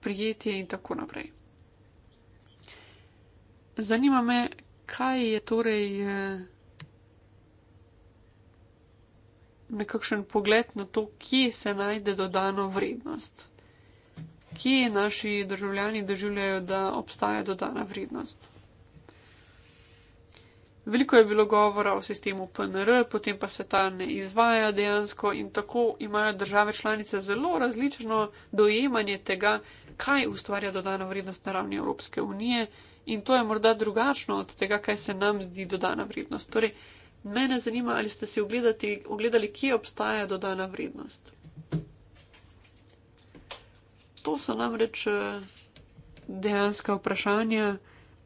prijetje in tako naprej. Zanima me, kaj je torej eh, nekakšen pogled na to, kje se najde dodano vrednost, kje naši državljani doživljajo, da obstaja dodana vrednost. Veliko je bilo govora o sistemu PNR, potem pa se ta ne izvaja dejansko in tako imajo države članice zelo različno dojemanje tega, kaj ustvarja dodano vrednost na ravni Evropske unije in to je morda drugačno od tega, kaj se nam zdi dodana vrednost. Torej, Mene zanima, ali ste si ogledati, ogledali, kje obstaja dodana vrednost. To so namreč eh, dejanska vprašanja,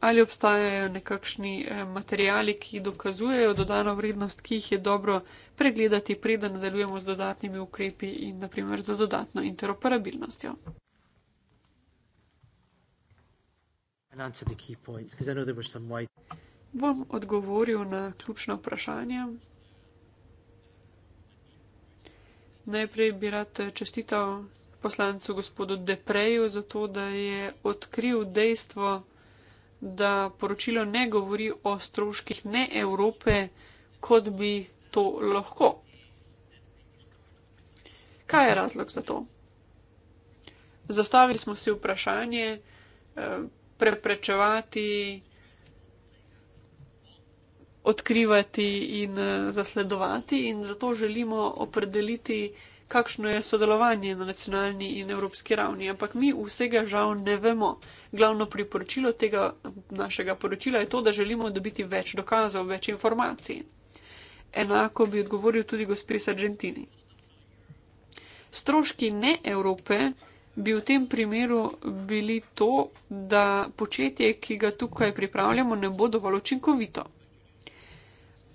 ali obstajajo nekakšni eh, materijali, ki dokazujejo dodano vrednost, ki jih je dobro pregledati, preden nadaljujemo z dodatnimi ukrepi in naprimer za dodatno interoperabilnostjo. And answer the key points because I know there were some white bom odgovoril na ključna vprašanja. Najprej bi rad eh, čestital poslancu gospodu Depreju za to, da je odkril dejstvo, da poročilo ne govori o stroških ne Evrope, kot bi to lahko. Kaj je razlog za to? Zastavili smo si vprašanje eh, preprečevati odkrivati in eh, zasledovati, in zato želimo opredeliti, kakšno je sodelovanje na nacionalni in evropski ravni. Ampak mi vsega žal ne vemo. Glavno priporočilo tega našega poročila je to, da želimo dobiti več dokazov, več informacij. Enako bi odgovoril tudi gospod Sargentini. Stroški ne Evrope bi v tem primeru bili to, da početje, ki ga tukaj pripravljamo, ne bo dovolj učinkovito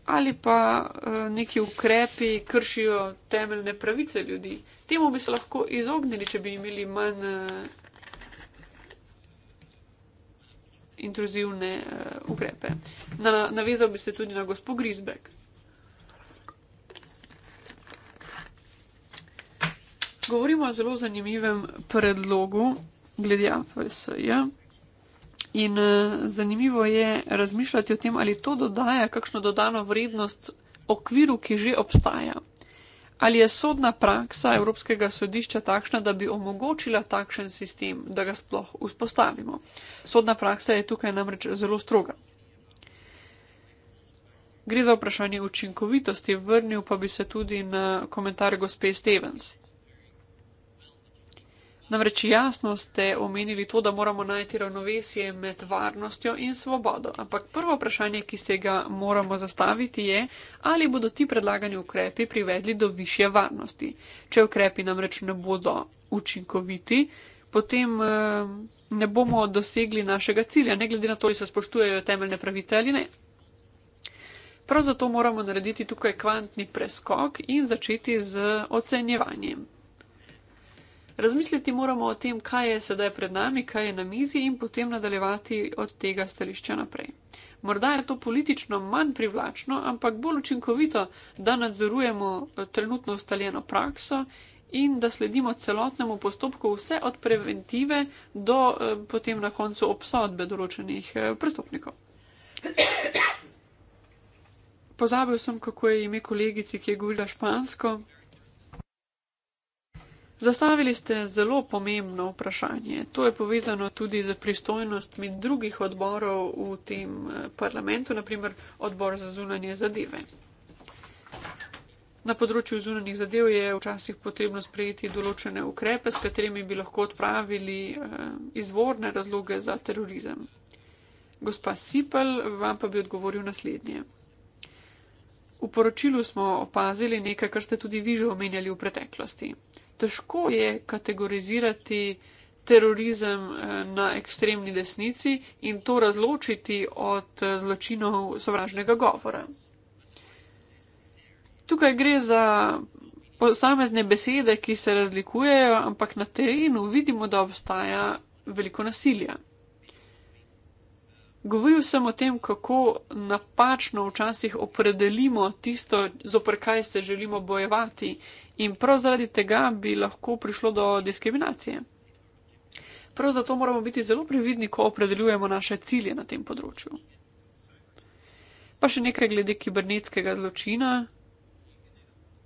ali pa eh, neki ukrepi kršijo temeljne pravice ljudi. Temu bi se lahko izognili, če bi imeli manj eh, intruzivne eh, ukrepe. Na, navezal bi se tudi na gospod Grisbek. Govorimo o zelo zanimivem predlogu glede AFSJ. -ja. In eh, zanimivo je razmišljati o tem, ali to dodaja kakšno dodano vrednost okviru, ki že obstaja. Ali je sodna praksa Evropskega sodišča takšna, da bi omogočila takšen sistem, da ga sploh vzpostavimo? Sodna praksa je tukaj namreč zelo stroga. Gre za vprašanje učinkovitosti, vrnil pa bi se tudi na komentar gospe Stevens. Namreč jasno ste omenili to, da moramo najti ravnovesje med varnostjo in svobodo. Ampak prvo vprašanje, ki se ga moramo zastaviti, je, ali bodo ti predlagani ukrepi privedli do više varnosti. Če ukrepi namreč ne bodo učinkoviti, potem eh, ne bomo dosegli našega cilja, ne glede na to, ali se spoštujejo temeljne pravice ali ne. Prav zato moramo narediti tukaj kvantni preskok in začeti z ocenjevanjem. Razmisliti moramo o tem, kaj je sedaj pred nami, kaj je na mizi in potem nadaljevati od tega stališča naprej. Morda je to politično manj privlačno, ampak bolj učinkovito, da nadzorujemo eh, trenutno ustaljeno prakso in da sledimo celotnemu postopku vse od preventive do eh, potem na koncu obsodbe določenih eh, prestopnikov. Pozabil sem, kako je ime kolegici, ki je govorila špansko. Zastavili ste zelo pomembno vprašanje. To je povezano tudi z pristojnostmi drugih odborov v tem eh, parlamentu, naprimer odbor za zunanje zadeve. Na področju zunanih zadev je včasih potrebno sprejeti določene ukrepe, s katerimi bi lahko odpravili eh, izvorne razloge za terorizem. Gospa Sipel vam pa bi odgovoril naslednje. V poročilu smo opazili nekaj, kar ste tudi vi že omenjali v preteklosti težko je kategorizirati terorizem eh, na ekstremni desnici in to razločiti od eh, zločinov sovražnega govora. Tukaj gre za posamezne besede, ki se razlikujejo, ampak na terenu vidimo, da obstaja veliko nasilja. Govoril sem o tem, kako napačno včasih opredelimo tisto, zoper kaj se želimo bojevati, in prav zaradi tega bi lahko prišlo do diskriminacije. Prav zato moramo biti zelo previdni, ko opredeljujemo naše cilje na tem področju. Pa še nekaj glede kibernetskega zločina.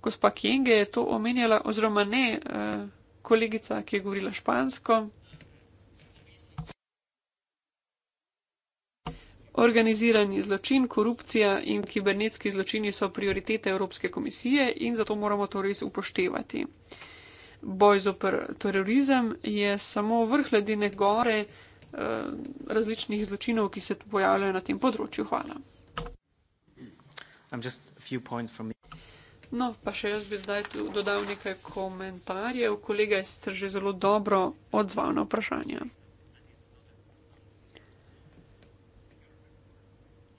Gospa Kjenge je to omenjala, oziroma ne, eh, kolegica, ki je govorila špansko. Organizirani zločin, korupcija in kibernetski zločini so prioritete Evropske komisije in zato moramo to res upoštevati. Boj zoper terorizem je samo vrh ledine gore eh, različnih zločinov, ki se pojavljajo na tem področju. Hvala. No, pa še jaz bi zdaj tu dodal nekaj komentarjev. Kolega je se že zelo dobro odzval na vprašanje.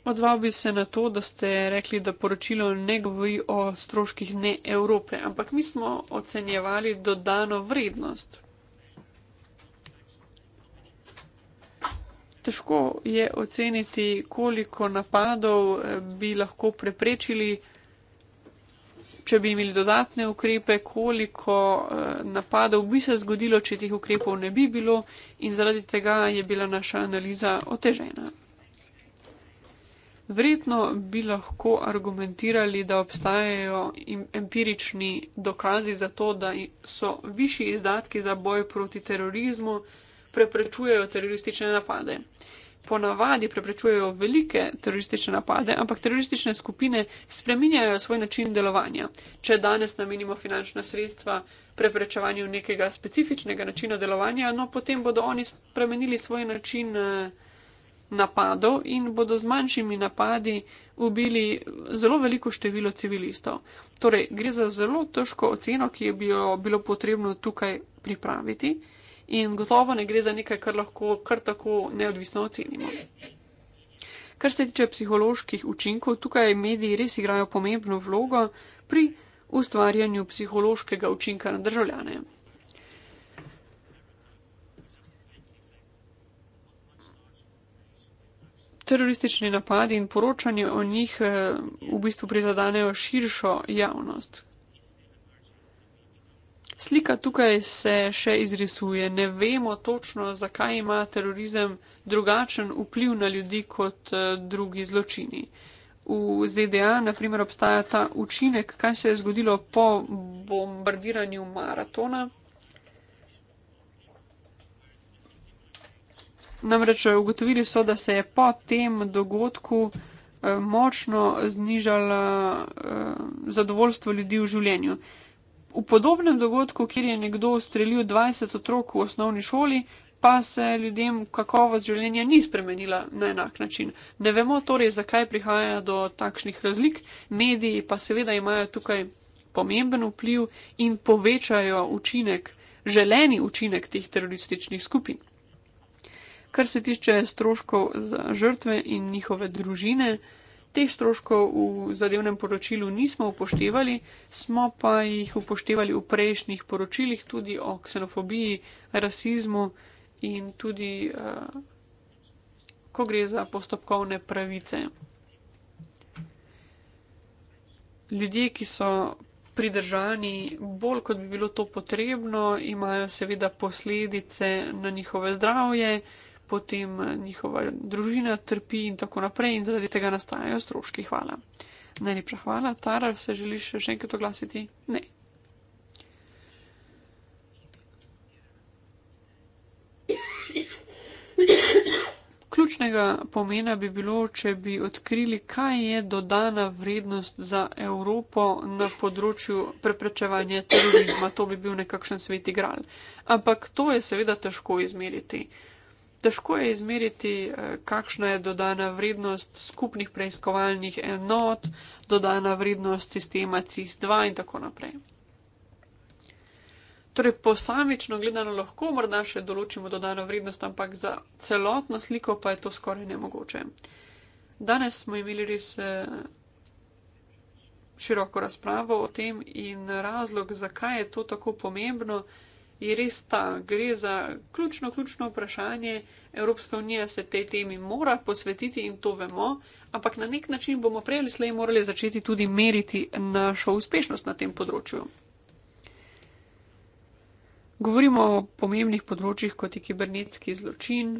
Odzval bi se na to, da ste rekli, da poročilo ne govori o stroških ne Evrope, ampak mi smo ocenjevali dodano vrednost. Težko je oceniti, koliko napadov eh, bi lahko preprečili, če bi imeli dodatne ukrepe, koliko eh, napadov bi se zgodilo, če tih ukrepov ne bi bilo in zaradi tega je bila naša analiza otežena. Verjetno bi lahko argumentirali, da obstajajo empirični dokazi za to, da so višji izdatki za boj proti terorizmu preprečujejo teroristične napade. Ponavadi preprečujejo velike teroristične napade, ampak teroristične skupine spreminjajo svoj način delovanja. Če danes namenimo finančna sredstva preprečevanju nekega specifičnega načina delovanja, no potem bodo oni spremenili svoj način delovanja. Eh, napadov in bodo z manjšimi napadi ubili zelo veliko število civilistov. Torej, gre za zelo težko oceno, ki je bilo, bilo potrebno tukaj pripraviti in gotovo ne gre za nekaj, kar lahko kar tako neodvisno ocenimo. Kar se tiče psiholoških učinkov, tukaj mediji res igrajo pomembno vlogo pri ustvarjanju psihološkega učinka na državljane. teroristični napadi in poročanje o njih eh, v bistvu prizadanejo širšo javnost. Slika tukaj se še izrisuje. Ne vemo točno, zakaj ima terorizem drugačen vpliv na ljudi kot eh, drugi zločini. V ZDA, naprimer, obstaja ta učinek, kaj se je zgodilo po bombardiranju maratona. Namreč eh, ugotovili so, da se je po tem dogodku eh, močno znižalo eh, zadovoljstvo ljudi v življenju. V podobnem dogodku, kjer je nekdo ustrelil 20 otrok v osnovni šoli, pa se ljudem kakovost življenja ni spremenila na enak način. Ne vemo torej, zakaj prihaja do takšnih razlik, mediji pa seveda imajo tukaj pomemben vpliv in povečajo učinek, želeni učinek teh terorističnih skupin. Kar se tiče stroškov za žrtve in njihove družine, teh stroškov v zadevnem poročilu nismo upoštevali, smo pa jih upoštevali v prejšnjih poročilih tudi o ksenofobiji, rasizmu in tudi, eh, ko gre za postopkovne pravice. Ljudje, ki so pridržani bolj, kot bi bilo to potrebno, imajo seveda posledice na njihove zdravje potem eh, njihova družina trpi in tako naprej in zaradi tega nastajajo stroški. Hvala. Najlepša hvala. Tara, se želiš še enkrat oglasiti? Ne. Ključnega pomena bi bilo, če bi odkrili, kaj je dodana vrednost za Evropo na področju preprečevanja terorizma. To bi bil nekakšen svet igral. Ampak to je seveda težko izmeriti. Uh, težko je izmeriti, eh, kakšna je dodana vrednost skupnih preiskovalnih enot, dodana vrednost sistema CIS-2 in tako naprej. Torej, posamično gledano lahko morda še določimo dodano vrednost, ampak za celotno sliko pa je to skoraj nemogoče. Danes smo imeli res eh, široko razpravo o tem in razlog, zakaj je to tako pomembno je res ta, gre za ključno, ključno vprašanje. Evropska unija se tej temi mora posvetiti in to vemo, ampak na nek način bomo prej ali slej morali začeti tudi meriti našo uspešnost na tem področju. Govorimo o pomembnih področjih, kot je kibernetski zločin,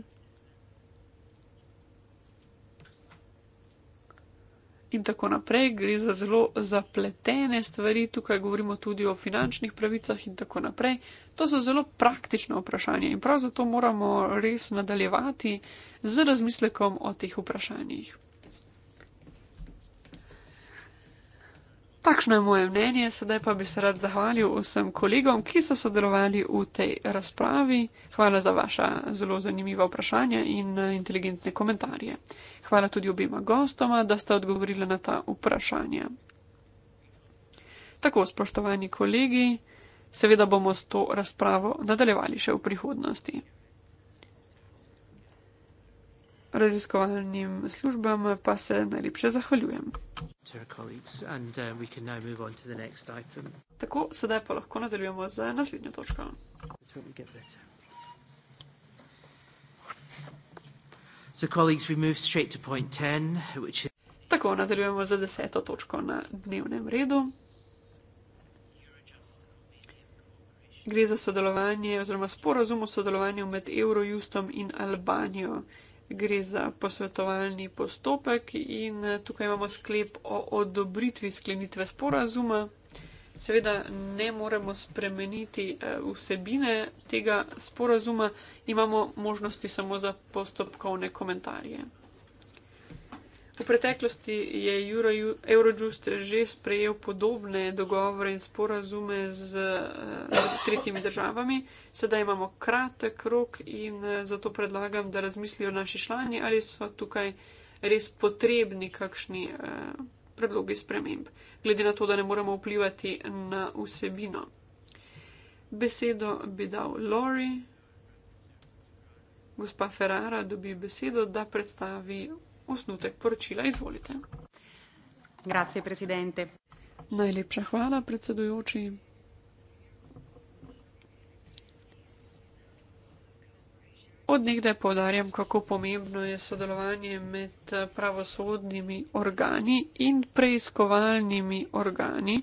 in tako naprej. Gre za zelo zapletene stvari, tukaj govorimo tudi o finančnih pravicah in tako naprej. To so zelo praktična vprašanja in prav zato moramo res nadaljevati z razmislekom o teh vprašanjih. Takšno je moje mnenje, sedaj pa bi se rad zahvalil vsem kolegom, ki so sodelovali v tej razpravi. Hvala za vaša zelo zanimiva vprašanja in eh, inteligentne komentarje. Hvala tudi obima gostoma, da ste odgovorili na ta vprašanja. Tako, spoštovani kolegi, seveda bomo s to razpravo nadaljevali še v prihodnosti raziskovalnim službam pa se najlepše zahvaljujem. And, uh, Tako, sedaj pa lahko nadaljujemo z naslednjo točko. So, colleagues, we move straight to point 10, which is. Tako, nadaljujemo za deseto točko na dnevnem redu. Gre za sodelovanje oziroma sporazum o sodelovanju med Eurojustom in Albanijo gre za posvetovalni postopek in eh, tukaj imamo sklep o odobritvi sklenitve sporazuma. Seveda ne moremo spremeniti eh, vsebine tega sporazuma, imamo možnosti samo za postopkovne komentarje. V preteklosti je Euro, Eurojust že sprejel podobne dogovore in sporazume z uh, tretjimi državami. Sedaj imamo kratek rok in uh, zato predlagam, da razmislijo naši člani, ali so tukaj res potrebni kakšni uh, predlogi sprememb, glede na to, da ne moramo vplivati na vsebino. Besedo bi dal Lori. Gospa Ferrara dobi besedo, da predstavi osnutek poročila, izvolite. Grazie, presidente. Najlepša hvala, predsedujoči. Odnegde povdarjam, kako pomembno je sodelovanje med pravosodnimi organi in preiskovalnimi organi,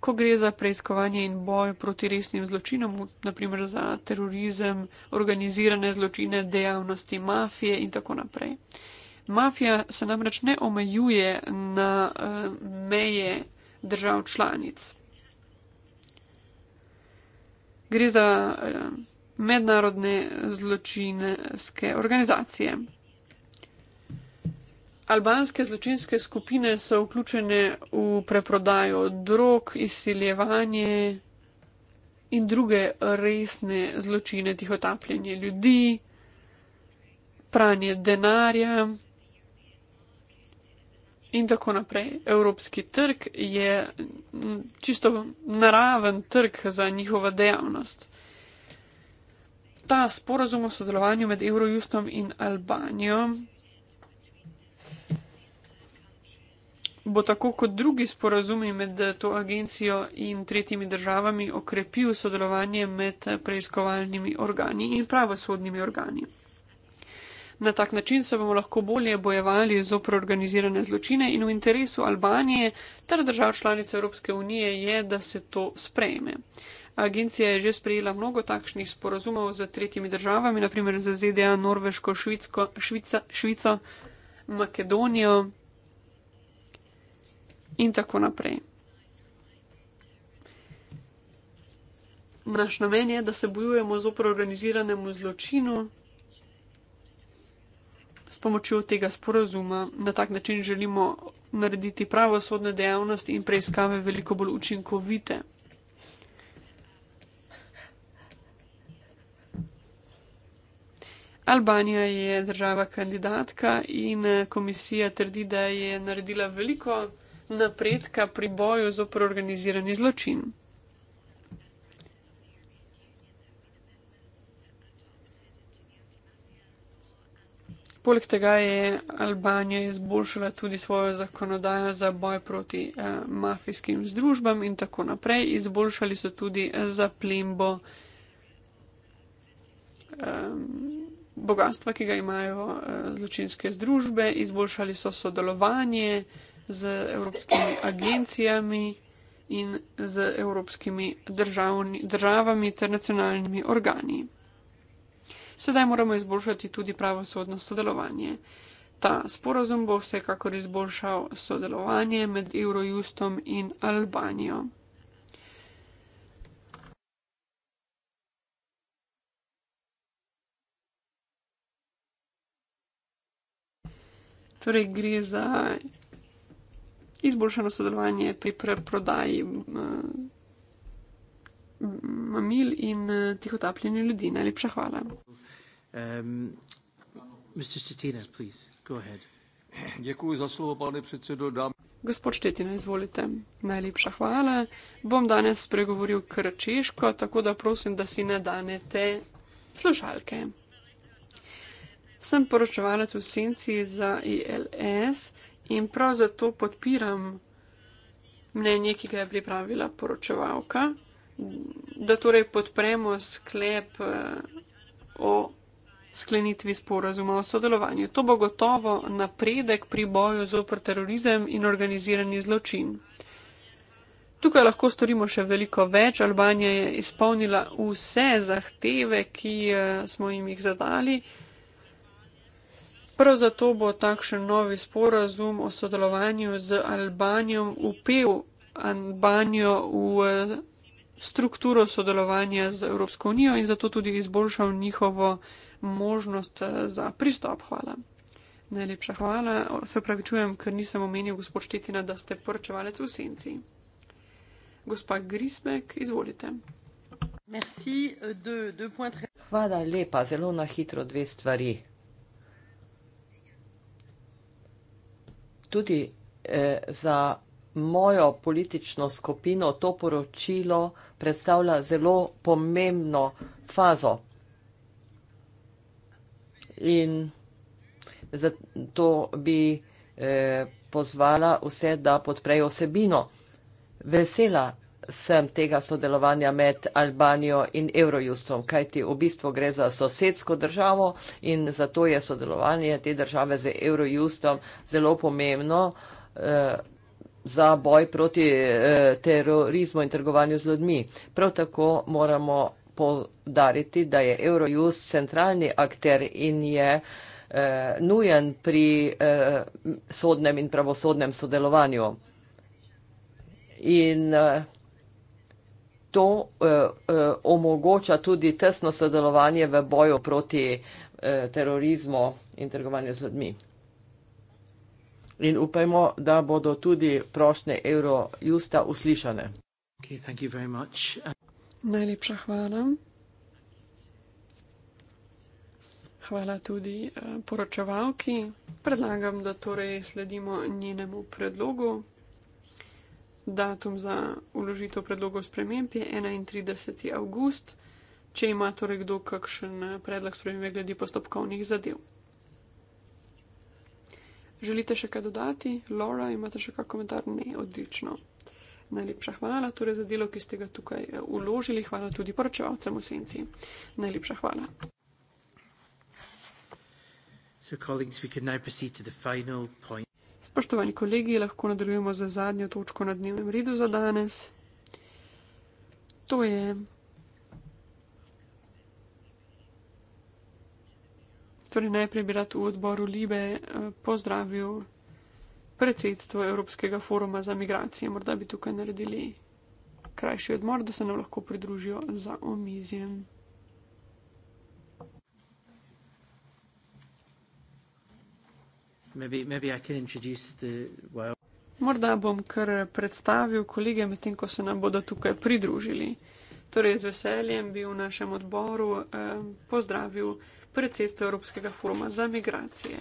ko gre za preiskovanje in boj proti resnim zločinom, naprimer za terorizem, organizirane zločine, dejavnosti mafije in tako naprej. Mafija se namreč ne omejuje na uh, meje držav članic. Gre za uh, mednarodne zločinske organizacije. Albanske zločinske skupine so vključene v preprodajo drog, izsiljevanje in druge resne zločine, tihotapljanje ljudi, pranje denarja in tako naprej. Evropski trg je čisto naraven trg za njihovo dejavnost. Ta sporazum o sodelovanju med Eurojustom in Albanijo bo tako kot drugi sporazumi med to agencijo in tretjimi državami okrepil sodelovanje med preiskovalnimi organi in pravosodnimi organi. Na tak način se bomo lahko bolje bojevali zopro organizirane zločine in v interesu Albanije ter držav članice Evropske unije je, da se to sprejme. Agencija je že sprejela mnogo takšnih sporazumov z tretjimi državami, naprimer z ZDA, Norveško, Švitsko, Švica, Švica, Makedonijo in tako naprej. Naš namen je, da se bojujemo zopro organiziranemu zločinu pomočjo tega sporazuma na tak način želimo narediti pravosodne dejavnosti in preiskave veliko bolj učinkovite. Albanija je država kandidatka in eh, komisija trdi, da je naredila veliko napredka pri boju z oprorganizirani zločin. Poleg tega je Albanija izboljšala tudi svojo zakonodajo za boj proti eh, mafijskim združbam in tako naprej. Izboljšali so tudi eh, zaplembo eh, bogatstva, ki ga imajo eh, zločinske združbe, izboljšali so sodelovanje z evropskimi agencijami in z evropskimi državni, državami ter nacionalnimi organi sedaj moramo izboljšati tudi pravosodno sodelovanje. Ta sporozum bo vsekakor izboljšal sodelovanje med Eurojustom in Albanijo. Torej, gre za izboljšano sodelovanje pri preprodaji eh, mamil in eh, tihotapljenju ljudi. Najlepša hvala. Um, Mr. Stetina, please, go ahead. Děkuji za slovo, pane předsedo. Dám... Gospod Štetina, izvolite. Najlepša hvala. Bom danes spregovoril kar češko, tako da prosim, da si nadanete slušalke. Sem poročevalec v senci za ILS in prav zato podpiram mnenje, ki ga je pripravila poročevalka, da torej podpremo sklep eh, o sklenitvi sporazuma o sodelovanju. To bo gotovo napredek pri boju zopr terorizem in organizirani zločin. Tukaj lahko storimo še veliko več. Albanija je izpolnila vse zahteve, ki eh, smo jim jih zadali. Prav zato bo takšen novi sporazum o sodelovanju z Albanijo upel Albanijo v eh, strukturo sodelovanja z Evropsko unijo in zato tudi izboljšal njihovo možnost eh, za pristop. Hvala. Najlepša hvala. Se pravi, čujem, ker nisem omenil, gospod Štetina, da ste poročevalec v senci. Gospa Grismek, izvolite. Merci, eh, de, de point... Hvala lepa, zelo na hitro dve stvari. Tudi eh, za mojo politično skupino to poročilo predstavlja zelo pomembno fazo In zato bi eh, pozvala vse, da podprejo osebino. Vesela sem tega sodelovanja med Albanijo in Eurojustom, kajti v bistvu gre za sosedsko državo in zato je sodelovanje te države z Eurojustom zelo pomembno eh, za boj proti eh, terorizmu in trgovanju z ljudmi. Prav tako moramo podariti, da je Eurojust centralni akter in je eh, nujen pri eh, sodnem in pravosodnem sodelovanju. In eh, to eh, eh, omogoča tudi tesno sodelovanje v boju proti eh, terorizmu in trgovanju z ljudmi. In upajmo, da bodo tudi prošnje Eurojusta uslišane. Okay, thank you very much. Um... Najlepša hvala. Hvala tudi eh, poročevalki. Predlagam, da torej sledimo njenemu predlogu. Datum za uložitev predlogov sprememb je 31. august, če ima torej kdo kakšen eh, predlog spremembe glede postopkovnih zadev. Želite še kaj dodati? Laura, imate še kak komentar? Ne, odlično. Najlepša hvala torej za delo, ki ste ga tukaj eh, uložili. Hvala tudi poročevalcem v senci. Najlepša hvala. Spoštovani kolegi, lahko nadaljujemo za zadnjo točko na dnevnem redu za danes. To je torej najprej bi rad v odboru Libe eh, pozdravil predsedstvo Evropskega foruma za migracije. Morda bi tukaj naredili krajši odmor, da se nam lahko pridružijo za omizjem. Maybe, maybe I can introduce the, well. Morda bom kar predstavil kolege, medtem ko se nam bodo tukaj pridružili. Torej, z veseljem bi v našem odboru eh, pozdravil predsedstvo Evropskega foruma za migracije.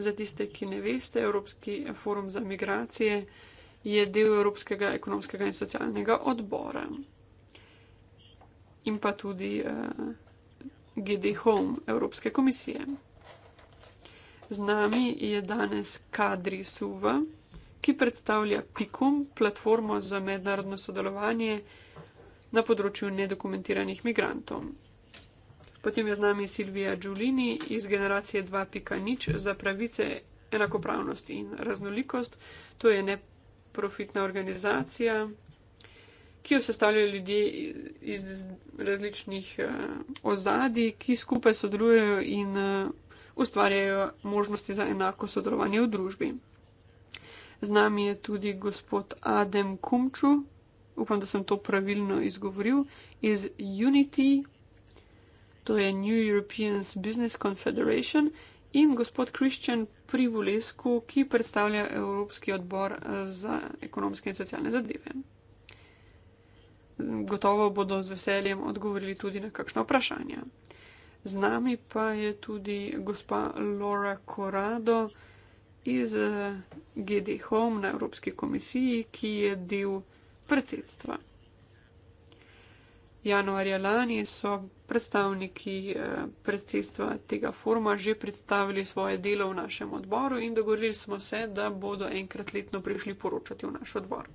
Za tiste, ki ne veste, Evropski forum za migracije je del Evropskega ekonomskega in socialnega odbora in pa tudi uh, eh, GD Home Evropske komisije. Z nami je danes Kadri Suva, ki predstavlja PIKUM, platformo za mednarodno sodelovanje na področju nedokumentiranih migrantov. Potem je z nami Silvija Giulini iz generacije 2.0 za pravice, enakopravnost in raznolikost. To je neprofitna organizacija, ki jo sestavljajo ljudje iz različnih uh, ozadij, ki skupaj sodelujejo in uh, ustvarjajo možnosti za enako sodelovanje v družbi. Z nami je tudi gospod Adam Kumču, upam, da sem to pravilno izgovoril, iz Unity to je New European Business Confederation, in gospod Christian Privulescu, ki predstavlja Evropski odbor eh, za ekonomske in socialne zadeve. Gotovo bodo z veseljem odgovorili tudi na kakšno vprašanje. Z nami pa je tudi gospa Laura Corrado iz eh, GD Home na Evropski komisiji, ki je del predsedstva. Januarja lani so predstavniki eh, predsedstva tega foruma že predstavili svoje delo v našem odboru in dogovorili smo se, da bodo enkrat letno prišli poročati v naš odbor.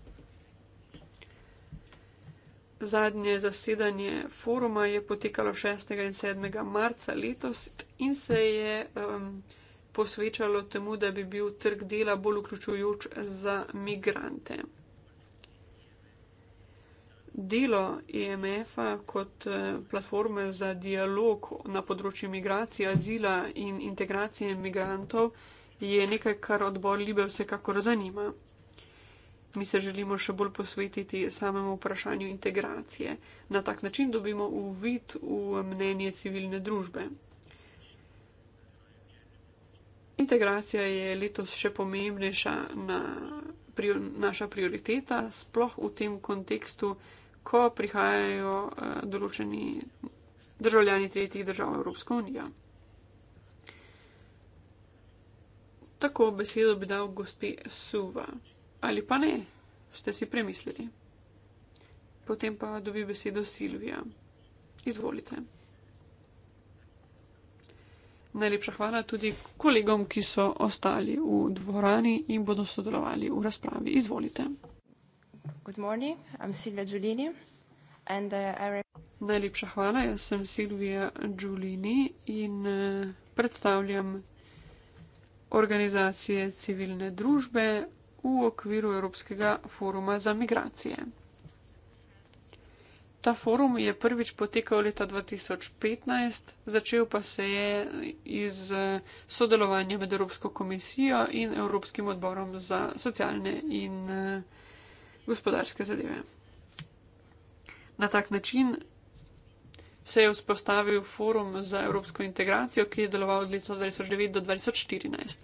Zadnje zasedanje foruma je potekalo 6. in 7. marca letos in se je um, posvečalo temu, da bi bil trg dela bolj vključujoč za migrante delo EMF-a kot eh, platforme za dialog na področju migracije, azila in integracije imigrantov je nekaj, kar odbor Libe vsekakor zanima. Mi se želimo še bolj posvetiti samemu vprašanju integracije. Na tak način dobimo uvid v mnenje civilne družbe. Integracija je letos še pomembnejša na prior naša prioriteta, sploh v tem kontekstu, ko prihajajo uh, določeni državljani tretjih držav Evropske unije. Tako besedo bi dal gospe Suva. Ali pa ne, ste si premislili. Potem pa dobi besedo Silvija. Izvolite. Najlepša hvala tudi kolegom, ki so ostali v dvorani in bodo sodelovali v razpravi. Izvolite. Good morning, I'm Silvia Giulini. And, uh, I... Najlepša hvala, jaz sem Silvija Giulini in uh, predstavljam organizacije civilne družbe v okviru Evropskega foruma za migracije. Ta forum je prvič potekal leta 2015, začel pa se je iz uh, sodelovanja med Evropsko komisijo in Evropskim odborom za socialne in uh, gospodarske zadeve. Na tak način se je vzpostavil forum za evropsko integracijo, ki je deloval od leta 2009 do 2014.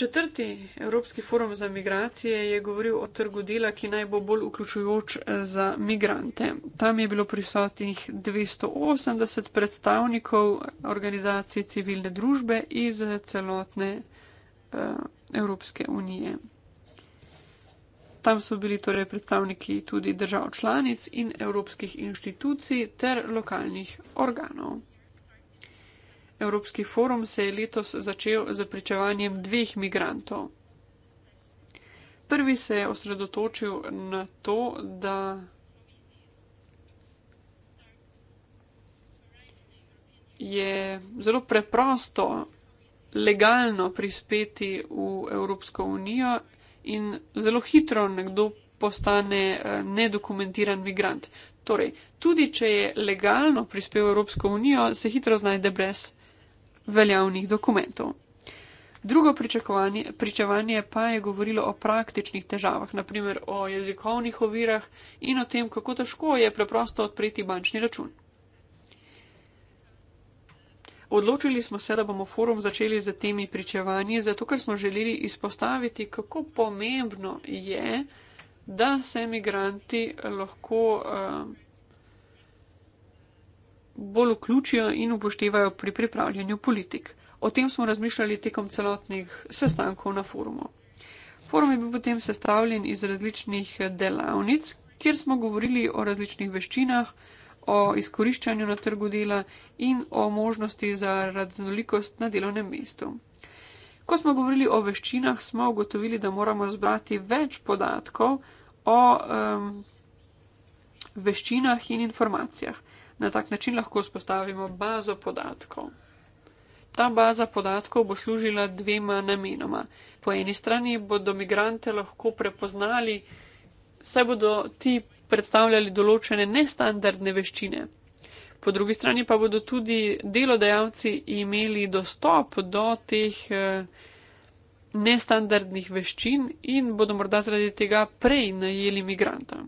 Četrti Evropski forum za migracije je govoril o trgu dela, ki naj bo bolj vključujoč za migrante. Tam je bilo prisotnih 280 predstavnikov organizacije civilne družbe iz celotne uh, Evropske unije. Tam so bili torej predstavniki tudi držav članic in evropskih inštitucij ter lokalnih organov. Evropski forum se je letos začel z pričevanjem dveh migrantov. Prvi se je osredotočil na to, da je zelo preprosto legalno prispeti v Evropsko unijo in zelo hitro nekdo postane eh, nedokumentiran migrant. Torej, tudi če je legalno prispel v Evropsko unijo, se hitro znajde brez veljavnih dokumentov. Drugo pričevanje pa je govorilo o praktičnih težavah, naprimer o jezikovnih ovirah in o tem, kako težko je preprosto odpreti bančni račun. Odločili smo se, da bomo forum začeli z temi pričevanji, zato ker smo želeli izpostaviti, kako pomembno je, da se imigranti lahko um, bolj vključijo in upoštevajo pri pripravljanju politik. O tem smo razmišljali tekom celotnih sestankov na forumu. Forum je bil potem sestavljen iz različnih delavnic, kjer smo govorili o različnih veščinah, o izkoriščanju na trgu dela in o možnosti za raznolikost na delovnem mestu. Ko smo govorili o veščinah, smo ugotovili, da moramo zbrati več podatkov o um, veščinah in informacijah. Na tak način lahko spostavimo bazo podatkov. Ta baza podatkov bo služila dvema namenoma. Po eni strani bodo migrante lahko prepoznali, saj bodo ti predstavljali določene nestandardne veščine. Po drugi strani pa bodo tudi delodajalci imeli dostop do teh eh, nestandardnih veščin in bodo morda zaradi tega prej najeli migranta.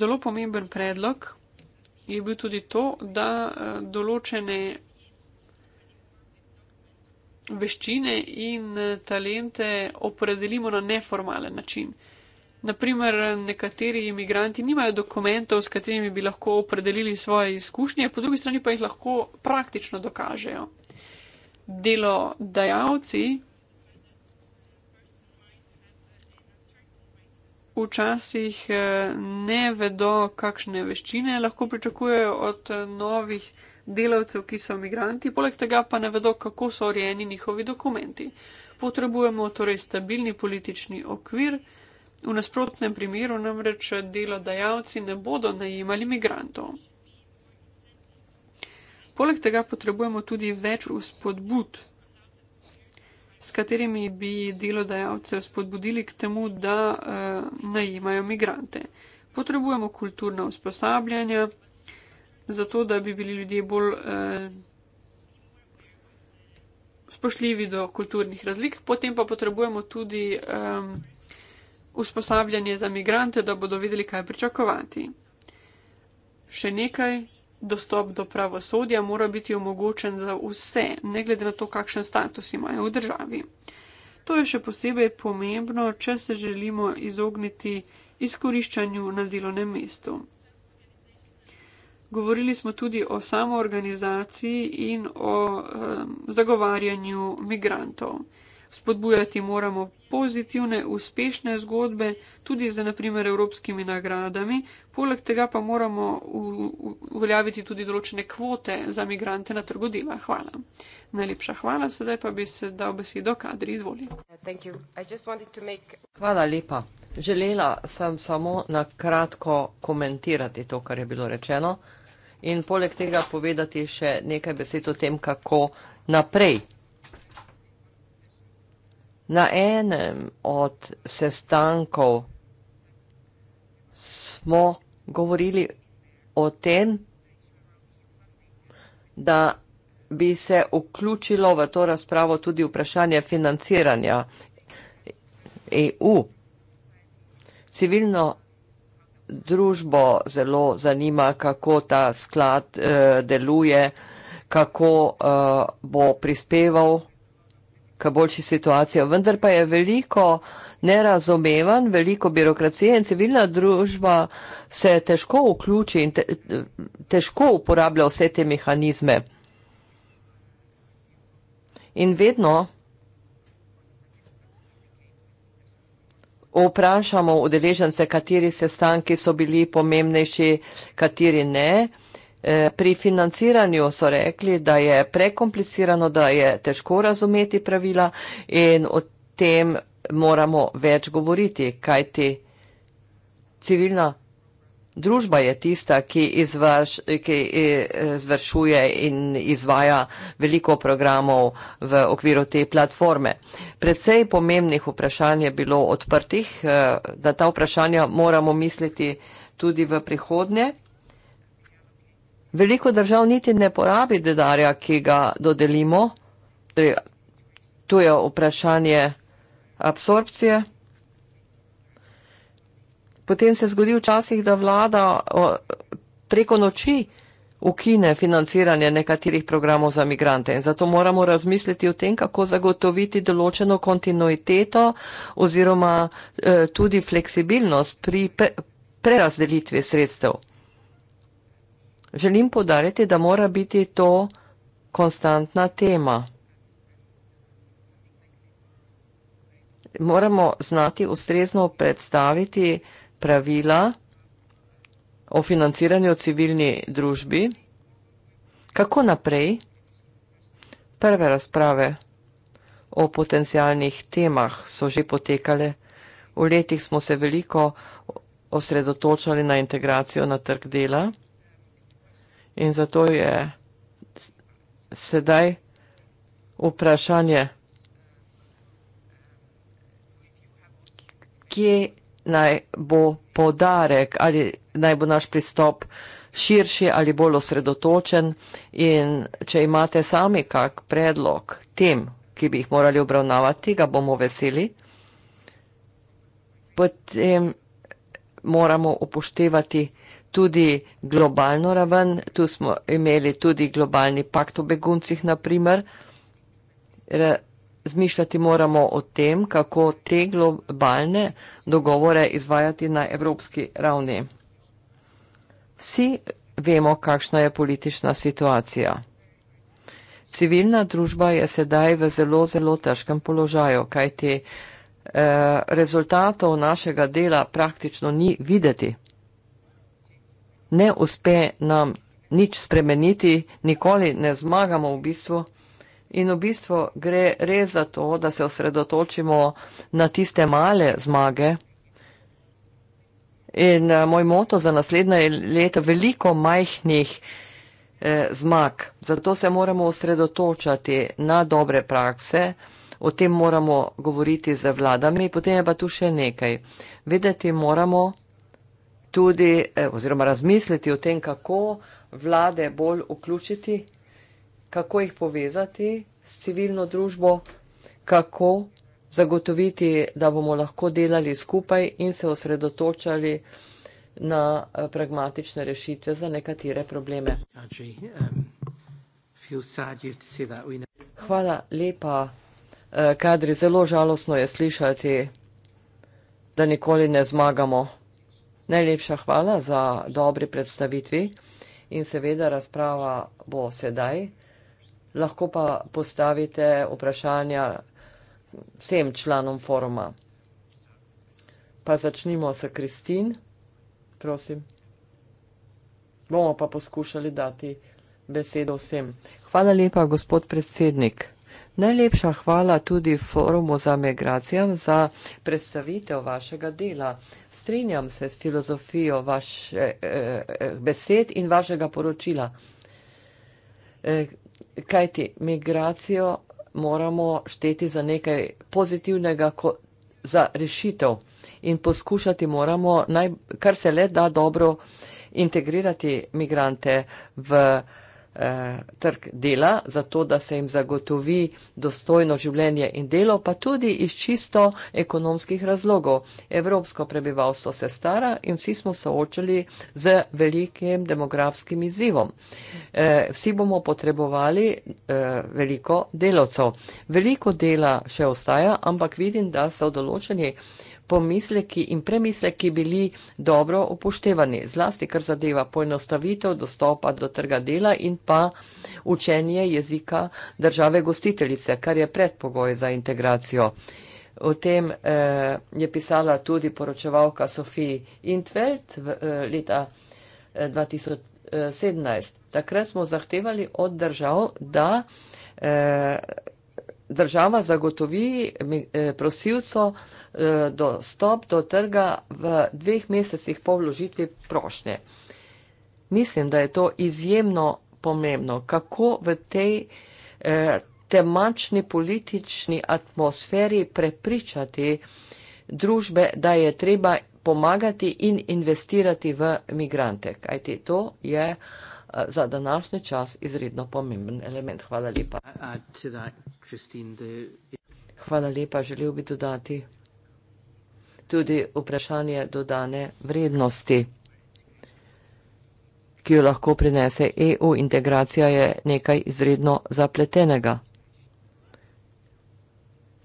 Zelo pomemben predlog je bil tudi to, da eh, določene veščine in eh, talente opredelimo na neformalen način. Naprimer, nekateri imigranti nimajo dokumentov, s katerimi bi lahko opredelili svoje izkušnje, po drugi strani pa jih lahko praktično dokažejo. Delodajalci včasih eh, ne vedo, kakšne veščine lahko pričakujejo od eh, novih delavcev, ki so imigranti, poleg tega pa ne vedo, kako so urejeni njihovi dokumenti. Potrebujemo torej stabilni politični okvir, v nasprotnem primeru namreč delodajalci ne bodo najemali imigrantov. Poleg tega potrebujemo tudi več vzpodbud, s katerimi bi delodajalce vzpodbudili k temu, da uh, najemajo imigrante. Potrebujemo kulturna usposabljanja, zato da bi bili ljudje bolj eh, spoštljivi do kulturnih razlik. Potem pa potrebujemo tudi eh, usposabljanje za imigrante, da bodo videli, kaj pričakovati. Še nekaj, dostop do pravosodja mora biti omogočen za vse, ne glede na to, kakšen status imajo v državi. To je še posebej pomembno, če se želimo izogniti izkoriščanju na delovnem mestu. Govorili smo tudi o samoorganizaciji in o um, zagovarjanju migrantov. Spodbujati moramo pozitivne, uspešne zgodbe, tudi za naprimer evropskimi nagradami. Poleg tega pa moramo uveljaviti tudi določene kvote za migrante na trgu dela. Hvala. Najlepša hvala, sedaj pa bi se dal besedo kadri. Izvoli. Hvala lepa. Želela sem samo na kratko komentirati to, kar je bilo rečeno in poleg tega povedati še nekaj besed o tem, kako naprej. Na enem od sestankov smo govorili o tem, da bi se vključilo v to razpravo tudi vprašanje financiranja EU. Civilno družbo zelo zanima, kako ta sklad eh, deluje, kako eh, bo prispeval k boljši situaciji. Vendar pa je veliko nerazumevan, veliko birokracije in civilna družba se težko vključi in te, težko uporablja vse te mehanizme. In vedno vprašamo udeležence, kateri sestanki so bili pomembnejši, kateri ne. E, pri financiranju so rekli, da je prekomplicirano, da je težko razumeti pravila in o tem moramo več govoriti, kajti civilna Družba je tista, ki, izvrš, ki eh, izvršuje in izvaja veliko programov v okviru te platforme. Predvsej pomembnih vprašanj je bilo odprtih, eh, da ta vprašanja moramo misliti tudi v prihodnje. Veliko držav niti ne porabi denarja, ki ga dodelimo. Tu torej, je vprašanje absorpcije potem se zgodi včasih, da vlada preko noči ukine financiranje nekaterih programov za migrante. In zato moramo razmisliti o tem, kako zagotoviti določeno kontinuiteto oziroma eh, tudi fleksibilnost pri prerazdelitvi sredstev. Želim podariti, da mora biti to konstantna tema. Moramo znati ustrezno predstaviti pravila o financiranju v civilni družbi. Kako naprej? Prve razprave o potencijalnih temah so že potekale. V letih smo se veliko osredotočali na integracijo na trg dela in zato je sedaj vprašanje, kje je naj bo podarek ali naj bo naš pristop širši ali bolj osredotočen in če imate sami kak predlog tem, ki bi jih morali obravnavati, ga bomo veseli, potem moramo upoštevati tudi globalno raven, tu smo imeli tudi globalni pakt o beguncih, naprimer, zmišljati moramo o tem, kako te globalne dogovore izvajati na evropski ravni. Vsi vemo, kakšna je politična situacija. Civilna družba je sedaj v zelo, zelo težkem položaju, kajti eh, rezultatov našega dela praktično ni videti. Ne uspe nam nič spremeniti, nikoli ne zmagamo v bistvu. In v bistvu gre res za to, da se osredotočimo na tiste male zmage. In uh, moj moto za naslednje leto je veliko majhnih eh, zmag. Zato se moramo osredotočati na dobre prakse, o tem moramo govoriti z vladami. Potem je pa tu še nekaj. Vedeti moramo tudi, eh, oziroma razmisliti o tem, kako vlade bolj vključiti kako jih povezati s civilno družbo, kako zagotoviti, da bomo lahko delali skupaj in se osredotočali na eh, pragmatične rešitve za nekatere probleme. Um, hvala lepa, eh, Kadri. Zelo žalostno je slišati, da nikoli ne zmagamo. Najlepša hvala za dobri predstavitvi in seveda razprava bo sedaj lahko pa postavite vprašanja vsem članom foruma. Pa začnimo s Kristin, prosim. Bomo pa poskušali dati besedo vsem. Hvala lepa, gospod predsednik. Najlepša hvala tudi Forumu za migracijam za predstavitev vašega dela. Strinjam se s filozofijo vaših eh, eh, besed in vašega poročila. Eh, kajti migracijo moramo šteti za nekaj pozitivnega, za rešitev in poskušati moramo, naj, kar se le da dobro, integrirati migrante v eh, trg dela, zato da se jim zagotovi dostojno življenje in delo, pa tudi iz čisto ekonomskih razlogov. Evropsko prebivalstvo se stara in vsi smo soočali z velikim demografskim izzivom. Eh, vsi bomo potrebovali eh, veliko delavcev. Veliko dela še ostaja, ampak vidim, da so določeni eh, pomisleki in premisleki bili dobro upoštevani, zlasti kar zadeva poenostavitev dostopa do trga dela in pa učenje jezika države gostiteljice, kar je predpogoj za integracijo. O tem eh, je pisala tudi poročevalka Sofiji Intveld v, eh, leta 2017. Eh, Takrat smo zahtevali od držav, da eh, država zagotovi eh, prosilcu Eh, dostop do trga v dveh mesecih po vložitvi prošnje. Mislim, da je to izjemno pomembno, kako v tej eh, temačni politični atmosferi prepričati družbe, da je treba pomagati in investirati v migrante. Kajti to je eh, za današnji čas izredno pomemben element. Hvala lepa. Hvala lepa, želel bi dodati tudi vprašanje dodane vrednosti, ki jo lahko prinese EU. Integracija je nekaj izredno zapletenega.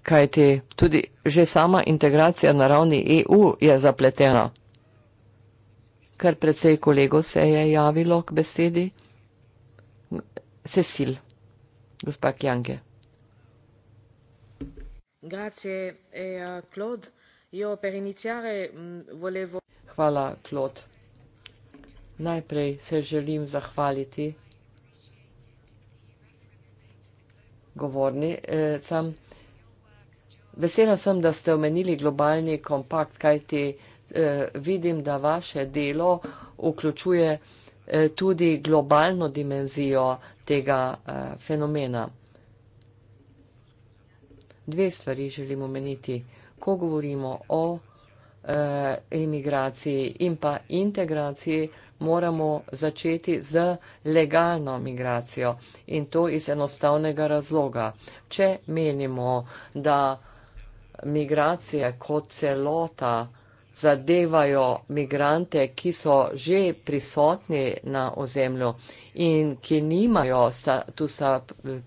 Kajti tudi že sama integracija na ravni EU je zapletena. Kar precej kolego se je javilo k besedi. Cecil, gospod Kjange. Grazie, eh, Claude. Io per iniziare mm, volevo... Hvala, Klot. Najprej se želim zahvaliti govornicam. Vesela sem, da ste omenili globalni kompakt, kajti eh, vidim, da vaše delo vključuje eh, tudi globalno dimenzijo tega eh, fenomena. Dve stvari želim omeniti ko govorimo o eh, emigraciji in pa integraciji, moramo začeti z legalno migracijo in to iz enostavnega razloga. Če menimo, da migracije kot celota zadevajo migrante, ki so že prisotni na ozemlju in ki nimajo statusa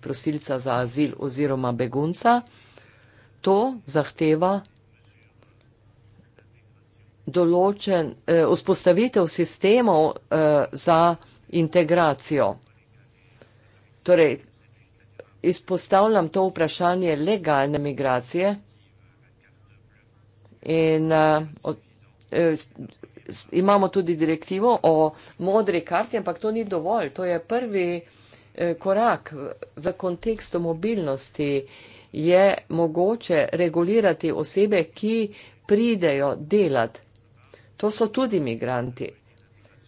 prosilca za azil oziroma begunca, to zahteva določen, eh, vzpostavitev sistemov eh, za integracijo. Torej, izpostavljam to vprašanje legalne migracije in eh, od, eh, imamo tudi direktivo o modri karti, ampak to ni dovolj. To je prvi eh, korak v, v kontekstu mobilnosti. Je mogoče regulirati osebe, ki pridejo delati To so tudi migranti.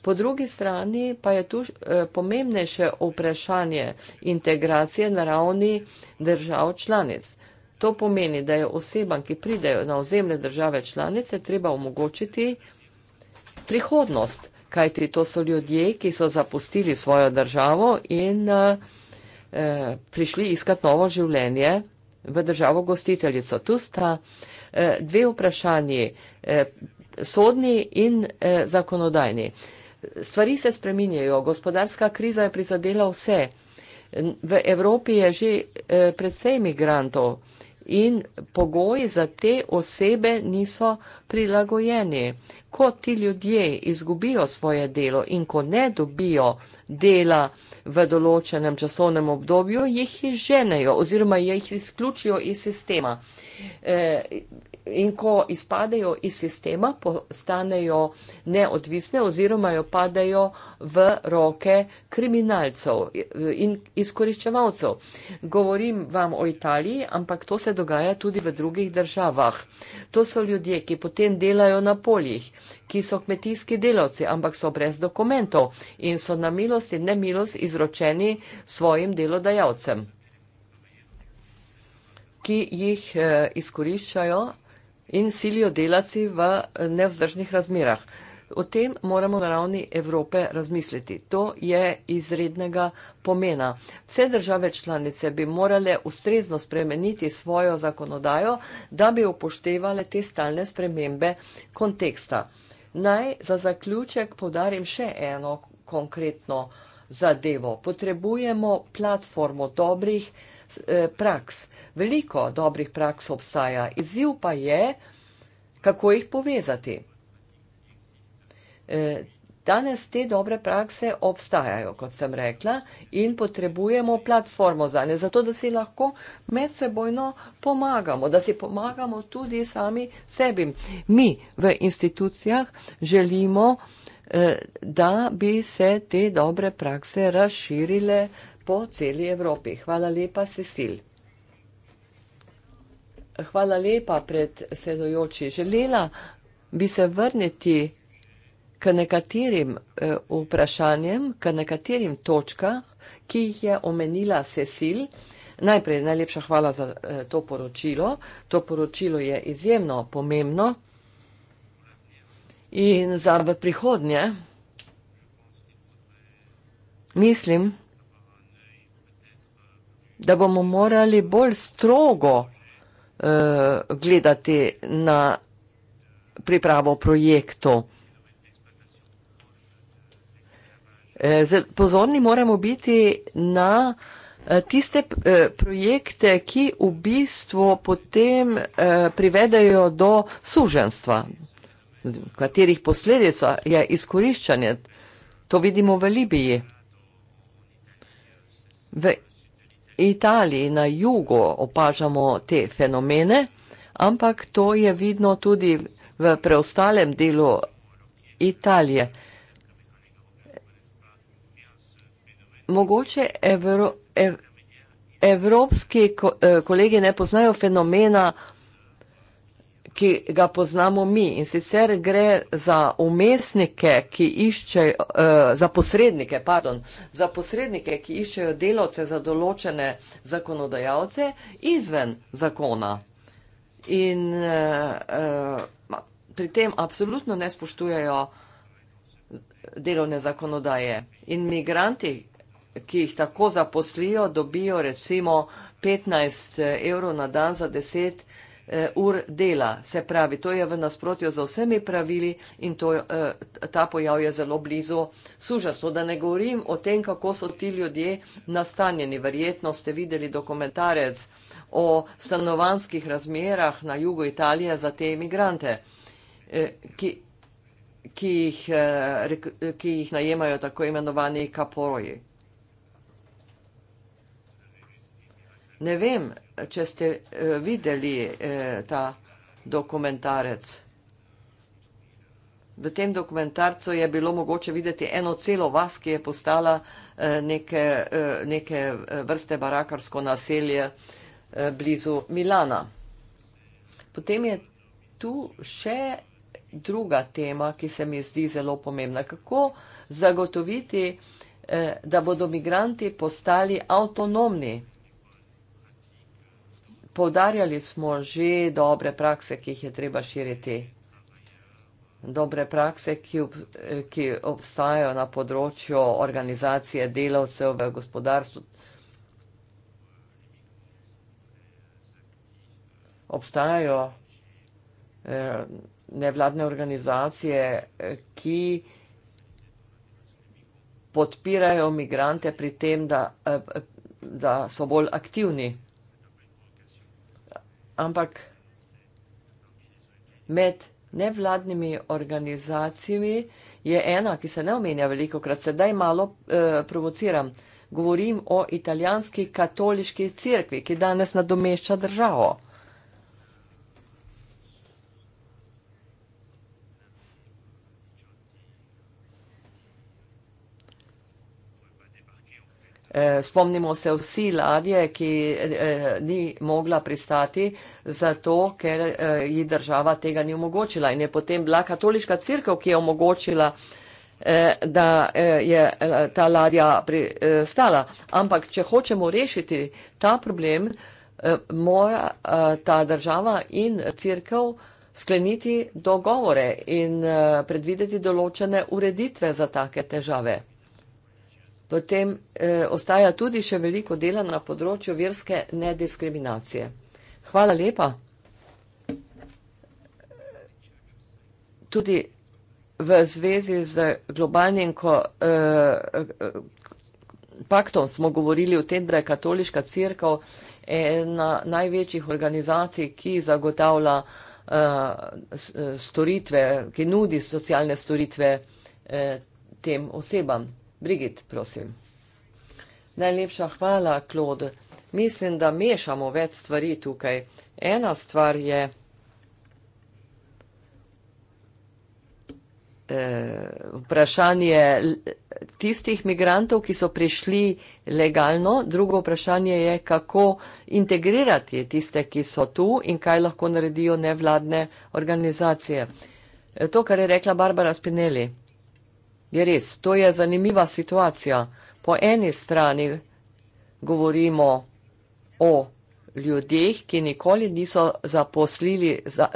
Po drugi strani pa je tu eh, pomembnejše vprašanje integracije na ravni držav članic. To pomeni, da je osebam, ki pridejo na ozemlje države članice, treba omogočiti prihodnost, kajti to so ljudje, ki so zapustili svojo državo in eh, prišli iskati novo življenje v državo gostiteljico. Tu sta eh, dve vprašanji sodni in eh, zakonodajni. Stvari se spreminjajo, gospodarska kriza je prizadela vse. V Evropi je že eh, predvsej imigrantov in pogoji za te osebe niso prilagojeni. Ko ti ljudje izgubijo svoje delo in ko ne dobijo dela v določenem časovnem obdobju, jih izženejo oziroma jih izključijo iz sistema. Eh, in ko izpadejo iz sistema, postanejo neodvisne oziroma jo padajo v roke kriminalcev in izkoriščevalcev. Govorim vam o Italiji, ampak to se dogaja tudi v drugih državah. To so ljudje, ki potem delajo na poljih, ki so kmetijski delavci, ampak so brez dokumentov in so na milost in nemilost izročeni svojim delodajalcem ki jih eh, izkoriščajo in silijo delaci v nevzdržnih razmerah. O tem moramo na ravni Evrope razmisliti. To je izrednega pomena. Vse države članice bi morale ustrezno spremeniti svojo zakonodajo, da bi upoštevale te stalne spremembe konteksta. Naj za zaključek podarim še eno konkretno zadevo. Potrebujemo platformo dobrih Eh, praks. Veliko dobrih praks obstaja, izziv pa je, kako jih povezati. Eh, danes te dobre prakse obstajajo, kot sem rekla, in potrebujemo platformo za ne, zato da si lahko medsebojno pomagamo, da si pomagamo tudi sami sebi. Mi v institucijah želimo, eh, da bi se te dobre prakse razširile po celi Evropi. Hvala lepa, Cecil. Hvala lepa, predsedojoči. Želela bi se vrniti k nekaterim eh, vprašanjem, k nekaterim točkah, ki jih je omenila Cecil. Najprej najlepša hvala za eh, to poročilo. To poročilo je izjemno pomembno. In za prihodnje, mislim, da bomo morali bolj strogo uh, gledati na pripravo projektov. Eh, pozorni moramo biti na eh, tiste projekte, ki v bistvu potem privedajo do suženstva, katerih posledica je izkoriščanje. To vidimo v Libiji. V Italiji na jugu opažamo te fenomene, ampak to je vidno tudi v preostalem delu Italije. Mogoče evro, ev, evropski ko, eh, kolegi ne poznajo fenomena ki ga poznamo mi in sicer gre za umestnike, ki iščejo, uh, za posrednike, pardon, za posrednike, ki iščejo delavce za določene zakonodajalce izven zakona. In uh, uh, pri tem apsolutno ne spoštujejo delovne zakonodaje. In migranti, ki jih tako zaposlijo, dobijo recimo 15 evrov na dan za 10 evrov eh, ur dela. Se pravi, to je v nasprotju z vsemi pravili in to, eh, ta pojav je zelo blizu sužastu. Da ne govorim o tem, kako so ti ljudje nastanjeni. Verjetno ste videli dokumentarec o stanovanskih razmerah na jugu Italije za te imigrante, eh, ki. Ki jih, eh, ki jih najemajo tako imenovani kaporoji. Ne vem, če ste eh, videli eh, ta dokumentarec. V tem dokumentarcu je bilo mogoče videti eno celo vas, ki je postala eh, neke, neke vrste barakarsko naselje blizu Milana. Potem je tu še druga tema, ki se mi zdi zelo pomembna. Kako zagotoviti, da bodo migranti postali avtonomni? Poudarjali smo že dobre prakse, ki jih je treba širiti. Dobre prakse, ki, ob, ki obstajajo na področju organizacije delavcev v gospodarstvu. Obstajajo eh, nevladne organizacije, eh, ki podpirajo migrante pri tem, da, eh, da so bolj aktivni ampak med nevladnimi organizacijami je ena, ki se ne omenja veliko krat, sedaj malo eh, provociram. Govorim o italijanski katoliški cerkvi, ki danes nadomešča državo. Eh, spomnimo se vsi ladje, ki eh, ni mogla pristati, zato ker eh, ji država tega ni omogočila. In je potem bila katoliška crkva, ki je omogočila, da je ta ladja pristala. Ampak, če hočemo rešiti ta problem, mora ta država in crkv skleniti dogovore in predvideti določene ureditve za take težave potem eh, ostaja tudi še veliko dela na področju verske nediskriminacije. Hvala lepa. Tudi v zvezi z globalnim ko, eh, paktom smo govorili o tem, da je katoliška crkva ena največjih organizacij, ki zagotavlja eh, storitve, ki nudi socialne storitve eh, tem osebam. Brigit, prosim. Najlepša hvala, Klod. Mislim, da mešamo več stvari tukaj. Ena stvar je eh, vprašanje tistih migrantov, ki so prišli legalno. Drugo vprašanje je, kako integrirati tiste, ki so tu in kaj lahko naredijo nevladne organizacije. To, kar je rekla Barbara Spinelli. Je res, to je zanimiva situacija. Po eni strani govorimo o ljudeh, ki nikoli niso zaprosili za,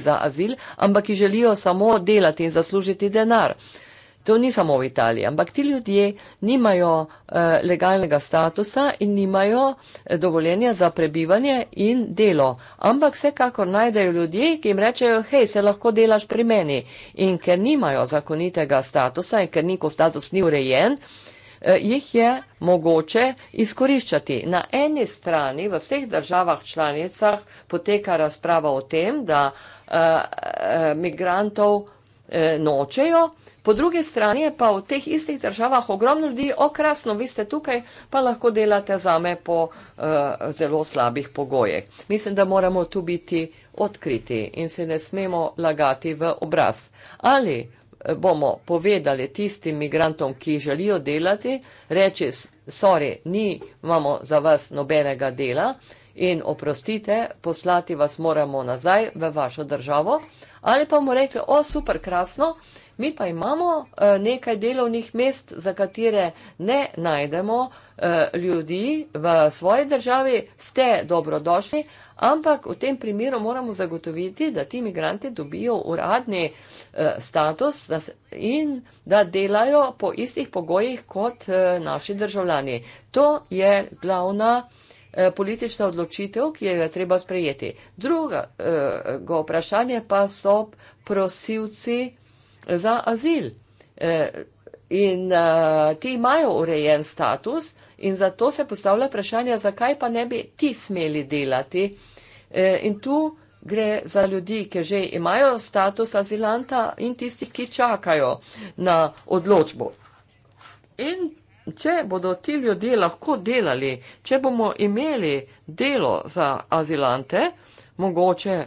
za azil, ampak ki želijo samo delati in zaslužiti denar. To ni samo v Italiji, ampak ti ljudje nimajo uh, legalnega statusa in nimajo eh, dovoljenja za prebivanje in delo. Ampak vsekakor najdejo ljudje, ki jim rečejo, hej, se lahko delaš pri meni. In ker nimajo zakonitega statusa in ker njihov status ni urejen, eh, jih je mogoče izkoriščati. Na eni strani v vseh državah članicah poteka razprava o tem, da uh, uh, migrantov uh, nočejo, uh, Po drugi strani je pa v teh istih državah ogromno ljudi, okrasno, vi ste tukaj, pa lahko delate za me po uh, zelo slabih pogojih. Mislim, da moramo tu biti odkriti in se ne smemo lagati v obraz. Ali eh, bomo povedali tistim migrantom, ki želijo delati, reči, sorry, ni, imamo za vas nobenega dela in oprostite, poslati vas moramo nazaj v vašo državo, ali pa bomo rekli, o, super, krasno, Mi pa imamo eh, nekaj delovnih mest, za katere ne najdemo eh, ljudi v svoji državi, ste dobrodošli, ampak v tem primeru moramo zagotoviti, da ti imigranti dobijo uradni eh, status in da delajo po istih pogojih kot naši državljani. To je glavna politična odločitev, ki jo je treba sprejeti. Drugo vprašanje pa so prosilci vprašanje za azil. E, in e, ti imajo urejen status in zato se postavlja vprašanje, zakaj pa ne bi ti smeli delati. E, in tu gre za ljudi, ki že imajo status azilanta in tistih, ki čakajo na odločbo. In če bodo ti ljudje lahko delali, če bomo imeli delo za azilante, mogoče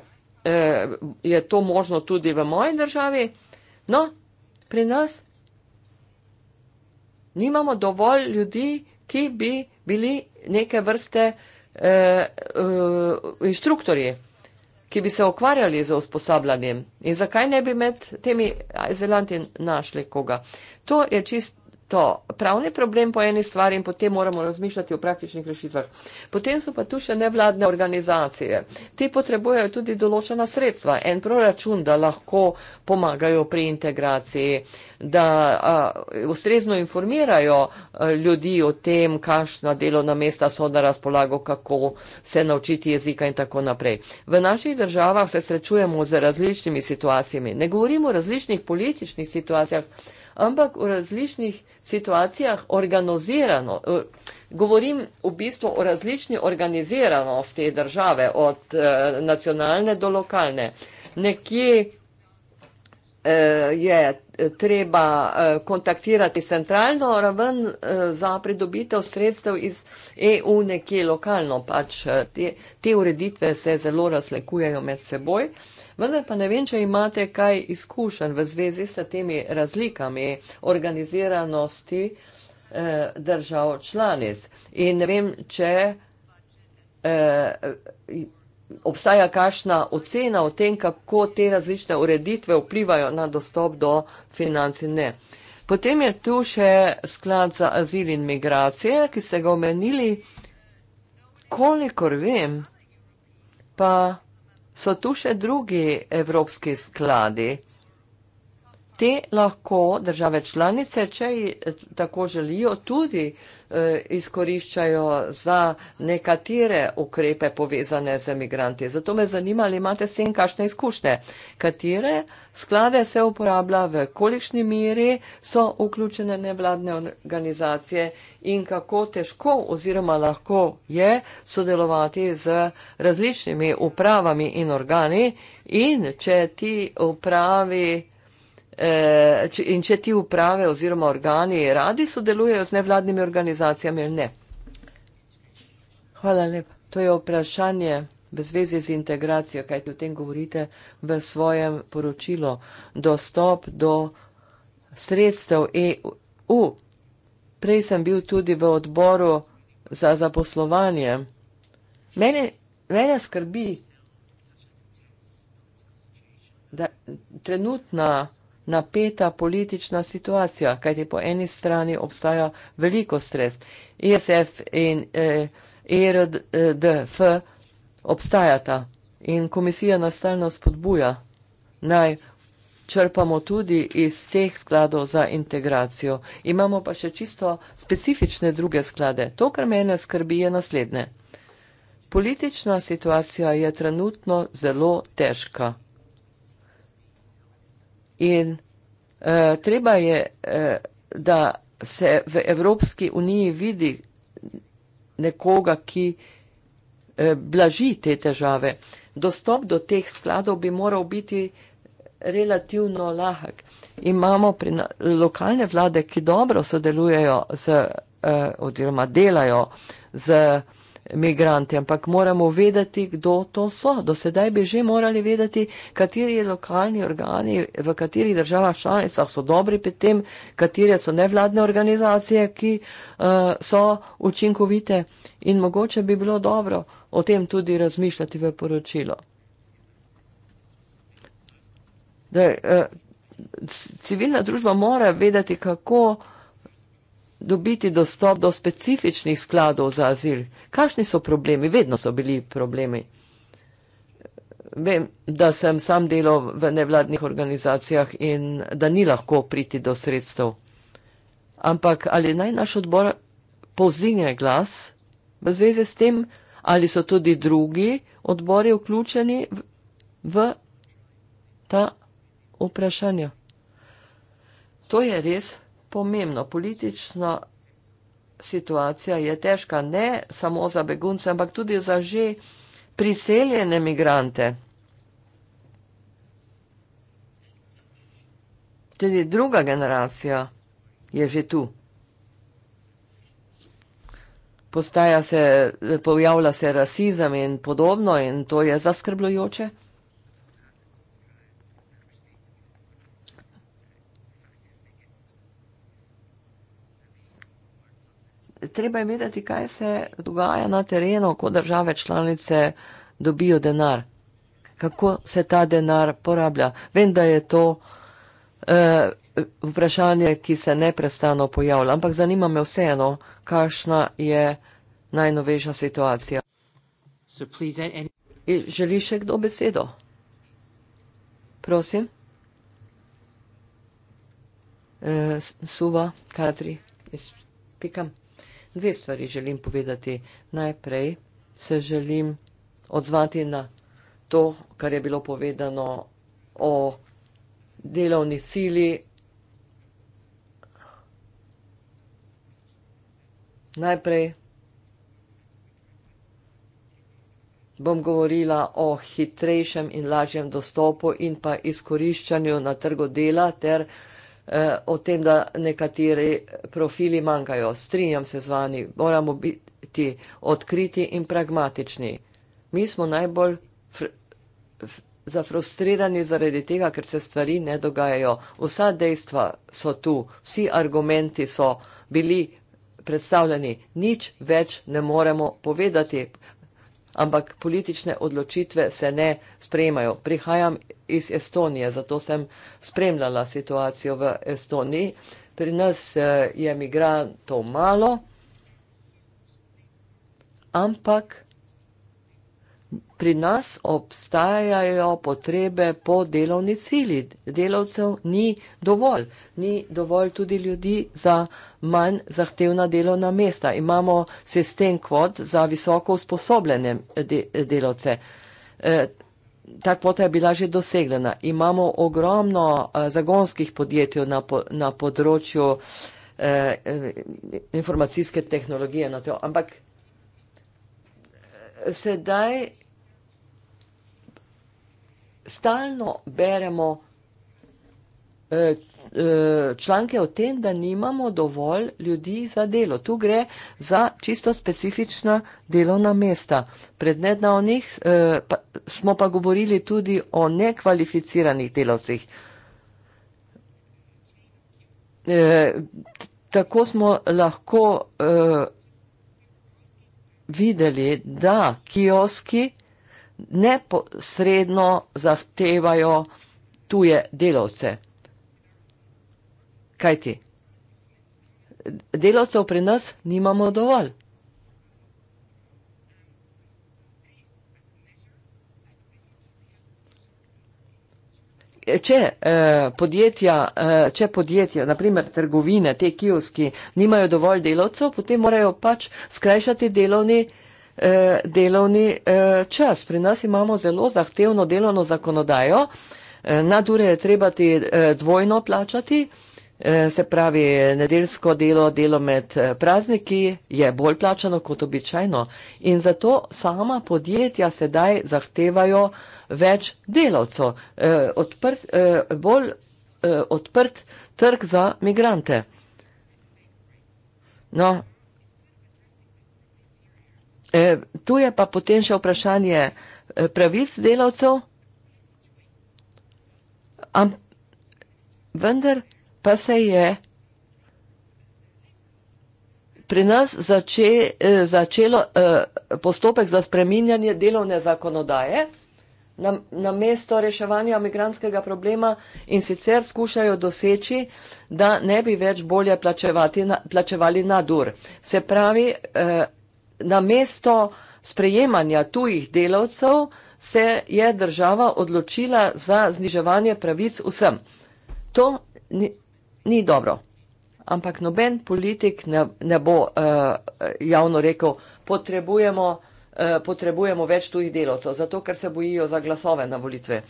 je to možno tudi v moji državi, No, pri nas nimamo dovolj ljudi, ki bi bili neke vrste eh, eh inštruktori, ki bi se ukvarjali z usposabljanjem. In zakaj ne bi med temi izolanti našli koga? To je čist to pravni problem po eni stvari in potem moramo razmišljati o praktičnih rešitvah. Potem so pa tu še nevladne organizacije. Te potrebujejo tudi določena sredstva, en proračun, da lahko pomagajo pri integraciji, da a, ustrezno informirajo a, ljudi o tem, kakšna delovna mesta so na razpolago, kako se naučiti jezika in tako naprej. V naših državah se srečujemo z različnimi situacijami. Ne govorimo o različnih političnih situacijah ampak v različnih situacijah organizirano. Eh, govorim v bistvu o različni organiziranosti države, od eh, nacionalne do lokalne. Nekje eh, je treba kontaktirati centralno raven za pridobitev sredstev iz EU, nekje lokalno pač te, te ureditve se zelo razlikujejo med seboj vendar pa ne vem, če imate kaj izkušen v zvezi s temi razlikami organiziranosti eh, držav članic. In ne vem, če eh, obstaja kakšna ocena o tem, kako te različne ureditve vplivajo na dostop do financ in ne. Potem je tu še sklad za azil in migracije, ki ste ga omenili, kolikor vem, pa So tu še drugi evropski skladi? te lahko države članice, če eh, tako želijo, tudi eh, izkoriščajo za nekatere ukrepe povezane z emigranti. Zato me zanima, ali imate s tem kakšne izkušnje. Katere sklade se uporablja, v kolikšni meri so vključene nevladne organizacije in kako težko oziroma lahko je sodelovati z različnimi upravami in organi in če ti upravi Eh, in če ti uprave oziroma organi radi sodelujejo z nevladnimi organizacijami ali ne. Hvala lepa. To je vprašanje v zvezi z integracijo, kaj ti o tem govorite v svojem poročilu. Dostop do sredstev EU. Prej sem bil tudi v odboru za zaposlovanje. Mene, mene skrbi, da trenutna napeta politična situacija, kajti po eni strani obstaja veliko stres. ISF e in ERDF eh, e obstajata in komisija nastalno spodbuja naj črpamo tudi iz teh skladov za integracijo. Imamo pa še čisto specifične druge sklade. To, kar mene skrbi, je naslednje. Politična situacija je trenutno zelo težka. In uh, treba je, uh, da se v Evropski uniji vidi nekoga, ki uh, blaži te težave. Dostop do teh skladov bi moral biti relativno lahek. Imamo pri lokalne vlade, ki dobro sodelujejo z, uh, oziroma delajo z uh, migranti, ampak moramo vedeti, kdo to so. Do sedaj bi že morali vedeti, kateri lokalni organi, v katerih državah članicah so dobri pri tem, katere so nevladne organizacije, ki uh, so učinkovite in mogoče bi bilo dobro o tem tudi razmišljati v poročilo. Da, uh, civilna družba mora vedeti, kako dobiti dostop do specifičnih skladov za azil. Kakšni so problemi? Vedno so bili problemi. Vem, da sem sam delal v nevladnih organizacijah in da ni lahko priti do sredstev. Ampak ali naj naš odbor povzdigne glas v zvezi s tem, ali so tudi drugi odbori vključeni v, v ta vprašanja? To je res pomembno. Politična situacija je težka ne samo za begunce, ampak tudi za že priseljene migrante. Tudi druga generacija je že tu. Postaja se, pojavlja se rasizem in podobno in to je zaskrbljujoče. treba je vedeti, kaj se dogaja na terenu, ko države članice dobijo denar, kako se ta denar porablja. Vem, da je to uh, vprašanje, ki se neprestano pojavlja, ampak zanima me vseeno, kakšna je najnovejša situacija. So, please, any... Želi še kdo besedo? Prosim. Uh, suva, Katri, pikam dve stvari želim povedati. Najprej se želim odzvati na to, kar je bilo povedano o delovni sili. Najprej bom govorila o hitrejšem in lažjem dostopu in pa izkoriščanju na trgu dela ter Eh, o tem, da nekateri profili manjkajo. Strinjam se z vami, moramo biti odkriti in pragmatični. Mi smo najbolj fr zafrustrirani zaradi tega, ker se stvari ne dogajajo. Vsa dejstva so tu, vsi argumenti so bili predstavljeni, nič več ne moremo povedati, ampak politične odločitve se ne sprejemajo. Prihajam iz Estonije, zato sem spremljala situacijo v Estoniji. Pri nas eh, je migrantov malo, ampak pri nas obstajajo potrebe po delovni sili. Delavcev ni dovolj. Ni dovolj tudi ljudi za manj zahtevna delovna mesta. Imamo sistem kvot za visoko usposobljene de delavce. E, ta kvota je bila že dosegljena. Imamo ogromno e, zagonskih podjetij na, po na področju e, e informacijske tehnologije. Ampak e, sedaj stalno beremo eh, eh, članke o tem, da nimamo dovolj ljudi za delo. Tu gre za čisto specifična delovna mesta. Prednedavnih eh, smo pa govorili tudi o nekvalificiranih delovcih. Tako smo lahko videli, da kioski neposredno zahtevajo tuje delavce. Kaj ti? Delavcev pri nas nimamo dovolj. Če, eh, podjetja, eh, če podjetja, naprimer trgovine, te kioski, nimajo dovolj delavcev, potem morajo pač skrajšati delovni čas eh, delovni eh, čas. Pri nas imamo zelo zahtevno delovno zakonodajo, eh, nadure je treba ti eh, dvojno plačati, eh, se pravi, nedelsko delo, delo med eh, prazniki je bolj plačano kot običajno in zato sama podjetja sedaj zahtevajo več delavcev, eh, odprt, eh, bolj eh, odprt trg za migrante. No, E, tu je pa potem še vprašanje e, pravic delavcev, ampak vendar pa se je pri nas zače, e, začelo e, postopek za spreminjanje delovne zakonodaje na, na mesto reševanja migranskega problema in sicer skušajo doseči, da ne bi več bolje na, plačevali nadur. Se pravi, e, namesto sprejemanja tujih delavcev se je država odločila za zniževanje pravic vsem. To ni, ni dobro. Ampak noben politik ne, ne bo uh, javno rekel, potrebujemo, uh, potrebujemo več tujih delavcev, zato ker se bojijo za glasove na volitve.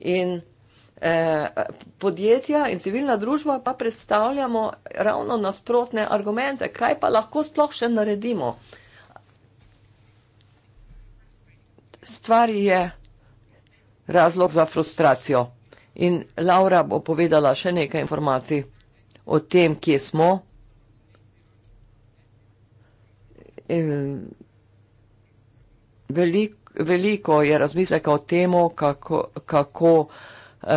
In uh, podjetja in civilna družba pa predstavljamo ravno nasprotne argumente, kaj pa lahko sploh še naredimo. Uh, stvar je razlog za frustracijo. In Laura bo povedala še nekaj informacij o tem, kje smo. Velik, veliko je razmisleka o tem, kako, kako uh,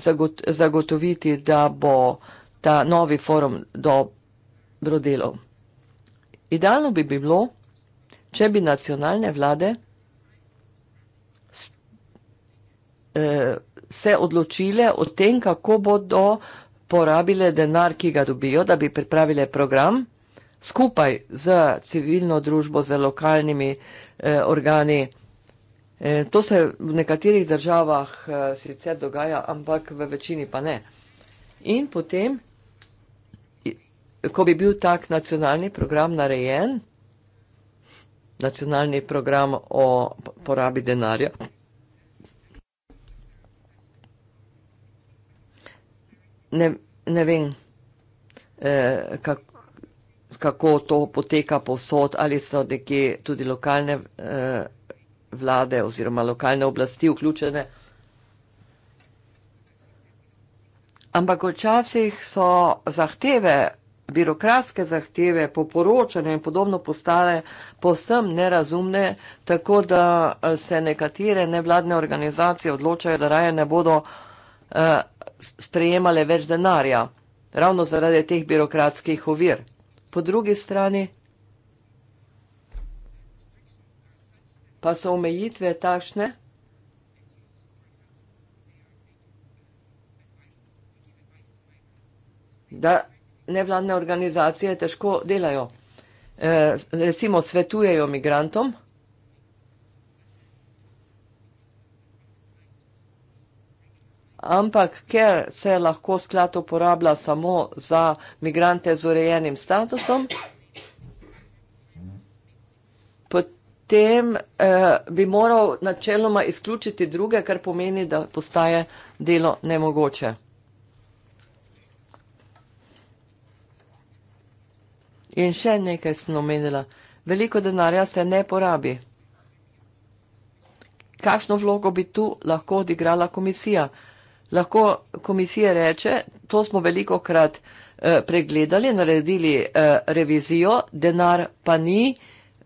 zagot, zagotoviti, da bo ta novi forum dobro delal. Idealno bi bilo, če bi nacionalne vlade eh, se odločile o tem, kako bodo porabile denar, ki ga dobijo, da bi pripravile program skupaj z civilno družbo, z lokalnimi eh, organi. E, to se v nekaterih državah e, sicer dogaja, ampak v večini pa ne. In potem, ko bi bil tak nacionalni program narejen, nacionalni program o porabi denarja, ne, ne vem, eh, kako kako to poteka povsod, ali so nekje tudi lokalne eh, vlade oziroma lokalne oblasti vključene. Ampak včasih so zahteve, birokratske zahteve po poročanju in podobno postale posem nerazumne, tako da eh, se nekatere nevladne organizacije odločajo, da raje ne bodo eh, sprejemale več denarja, ravno zaradi teh birokratskih ovir. Po drugi strani pa so omejitve takšne, da nevladne organizacije težko delajo. E, recimo svetujejo migrantom, Ampak ker se lahko sklad uporablja samo za migrante z urejenim statusom, potem eh, bi moral načeloma izključiti druge, kar pomeni, da postaje delo nemogoče. In še nekaj sem omenila. Veliko denarja se ne porabi. Kakšno vlogo bi tu lahko odigrala komisija? lahko komisija reče, to smo veliko krat eh, pregledali, naredili eh, revizijo, denar pa ni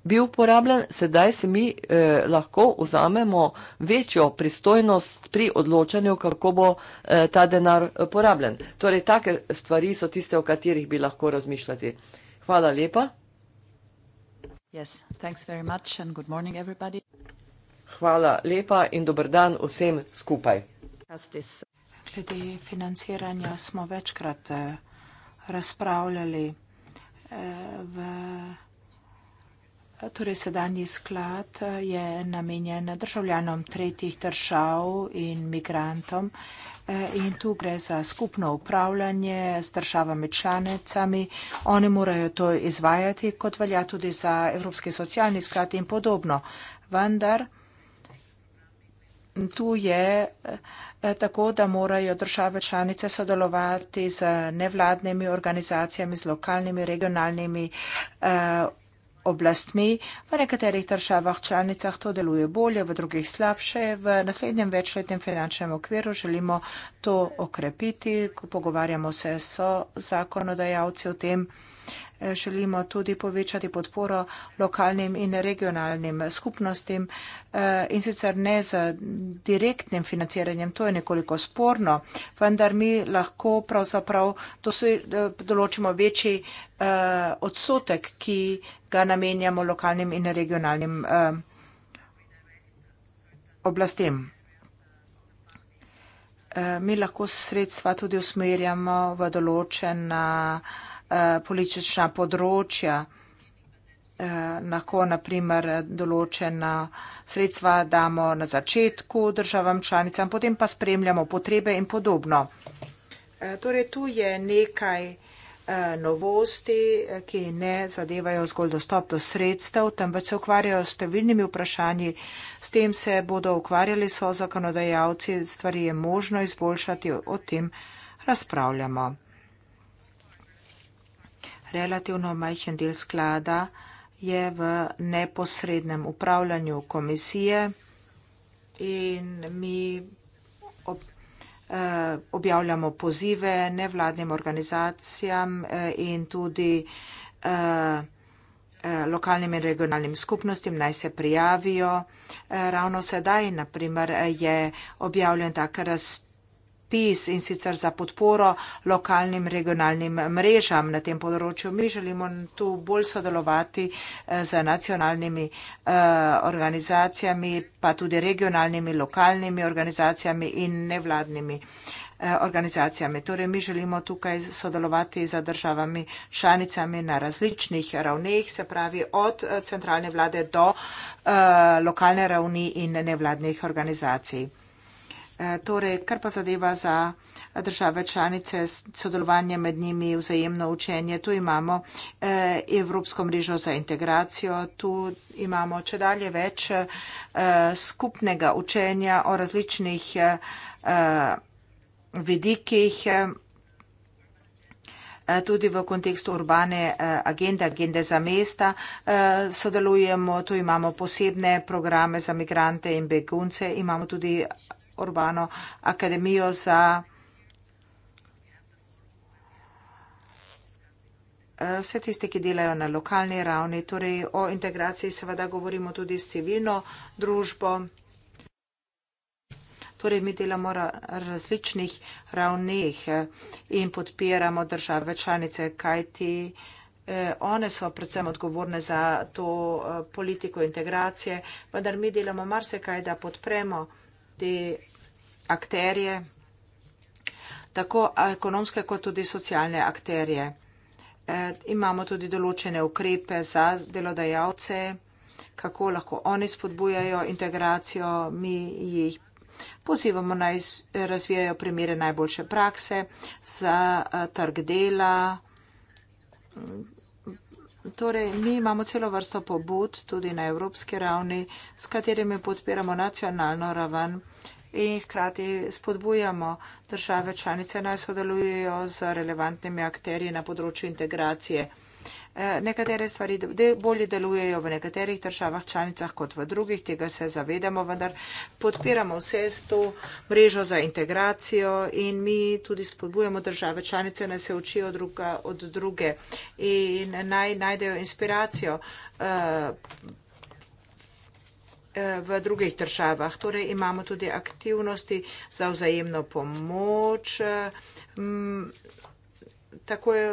bil uporabljen, sedaj se mi eh, lahko vzamemo večjo pristojnost pri odločanju, kako bo eh, ta denar uporabljen. Eh, torej, take stvari so tiste, o katerih bi lahko razmišljati. Hvala lepa. Yes, much, morning, Hvala lepa in dober dan vsem skupaj. Glede financiranja smo večkrat eh, razpravljali eh, v. Torej, sedanji sklad eh, je namenjen državljanom tretjih držav in migrantom in tu gre za skupno upravljanje z državami članicami. Oni morajo to izvajati, kot velja tudi za Evropski socialni sklad in podobno. Vendar tu je tako da morajo države članice sodelovati z nevladnimi organizacijami, z lokalnimi, regionalnimi eh, oblastmi. V nekaterih državah članicah to deluje bolje, v drugih slabše. V naslednjem večletnem finančnem okviru želimo to okrepiti. Pogovarjamo se so zakonodajalci o tem želimo tudi povečati podporo lokalnim in regionalnim skupnostim eh, in sicer ne z direktnim financiranjem, to je nekoliko sporno, vendar mi lahko pravzaprav eh, določimo večji eh, odsotek, ki ga namenjamo lokalnim in regionalnim oblastem. Mi lahko sredstva tudi usmerjamo v določena oblastem, Eh, politična področja, eh, lahko naprimer določena sredstva damo na začetku državam članicam, potem pa spremljamo potrebe in podobno. Eh, torej, tu je nekaj novosti, ki ne zadevajo zgolj dostop do sredstev, temveč se ukvarjajo s številnimi vprašanji, s tem se bodo ukvarjali so zakonodajalci, stvari je možno izboljšati, o tem razpravljamo relativno majhen del sklada je v neposrednem upravljanju komisije in mi ob, eh, objavljamo pozive nevladnim organizacijam eh, in tudi eh, eh lokalnim in regionalnim skupnostim naj se prijavijo. Eh, ravno sedaj, naprimer, je objavljen tak razpis razpis in sicer za podporo lokalnim regionalnim mrežam na tem področju. Mi želimo tu bolj sodelovati eh, z nacionalnimi eh, organizacijami, pa tudi regionalnimi, lokalnimi organizacijami in nevladnimi eh, organizacijami. Torej, mi želimo tukaj sodelovati z državami članicami na različnih ravneh, se pravi od centralne vlade do uh, lokalne ravni in nevladnih organizacij. Eh, torej, kar pa zadeva za države članice, sodelovanje med njimi, vzajemno učenje, tu imamo eh, Evropsko mrežo za integracijo, tu imamo če dalje več eh, skupnega učenja o različnih vidikih, tudi v kontekstu urbane agende, agende za mesta sodelujemo, tu imamo posebne programe za migrante in begunce, imamo tudi Urbano Akademijo za eh, vse tiste, ki delajo na lokalni ravni. Torej o integraciji seveda govorimo tudi s civilno družbo. Torej mi delamo na različnih ravneh eh, in podpiramo države članice, kajti eh, one so predvsem odgovorne za to politiko integracije, vendar mi delamo marsikaj, da podpremo te akterje, tako ekonomske kot tudi socialne akterje. E, imamo tudi določene ukrepe za delodajalce, kako lahko oni spodbujajo integracijo, mi jih pozivamo naj razvijajo primere najboljše prakse za e, trg dela. Torej, mi imamo celo vrsto pobud tudi na evropski ravni, s katerimi podpiramo nacionalno raven in hkrati spodbujamo države članice naj sodelujejo z relevantnimi akterji na področju integracije. E, nekatere stvari bolje delujejo v nekaterih državah članicah kot v drugih, tega se zavedamo, vendar podpiramo vse s to mrežo za integracijo in mi tudi spodbujamo države članice, naj se učijo druga od druge in naj najdejo inspiracijo. Uh, Eh, v drugih državah. Torej imamo tudi aktivnosti za vzajemno pomoč. Eh, tako je,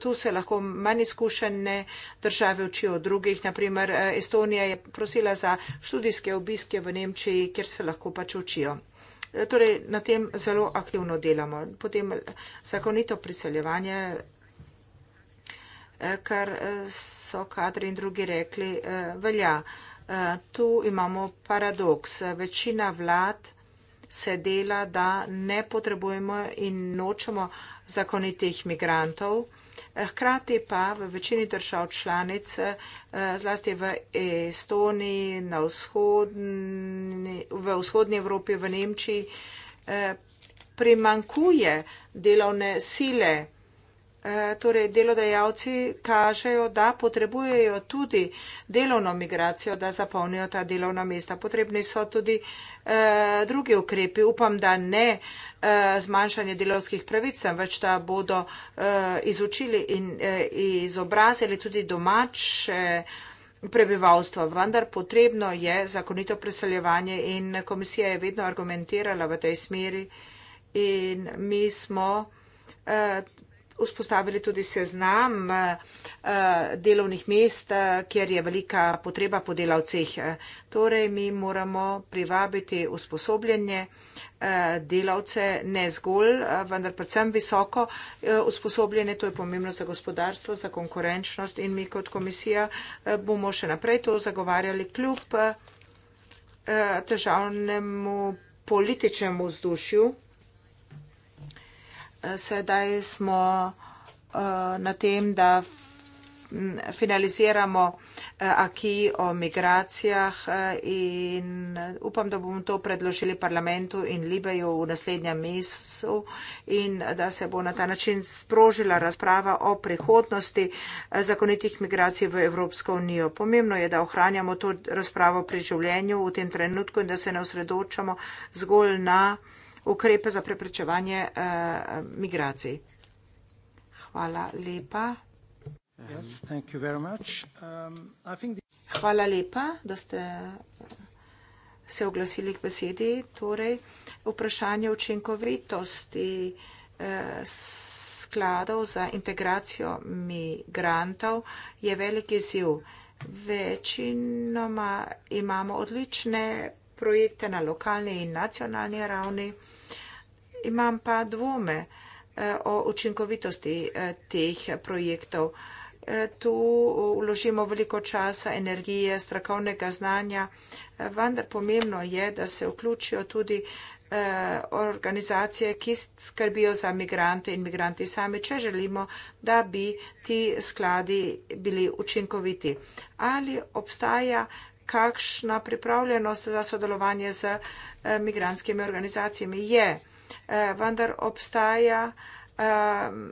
tu se lahko manj izkušene države učijo od drugih. Naprimer, eh, Estonija je prosila za študijske obiske v Nemčiji, kjer se lahko pač učijo. Torej, na tem zelo aktivno delamo. Potem zakonito priseljevanje, kar so kadri in drugi rekli, velja. Eh, tu imamo paradoks. Večina vlad se dela, da ne potrebujemo in nočemo zakonitih migrantov. Eh, hkrati pa v večini držav članic, eh, zlasti v Estoniji, na vzhodni, v vzhodni Evropi, v Nemčiji, primankuje delovne sile Eh, torej delodajalci kažejo, da potrebujejo tudi delovno migracijo, da zapolnijo ta delovna mesta. Potrebni so tudi eh, drugi ukrepi. Upam, da ne eh, zmanjšanje delovskih pravic, več da bodo izučili in izobrazili tudi domače prebivalstvo. Vendar potrebno je zakonito preseljevanje in komisija je vedno argumentirala v tej smeri in mi smo vzpostavili tudi seznam eh, eh, delovnih mest, eh, kjer je velika potreba po delavcih. Torej, mi moramo privabiti usposobljenje delavce, ne zgolj, vendar predvsem visoko usposobljene, to je pomembno za gospodarstvo, za konkurenčnost in mi kot komisija bomo še naprej to zagovarjali kljub težavnemu političnemu vzdušju sedaj smo uh, na tem, da finaliziramo uh, eh, aki o migracijah uh, in upam, da bomo to predložili parlamentu in Libeju v naslednjem mesecu in da se bo na ta način sprožila razprava o prihodnosti uh, zakonitih migracij v Evropsko unijo. Pomembno je, da ohranjamo to razpravo pri življenju v tem trenutku in da se ne osredočamo zgolj na uh, ukrepe za preprečevanje eh, migracij. Hvala lepa. Um, Hvala lepa, da ste eh, se oglasili k besedi. Torej, vprašanje učinkovitosti eh, skladov za integracijo migrantov je veliki ziv. Večinoma imamo odlične projekte na lokalni in nacionalni ravni. Imam pa dvome eh, o učinkovitosti eh, teh projektov. Eh, tu uložimo veliko časa, energije, strokovnega znanja, vendar pomembno je, da se vključijo tudi organizacije, ki skrbijo za migrante in migranti sami, če želimo, da bi ti skladi bili učinkoviti. Ali obstaja kakšna pripravljenost za sodelovanje z eh, migranskimi organizacijami. Je, eh, vendar obstaja ehm,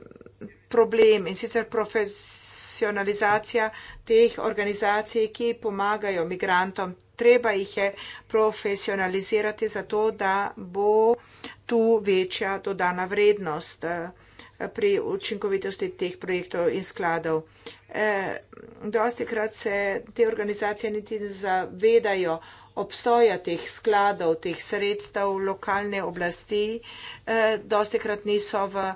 problem in sicer profesionalizacija teh organizacij, ki pomagajo migrantom. Treba jih je profesionalizirati zato, da bo tu večja dodana vrednost. Eh, pri učinkovitosti teh projektov in skladov. Eh, Dosti krat se te organizacije niti ne zavedajo obstoja teh skladov, teh sredstev lokalne oblasti. Eh, Dosti krat niso v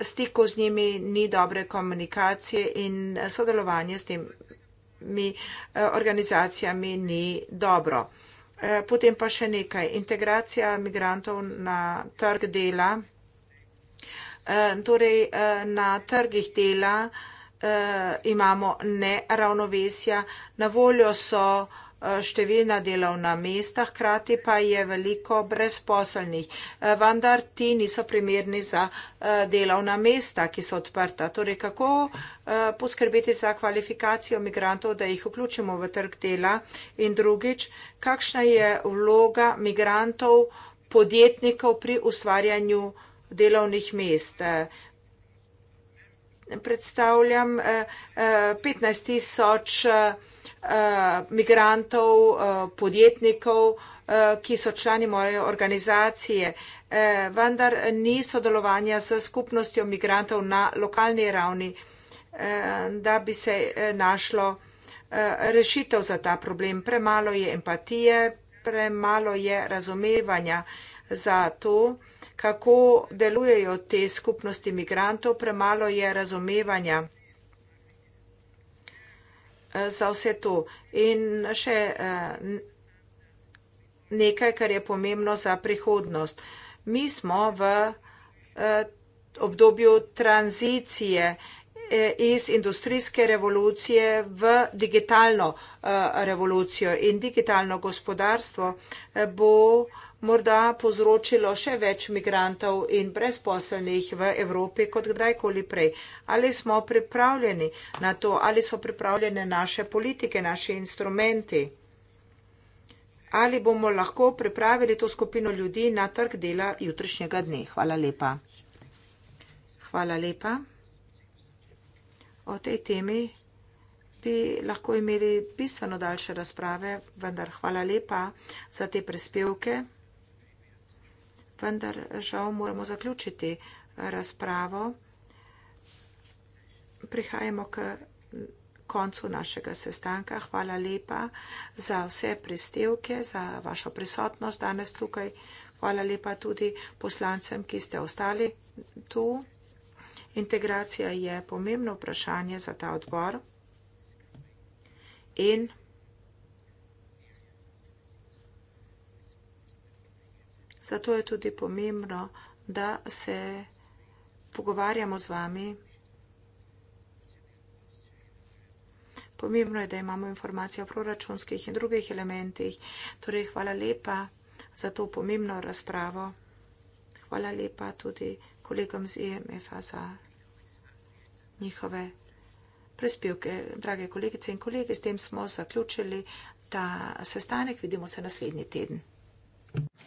stiku z njimi, ni dobre komunikacije in sodelovanje s temi eh, organizacijami ni dobro. Potem pa še nekaj. Integracija migrantov na trg dela. Eh, torej, eh, na trgih dela eh, imamo neravnovesja, na voljo so številna delovna mesta, hkrati pa je veliko brezposelnih. Vendar ti niso primerni za delovna mesta, ki so odprta. Torej, kako poskrbeti za kvalifikacijo migrantov, da jih vključimo v trg dela? In drugič, kakšna je vloga migrantov, podjetnikov pri ustvarjanju migrantov? delovnih mest. Predstavljam 15 eh, eh, tisoč eh, migrantov, podjetnikov, ki so člani moje organizacije, vendar ni sodelovanja s skupnostjo migrantov na lokalni ravni, da bi se našlo rešitev za ta problem. Premalo je empatije, premalo je razumevanja za to, kako delujejo te skupnosti migrantov, premalo je razumevanja eh, za vse to. In še eh, nekaj, kar je pomembno za prihodnost. Mi smo v eh, obdobju tranzicije iz industrijske revolucije v digitalno revolucijo in digitalno gospodarstvo bo razumevanje morda povzročilo še več migrantov in brezposelnih v Evropi kot kdajkoli prej. Ali smo pripravljeni na to, ali so pripravljene naše politike, naši instrumenti? Ali bomo lahko pripravili to skupino ljudi na trg dela jutrišnjega dne? Hvala lepa. Hvala lepa. O tej temi bi lahko imeli bistveno daljše razprave, vendar hvala lepa za te prispevke vendar žal moramo zaključiti eh, razpravo. Prihajamo k koncu našega sestanka. Hvala lepa za vse prispevke, za vašo prisotnost danes tukaj. Hvala lepa tudi poslancem, ki ste ostali tu. Integracija je pomembno vprašanje za ta odbor. In Zato je tudi pomembno, da se pogovarjamo z vami. Pomembno je, da imamo informacije o proračunskih in drugih elementih. Torej, hvala lepa za to pomembno razpravo. Hvala lepa tudi kolegom z IMF-a e za njihove prispevke. Drage kolegice in kolegi, s tem smo zaključili ta sestanek. Vidimo se naslednji teden.